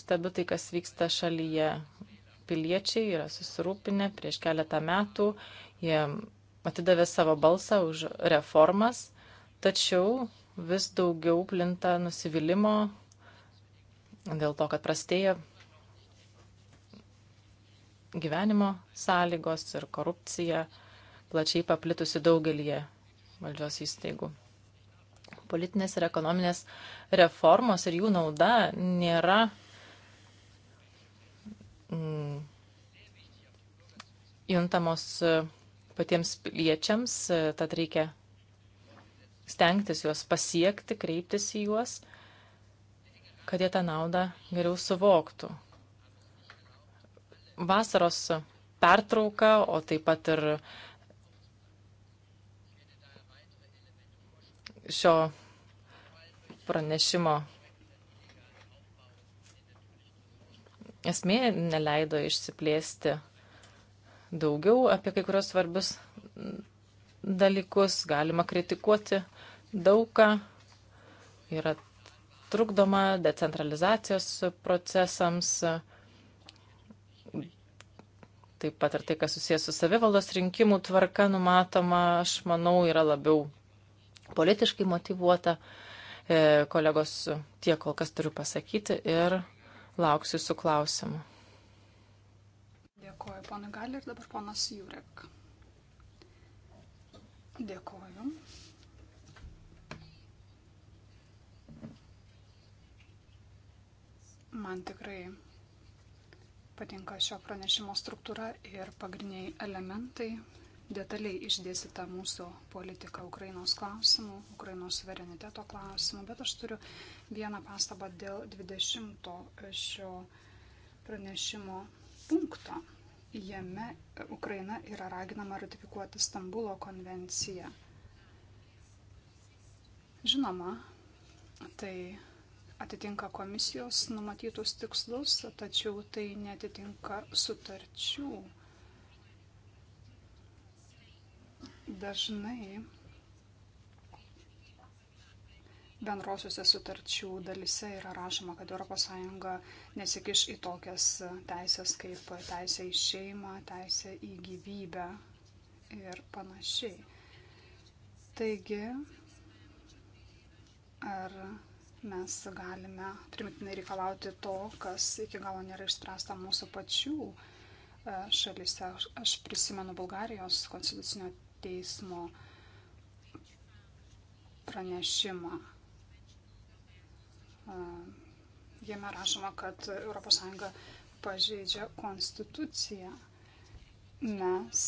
Speaker 1: Stebiu tai, kas vyksta šalyje. Piliečiai yra susirūpinę prieš keletą metų. Jie atidavė savo balsą už reformas, tačiau vis daugiau plinta nusivylimų dėl to, kad prastėja gyvenimo sąlygos ir korupcija plačiai paplitusi daugelie valdžios įstaigų. Politinės ir ekonominės reformos ir jų nauda nėra mm, juntamos e, patiems piliečiams, e, tad reikia stengtis juos pasiekti, kreiptis į juos, kad jie tą naudą geriau suvoktų. Vasaros pertrauka, o taip pat ir uh, šio pranešimo esmė neleido išsiplėsti daugiau apie kai kurios svarbius dalykus. Galima kritikuoti daugą. Yra trukdoma decentralizacijos procesams. Taip pat ir tai, kas susijęs su savivaldos rinkimų tvarka numatoma, aš manau, yra labiau politiškai motivuota. E, kolegos, tiek kol kas turiu pasakyti ir lauksiu su klausimu.
Speaker 3: Dėkuoju, ponai Gali ir dabar ponas Jurek. Dėkuoju. Man tikrai patinka šio pranešimo struktūra ir pagrindiniai elementai detaliai išdėstyta mūsų politika Ukrainos klausimų, Ukrainos suvereniteto klausimų, bet aš turiu vieną pastabą dėl 20 šio pranešimo punkto. Jame Ukraina yra raginama ratifikuoti Stambulo konvenciją. Žinoma, tai atitinka komisijos numatytus tikslus, tačiau tai netitinka sutarčių Dažnai bendrosiuose sutarčių dalise yra rašoma, kad ES nesikiš į tokias teisės kaip teisė į šeimą, teisė į gyvybę ir panašiai. Taigi, ar mes galime primtinai reikalauti to, kas iki galo nėra išspręsta mūsų pačių e, šalyse? Aš prisimenu Bulgarijos konstitucinio teismo pranešimą. Jame rašoma, kad ES pažeidžia konstituciją. Mes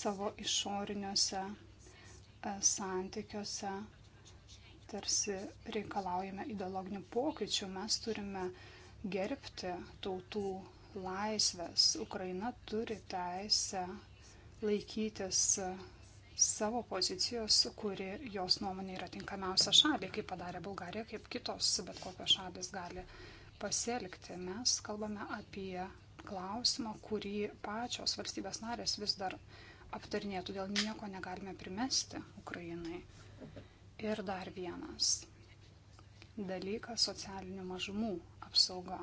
Speaker 3: savo išoriniuose santykiuose tarsi reikalaujame ideologinių pokyčių, mes turime gerbti tautų laisvės. Ukraina turi teisę laikytis e, savo pozicijos, kuri jos nuomonė yra tinkamiausia šaliai, kaip padarė Bulgarija, kaip kitos bet kokios šalis gali pasielgti. Mes kalbame apie klausimą, kurį pačios valstybės narės vis dar aptarnė, todėl nieko negalime primesti Ukrainai. Ir dar vienas dalykas - socialinių mažumų apsauga.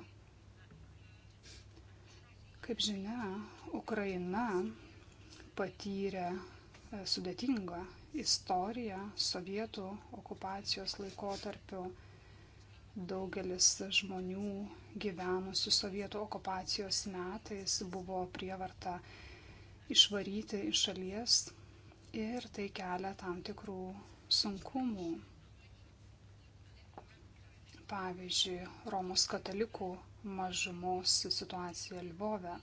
Speaker 3: Kaip žinia, Ukraina patyrė e, sudėtingą istoriją sovietų okupacijos laikotarpiu. Daugelis žmonių gyvenusių sovietų okupacijos metais buvo prievarta išvaryti iš šalies ir tai kelia tam tikrų sunkumų. Pavyzdžiui, Romos katalikų mažumos situacija Lvove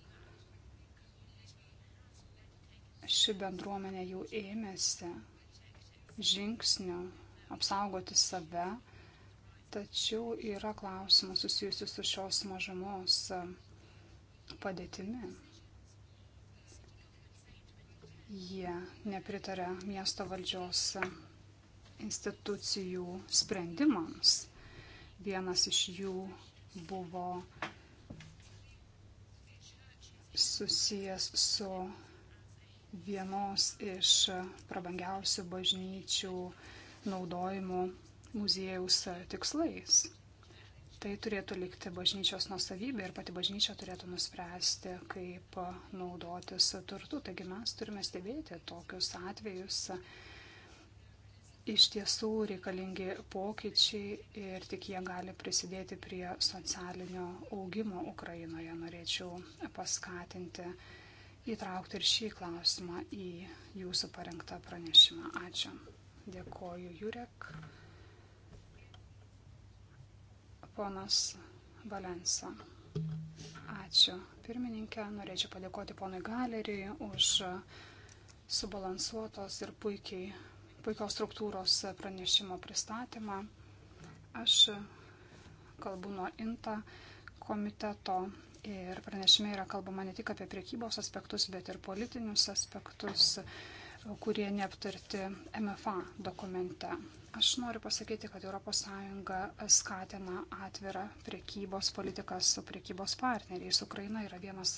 Speaker 3: ši bendruomenė jau ėmėsi žingsnių apsaugoti save, tačiau yra klausimas susijusius su šios mažumos e, padėtimi. Jie nepritarė miesto valdžios e, institucijų sprendimams. Vienas iš jų buvo susijęs su vienos iš prabangiausių bažnyčių naudojimo muziejaus tikslais. Tai turėtų likti bažnyčios nusavybė ir pati bažnyčia turėtų nuspręsti, kaip naudotis turtu. Taigi mes turime stebėti tokius atvejus. Iš tiesų reikalingi pokyčiai ir tik jie gali prisidėti prie socialinio augimo Ukrainoje. Norėčiau paskatinti įtraukti ir šį klausimą į jūsų parengtą pranešimą. Ačiū. Dėkoju, Jurek. Ponas Valensa. Ačiū. Pirmininkė, norėčiau padėkoti ponui Galeriui už subalansuotos ir puikiai, puikios struktūros pranešimo pristatymą. Aš kalbu nuo INTA komiteto Ir pranešime yra kalbama ne tik apie priekybos aspektus, bet ir politinius aspektus, kurie neaptarti MFA dokumente. Aš noriu pasakyti, kad ES skatina atvirą priekybos politiką su priekybos partneriais. Ukraina yra vienas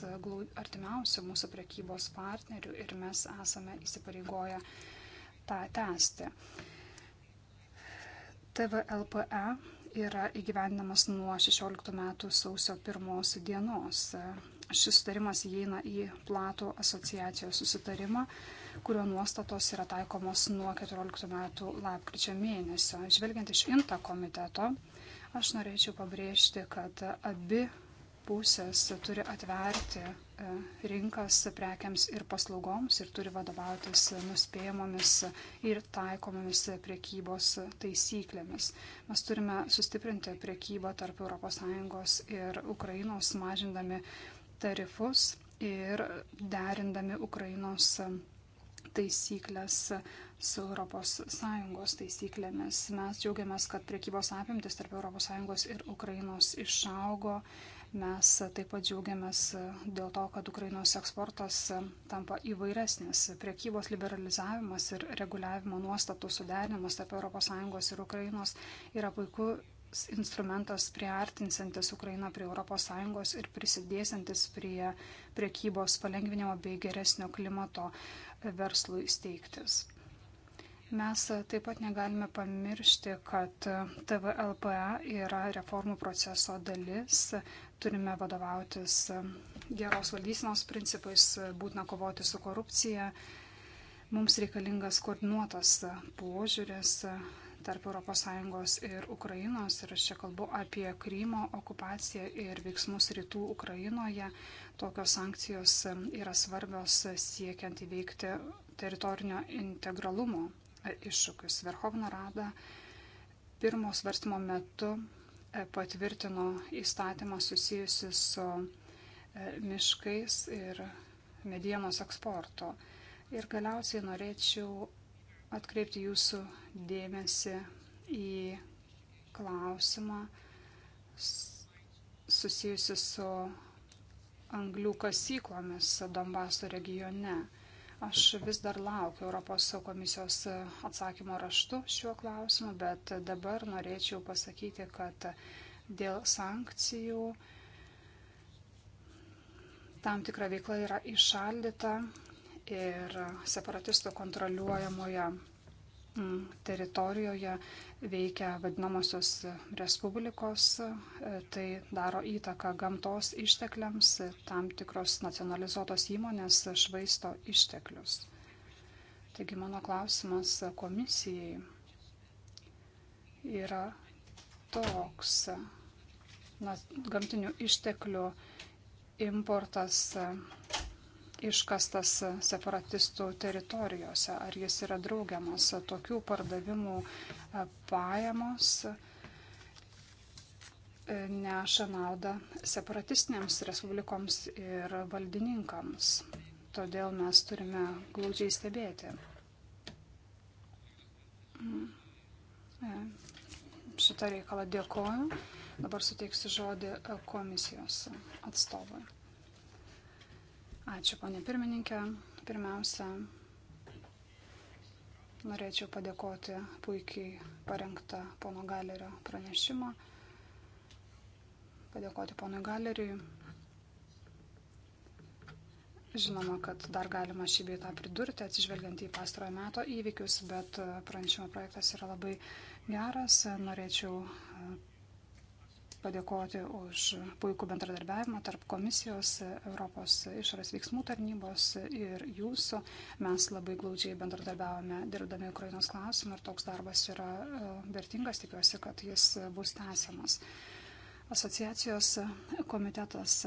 Speaker 3: artimiausių mūsų priekybos partnerių ir mes esame įsipareigoję tą tęsti. TVLPE yra įgyvendinamas nuo 16 metų sausio 1 dienos. Šis sutarimas įeina į platų asociacijos susitarimą, kurio nuostatos yra taikomos nuo 14 metų lapkričio mėnesio. Žvelgiant iš INTA komiteto, aš norėčiau pabrėžti, kad abi pusės turi atverti e, rinkas prekiams ir paslaugoms ir turi vadovautis nuspėjamomis ir taikomomis priekybos taisyklėmis. Mes turime sustiprinti priekybą tarp ES ir Ukrainos, mažindami tarifus ir derindami Ukrainos taisyklės su ES taisyklėmis. Mes džiaugiamės, kad priekybos apimtis tarp ES ir Ukrainos išaugo Mes taip pat džiaugiamės dėl to, kad Ukrainos eksportas tampa įvairesnis. Priekybos liberalizavimas ir reguliavimo nuostatų suderinimas tarp ES ir Ukrainos yra puikus instrumentas priartinsantis Ukrainą prie ES ir prisidėsantis prie priekybos palengvinimo bei geresnio klimato verslui steigtis. Mes taip pat negalime pamiršti, kad TVLPA yra reformų proceso dalis. Turime vadovautis geros valdysinos principais, būtina kovoti su korupcija. Mums reikalingas koordinuotas požiūris tarp ES ir Ukrainos. Ir aš čia kalbu apie Krymo okupaciją ir veiksmus rytų Ukrainoje. Tokios sankcijos yra svarbios siekiant įveikti teritorinio integralumo iššūkius. Verhovna Rada pirmo svarstymo metu e, patvirtino įstatymą susijusi su e, miškais ir medienos eksporto. Ir galiausiai norėčiau atkreipti jūsų dėmesį į klausimą susijusi su anglių kasyklomis Donbaso regione. Aš vis dar laukiu Europos komisijos atsakymo raštu šiuo klausimu, bet dabar norėčiau pasakyti, kad dėl sankcijų tam tikra veikla yra išaldyta ir separatistų kontroliuojamoje teritorijoje veikia vadinamosios respublikos, e, tai daro įtaką gamtos ištekliams, e, tam tikros nacionalizuotos įmonės švaisto išteklius. Taigi mano klausimas komisijai yra toks. Na, gamtinių išteklių importas e, iškastas separatistų teritorijose, ar jis yra draugiamas. Tokių pardavimų e, pajamos e, neša naudą separatistinėms respublikoms ir valdininkams. Todėl mes turime glaudžiai stebėti mm. e, šitą reikalą. Dėkoju. Dabar suteiksiu žodį komisijos atstovui. Ačiū, ponė pirmininkė. Pirmiausia, norėčiau padėkoti puikiai parengtą pono Galerio pranešimą. Padėkoti ponui Galeriui. Žinoma, kad dar galima šį beitą pridurti, atsižvelgiant į pastarojo meto įvykius, bet pranešimo projektas yra labai geras. Norėčiau padėkoti už puikų bendradarbiavimą tarp komisijos, Europos išorės veiksmų tarnybos ir jūsų. Mes labai glaudžiai bendradarbiavome dirbdami Ukrainos klausimą ir toks darbas yra e, vertingas, tikiuosi, kad jis bus tęsiamas. Asociacijos komitetas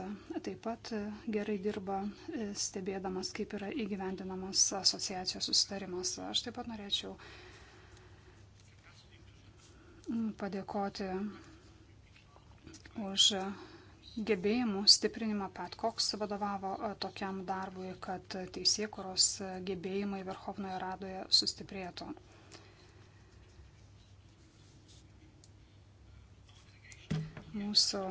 Speaker 3: taip pat gerai dirba, e, stebėdamas, kaip yra įgyvendinamas asociacijos susitarimas. Aš taip pat norėčiau padėkoti už gebėjimų stiprinimą. Pat Koks vadovavo e, tokiam darbui, kad teisėkuros gebėjimai Verhovnoje Radoje sustiprėtų. Mūsų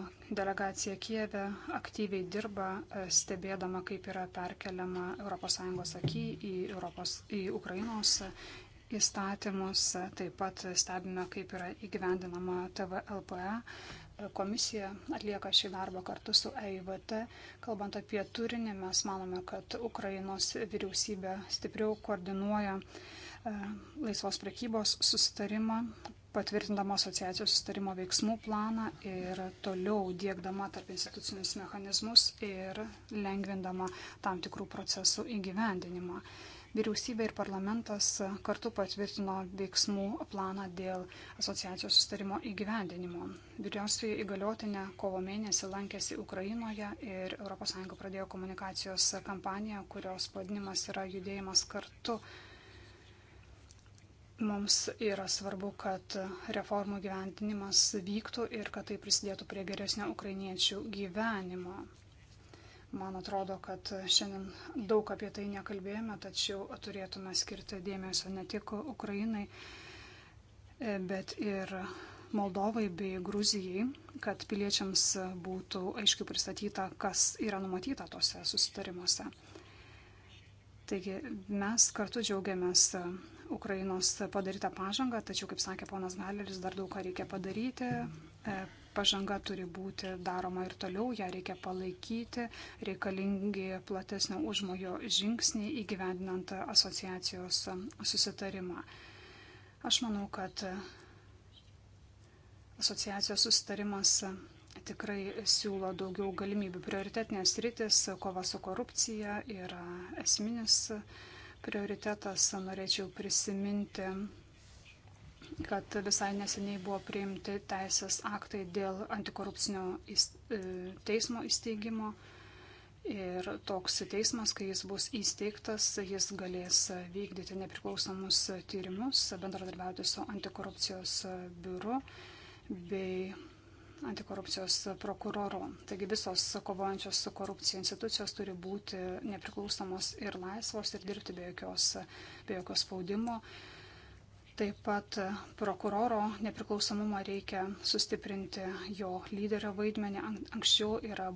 Speaker 3: delegacija Kieve aktyviai dirba, e, stebėdama, kaip yra perkeliama ES aky į, Europos, į Ukrainos įstatymus. Taip pat stebime, kaip yra įgyvendinama TVLPE Komisija atlieka šį darbą kartu su EIVT. Kalbant apie turinį, mes manome, kad Ukrainos vyriausybė stipriau koordinuoja e, laisvos prekybos sustarimą, patvirtindama asociacijos sustarimo veiksmų planą ir toliau dėkdama tarp institucinius mechanizmus ir lengvindama tam tikrų procesų įgyvendinimą. Vyriausybė ir parlamentas kartu patvirtino veiksmų planą dėl asociacijos sustarimo įgyvendinimo. Vyriausiai įgaliotinė kovo mėnesį lankėsi Ukrainoje ir ES pradėjo komunikacijos kampaniją, kurios pavadinimas yra judėjimas kartu. Mums yra svarbu, kad reformų gyventinimas vyktų ir kad tai prisidėtų prie geresnio ukrainiečių gyvenimo. Man atrodo, kad šiandien daug apie tai nekalbėjome, tačiau turėtume skirti dėmesio ne tik Ukrainai, e, bet ir Moldovai bei Gruzijai, kad piliečiams būtų aiškiai pristatyta, kas yra numatyta tose susitarimuose. Taigi mes kartu džiaugiamės Ukrainos padarytą pažangą, tačiau, kaip sakė ponas Galeris, dar daug ką reikia padaryti. E, pažanga turi būti daroma ir toliau, ją reikia palaikyti, reikalingi platesnio užmojo žingsniai įgyvendinant asociacijos susitarimą. Aš manau, kad asociacijos susitarimas tikrai siūlo daugiau galimybių. Prioritetinės rytis, kova su korupcija yra esminis prioritetas. Norėčiau prisiminti kad visai neseniai buvo priimti teisės aktai dėl antikorupcinio e, teismo įsteigimo. Ir toks teismas, kai jis bus įsteigtas, jis galės vykdyti nepriklausomus tyrimus, bendradarbiauti su antikorupcijos biuru bei antikorupcijos prokuroru. Taigi visos kovojančios su korupcija institucijos turi būti nepriklausomos ir laisvos ir dirbti be, jokios, be jokio spaudimo. Taip pat prokuroro nepriklausomumą reikia sustiprinti, jo lyderio vaidmenį anksčiau yra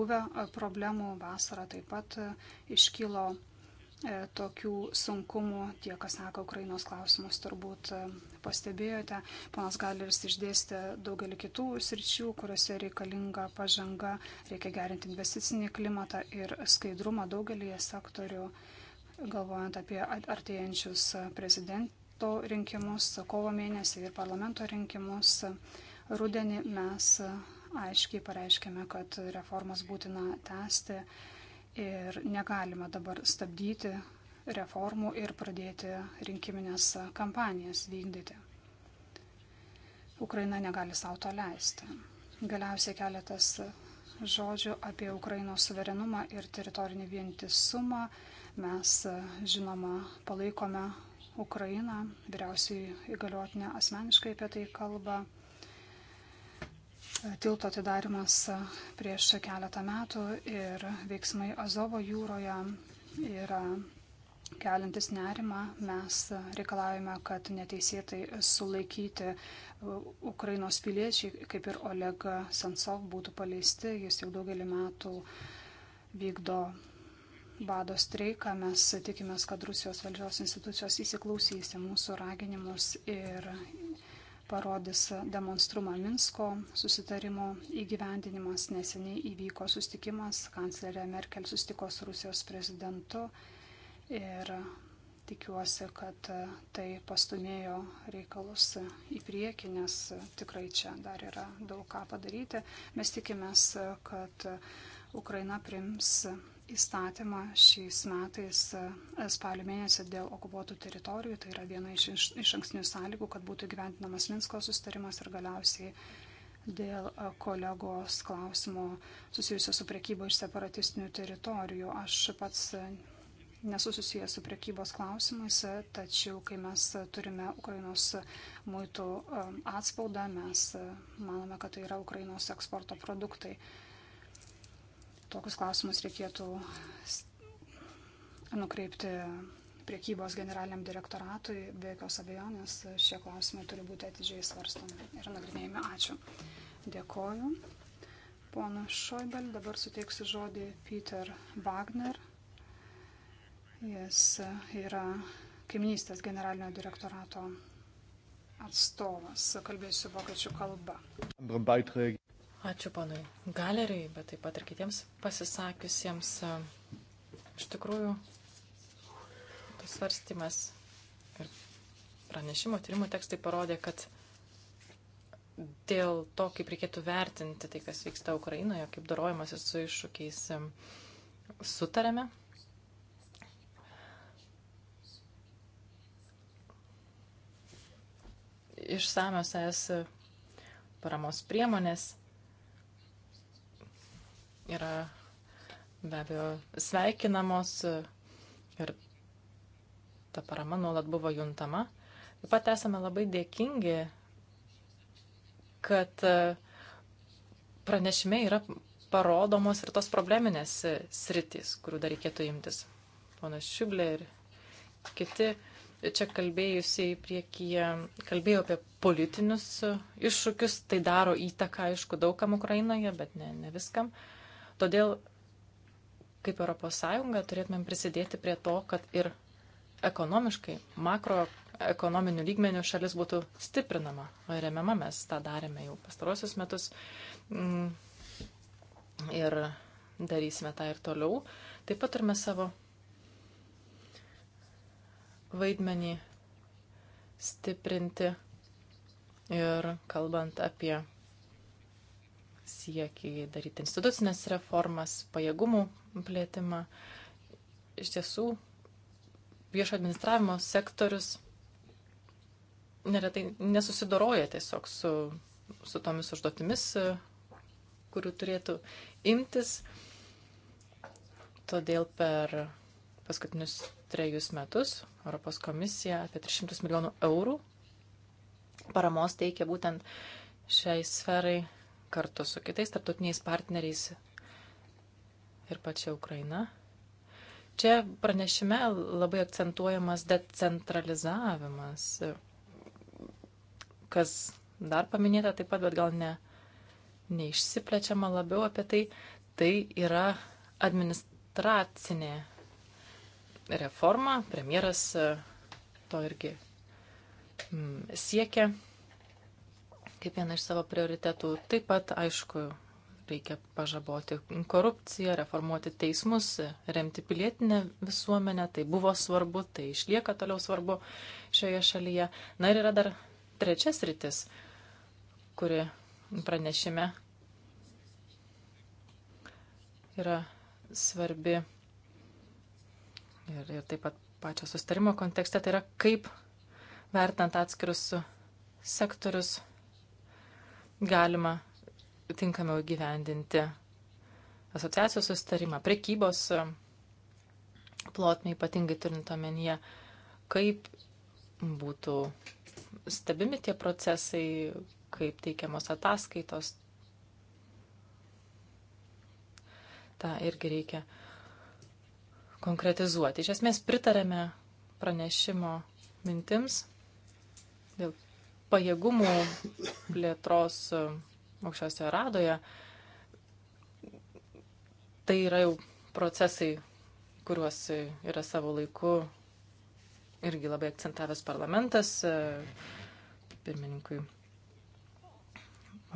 Speaker 3: buvę e, problemų, vasara taip pat e, iškilo e, tokių sunkumų, tie, kas sako Ukrainos klausimus, turbūt pastebėjote. Ponas Galeris išdėstė daugelį kitų sričių, kuriuose reikalinga pažanga, reikia gerinti investicinį klimatą ir skaidrumą daugelį sektorių, galvojant apie artėjančius prezident, parlamento rinkimus kovo mėnesį ir parlamento rinkimus rudenį mes aiškiai pareiškėme, kad reformas būtina tęsti ir negalima dabar stabdyti reformų ir pradėti rinkiminės kampanijas vykdyti. Ukraina negali savo to leisti. Galiausiai keletas žodžių apie Ukrainos suverenumą ir teritorinį vientisumą. Mes, žinoma, palaikome Ukrainą, vyriausiai įgaliotinė asmeniškai apie tai kalba. Tilto atidarimas prieš keletą metų ir veiksmai Azovo jūroje yra kelintis nerimą. Mes reikalavome, kad neteisėtai sulaikyti Ukrainos piliečiai, kaip ir Oleg Sensov, būtų paleisti. Jis jau daugelį metų vykdo bado streiką. Mes tikimės, kad Rusijos valdžios institucijos įsiklausys į mūsų raginimus ir parodys demonstrumą Minsko susitarimo įgyvendinimas. Neseniai įvyko sustikimas, kanclerė Merkel sustiko su Rusijos prezidentu ir tikiuosi, kad tai pastumėjo reikalus į priekį, nes tikrai čia dar yra daug ką padaryti. Mes tikimės, kad Ukraina prims įstatymą šiais metais e, spalio mėnesį dėl okupuotų teritorijų. Tai yra viena iš iš anksnių sąlygų, kad būtų gyventinamas Minsko sustarimas ir galiausiai dėl e, kolegos klausimo susijusio su priekyba iš separatistinių teritorijų. Aš pats e, nesu susijęs su priekybos klausimais, tačiau kai mes turime Ukrainos muitų atspaudą, mes manome, kad tai yra Ukrainos eksporto produktai tokius klausimus reikėtų nukreipti priekybos generaliniam direktoratui. Be jokios abejonės šie klausimai turi būti atidžiai svarstomi ir nagrinėjami. Ačiū. Dėkoju. Pona Šoibel, dabar suteiksiu žodį Peter Wagner. Jis yra kaiminystės generalinio direktorato atstovas. Kalbėsiu vokiečių kalba.
Speaker 1: Ačiū panui galerijai, bet taip pat ir kitiems pasisakiusiems. Iš tikrųjų, tas svarstymas ir pranešimo tyrimo tekstai parodė, kad dėl to, kaip reikėtų vertinti tai, kas vyksta Ukrainoje, kaip dorojamasi su iššūkiais, sutarėme. Išsamios es paramos priemonės yra be abejo sveikinamos ir ta parama nuolat buvo juntama. Taip pat esame labai dėkingi, kad pranešime yra parodomos ir tos probleminės sritys, kurių dar reikėtų imtis. Ponas Šiublė ir kiti čia kalbėjusiai priekyje kalbėjo apie politinius iššūkius, tai daro įtaką, aišku, daugam Ukrainoje, bet ne, ne viskam. Uh, Todėl, kaip ES, turėtumėm prisidėti prie to, kad ir ekonomiškai, makroekonominių lygmenių šalis būtų stiprinama. O remiama mes tą darėme jau pastarosius metus mm. ir darysime tą ir toliau. Taip pat turime savo vaidmenį stiprinti ir kalbant apie siekį daryti institucinės reformas, pajėgumų plėtimą. Iš tiesų, viešo administravimo sektorius neretai nesusidoroja tiesiog su, su tomis užduotimis, kurių turėtų imtis. Todėl per paskutinius trejus metus Europos komisija apie 300 milijonų eurų paramos teikia būtent šiai sferai kartu su kitais tarptautiniais partneriais ir pačia Ukraina. Čia pranešime labai akcentuojamas decentralizavimas, kas dar paminėta taip pat, bet gal ne, neišsiplečiama labiau apie tai, tai yra administracinė reforma, premjeras to irgi mm, siekia kaip vieną iš savo prioritetų. Taip pat, aišku, reikia pažaboti korupciją, reformuoti teismus, remti pilietinę visuomenę. Tai buvo svarbu, tai išlieka toliau svarbu šioje šalyje. Na ir yra dar trečias rytis, kuri pranešime yra svarbi ir, ir taip pat pačio sustarimo kontekste, tai yra kaip vertant atskirus sektorius galima tinkamiau gyvendinti asociacijos sustarimą, prekybos plotmę, ypatingai turint omenyje, kaip būtų stebimi tie procesai, kaip teikiamos ataskaitos. Ta irgi reikia konkretizuoti. Iš esmės pritarėme pranešimo mintims dėl pajėgumų plėtros aukščiausioje radoje, tai yra jau procesai, kuriuos yra savo laiku irgi labai akcentavęs parlamentas pirmininkui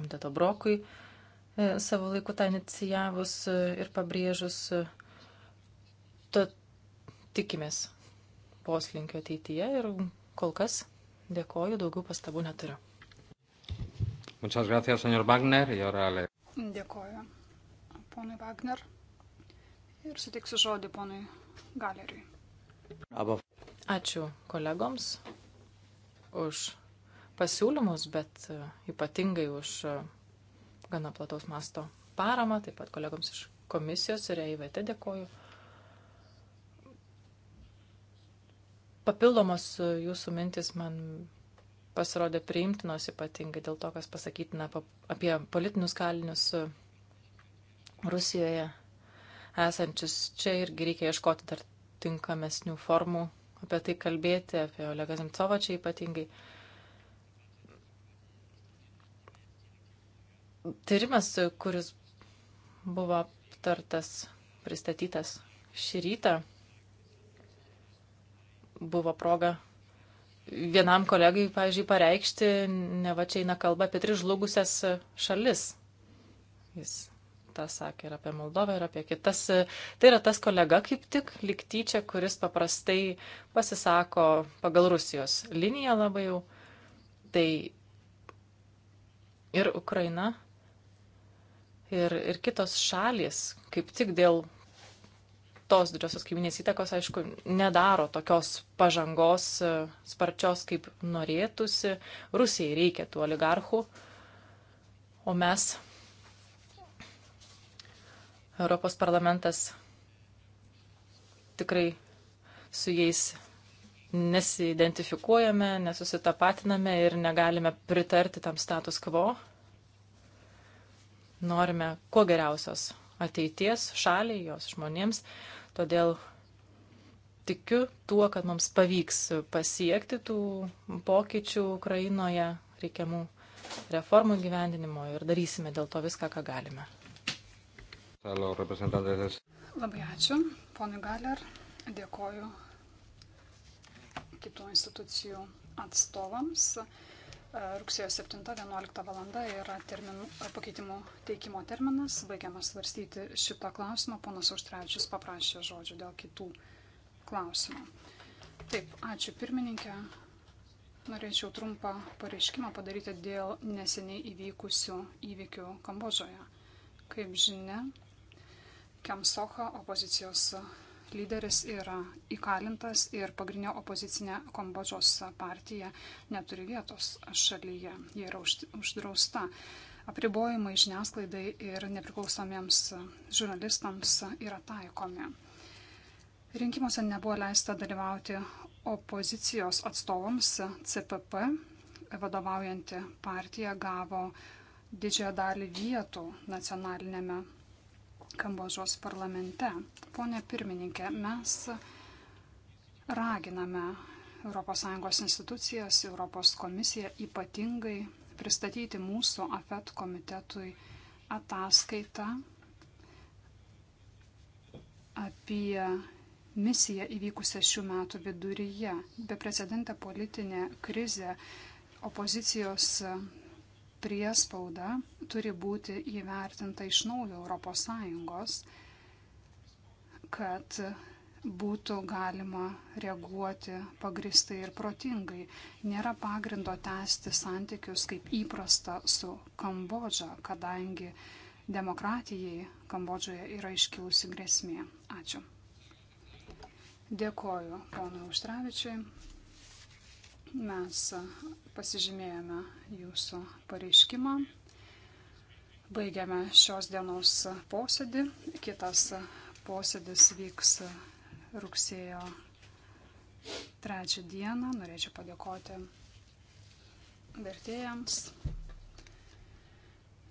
Speaker 1: Amteto Brokui e, savo laiku tą inicijavus ir pabrėžus, to tikimės poslinkio ateityje ir kol kas Dėkoju, daugiau pastabų neturiu.
Speaker 4: Muchas gracias, señor Wagner. Y
Speaker 1: ahora le...
Speaker 3: Dėkoju, ponui Wagner. Ir sutiksiu žodį ponui Galeriui.
Speaker 1: Ačiū kolegoms už pasiūlymus, bet e, ypatingai už e, gana plataus masto paramą, taip pat kolegoms iš komisijos ir EIVT dėkoju. Papildomos e, jūsų mintis man pasirodė priimtinos ypatingai dėl to, kas pasakytina apie politinius kalinius e, Rusijoje esančius. Čia irgi reikia ieškoti dar tinkamesnių formų apie tai kalbėti, apie Olegą Zimcovą čia ypatingai. Tyrimas, kuris buvo aptartas, pristatytas šį rytą, buvo proga vienam kolegai, pavyzdžiui, pareikšti, ne va čia eina kalba apie tris žlugusias šalis. Jis tą sakė ir apie Moldovą, ir apie kitas. Tai yra tas kolega kaip tik liktyčia, kuris paprastai pasisako pagal Rusijos liniją labai jau. Tai ir Ukraina, ir, ir kitos šalis kaip tik dėl tos didžiosios kaiminės įtakos, aišku, nedaro tokios pažangos e, sparčios, kaip norėtųsi. Rusijai reikia tų oligarchų, o mes, Europos parlamentas, tikrai su jais nesidentifikuojame, nesusitapatiname ir negalime pritarti tam status quo. Norime kuo geriausios ateities šaliai, jos žmonėms. Todėl tikiu tuo, kad mums pavyks pasiekti tų pokyčių Ukrainoje reikiamų reformų gyvendinimo ir darysime dėl to viską, ką galime.
Speaker 3: Labai ačiū, ponui Galer, dėkoju kitų institucijų atstovams. E, rugsėjo 7-11 valanda yra terminų, e, pakeitimų teikimo terminas. Baigiamas svarstyti šito klausimo. Ponas Užtrevičius paprašė žodžių dėl kitų klausimų. Taip, ačiū pirmininkė. Norėčiau trumpą pareiškimą padaryti dėl neseniai įvykusių įvykių Kambožoje. Kaip žinia, Kemsoha, opozicijos lyderis yra įkalintas ir pagrindinė opozicinė Kambodžos partija neturi vietos šalyje, jie yra uždrausta. Apribojimai žiniasklaidai ir nepriklausomiems žurnalistams yra taikomi. Rinkimuose nebuvo leista dalyvauti opozicijos atstovams. CPP, vadovaujanti partija, gavo didžiąją dalį vietų nacionalinėme Kambodžos parlamente. Pone pirmininkė, mes raginame ES institucijas, ES komisiją ypatingai pristatyti mūsų AFET komitetui ataskaitą apie misiją įvykusią šių metų viduryje. Beprecedentė politinė krizė, opozicijos priespauda turi būti įvertinta iš naujo ES, kad būtų galima reaguoti pagristai ir protingai. Nėra pagrindo tęsti santykius kaip įprasta su Kambodža, kadangi demokratijai Kambodžoje yra iškilusi grėsmė. Ačiū. Dėkoju ponui Užtrevičiui. Mes pasižymėjome jūsų pareiškimą. Baigiame šios dienos posėdį. Kitas posėdis vyks rugsėjo trečią dieną. Norėčiau padėkoti vertėjams.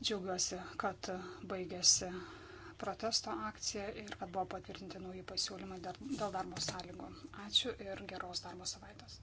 Speaker 3: Džiaugiuosi, kad baigėsi protesto akcija ir kad buvo patvirtinti nauji pasiūlymai dėl darbo sąlygų. Ačiū ir geros darbo savaitės.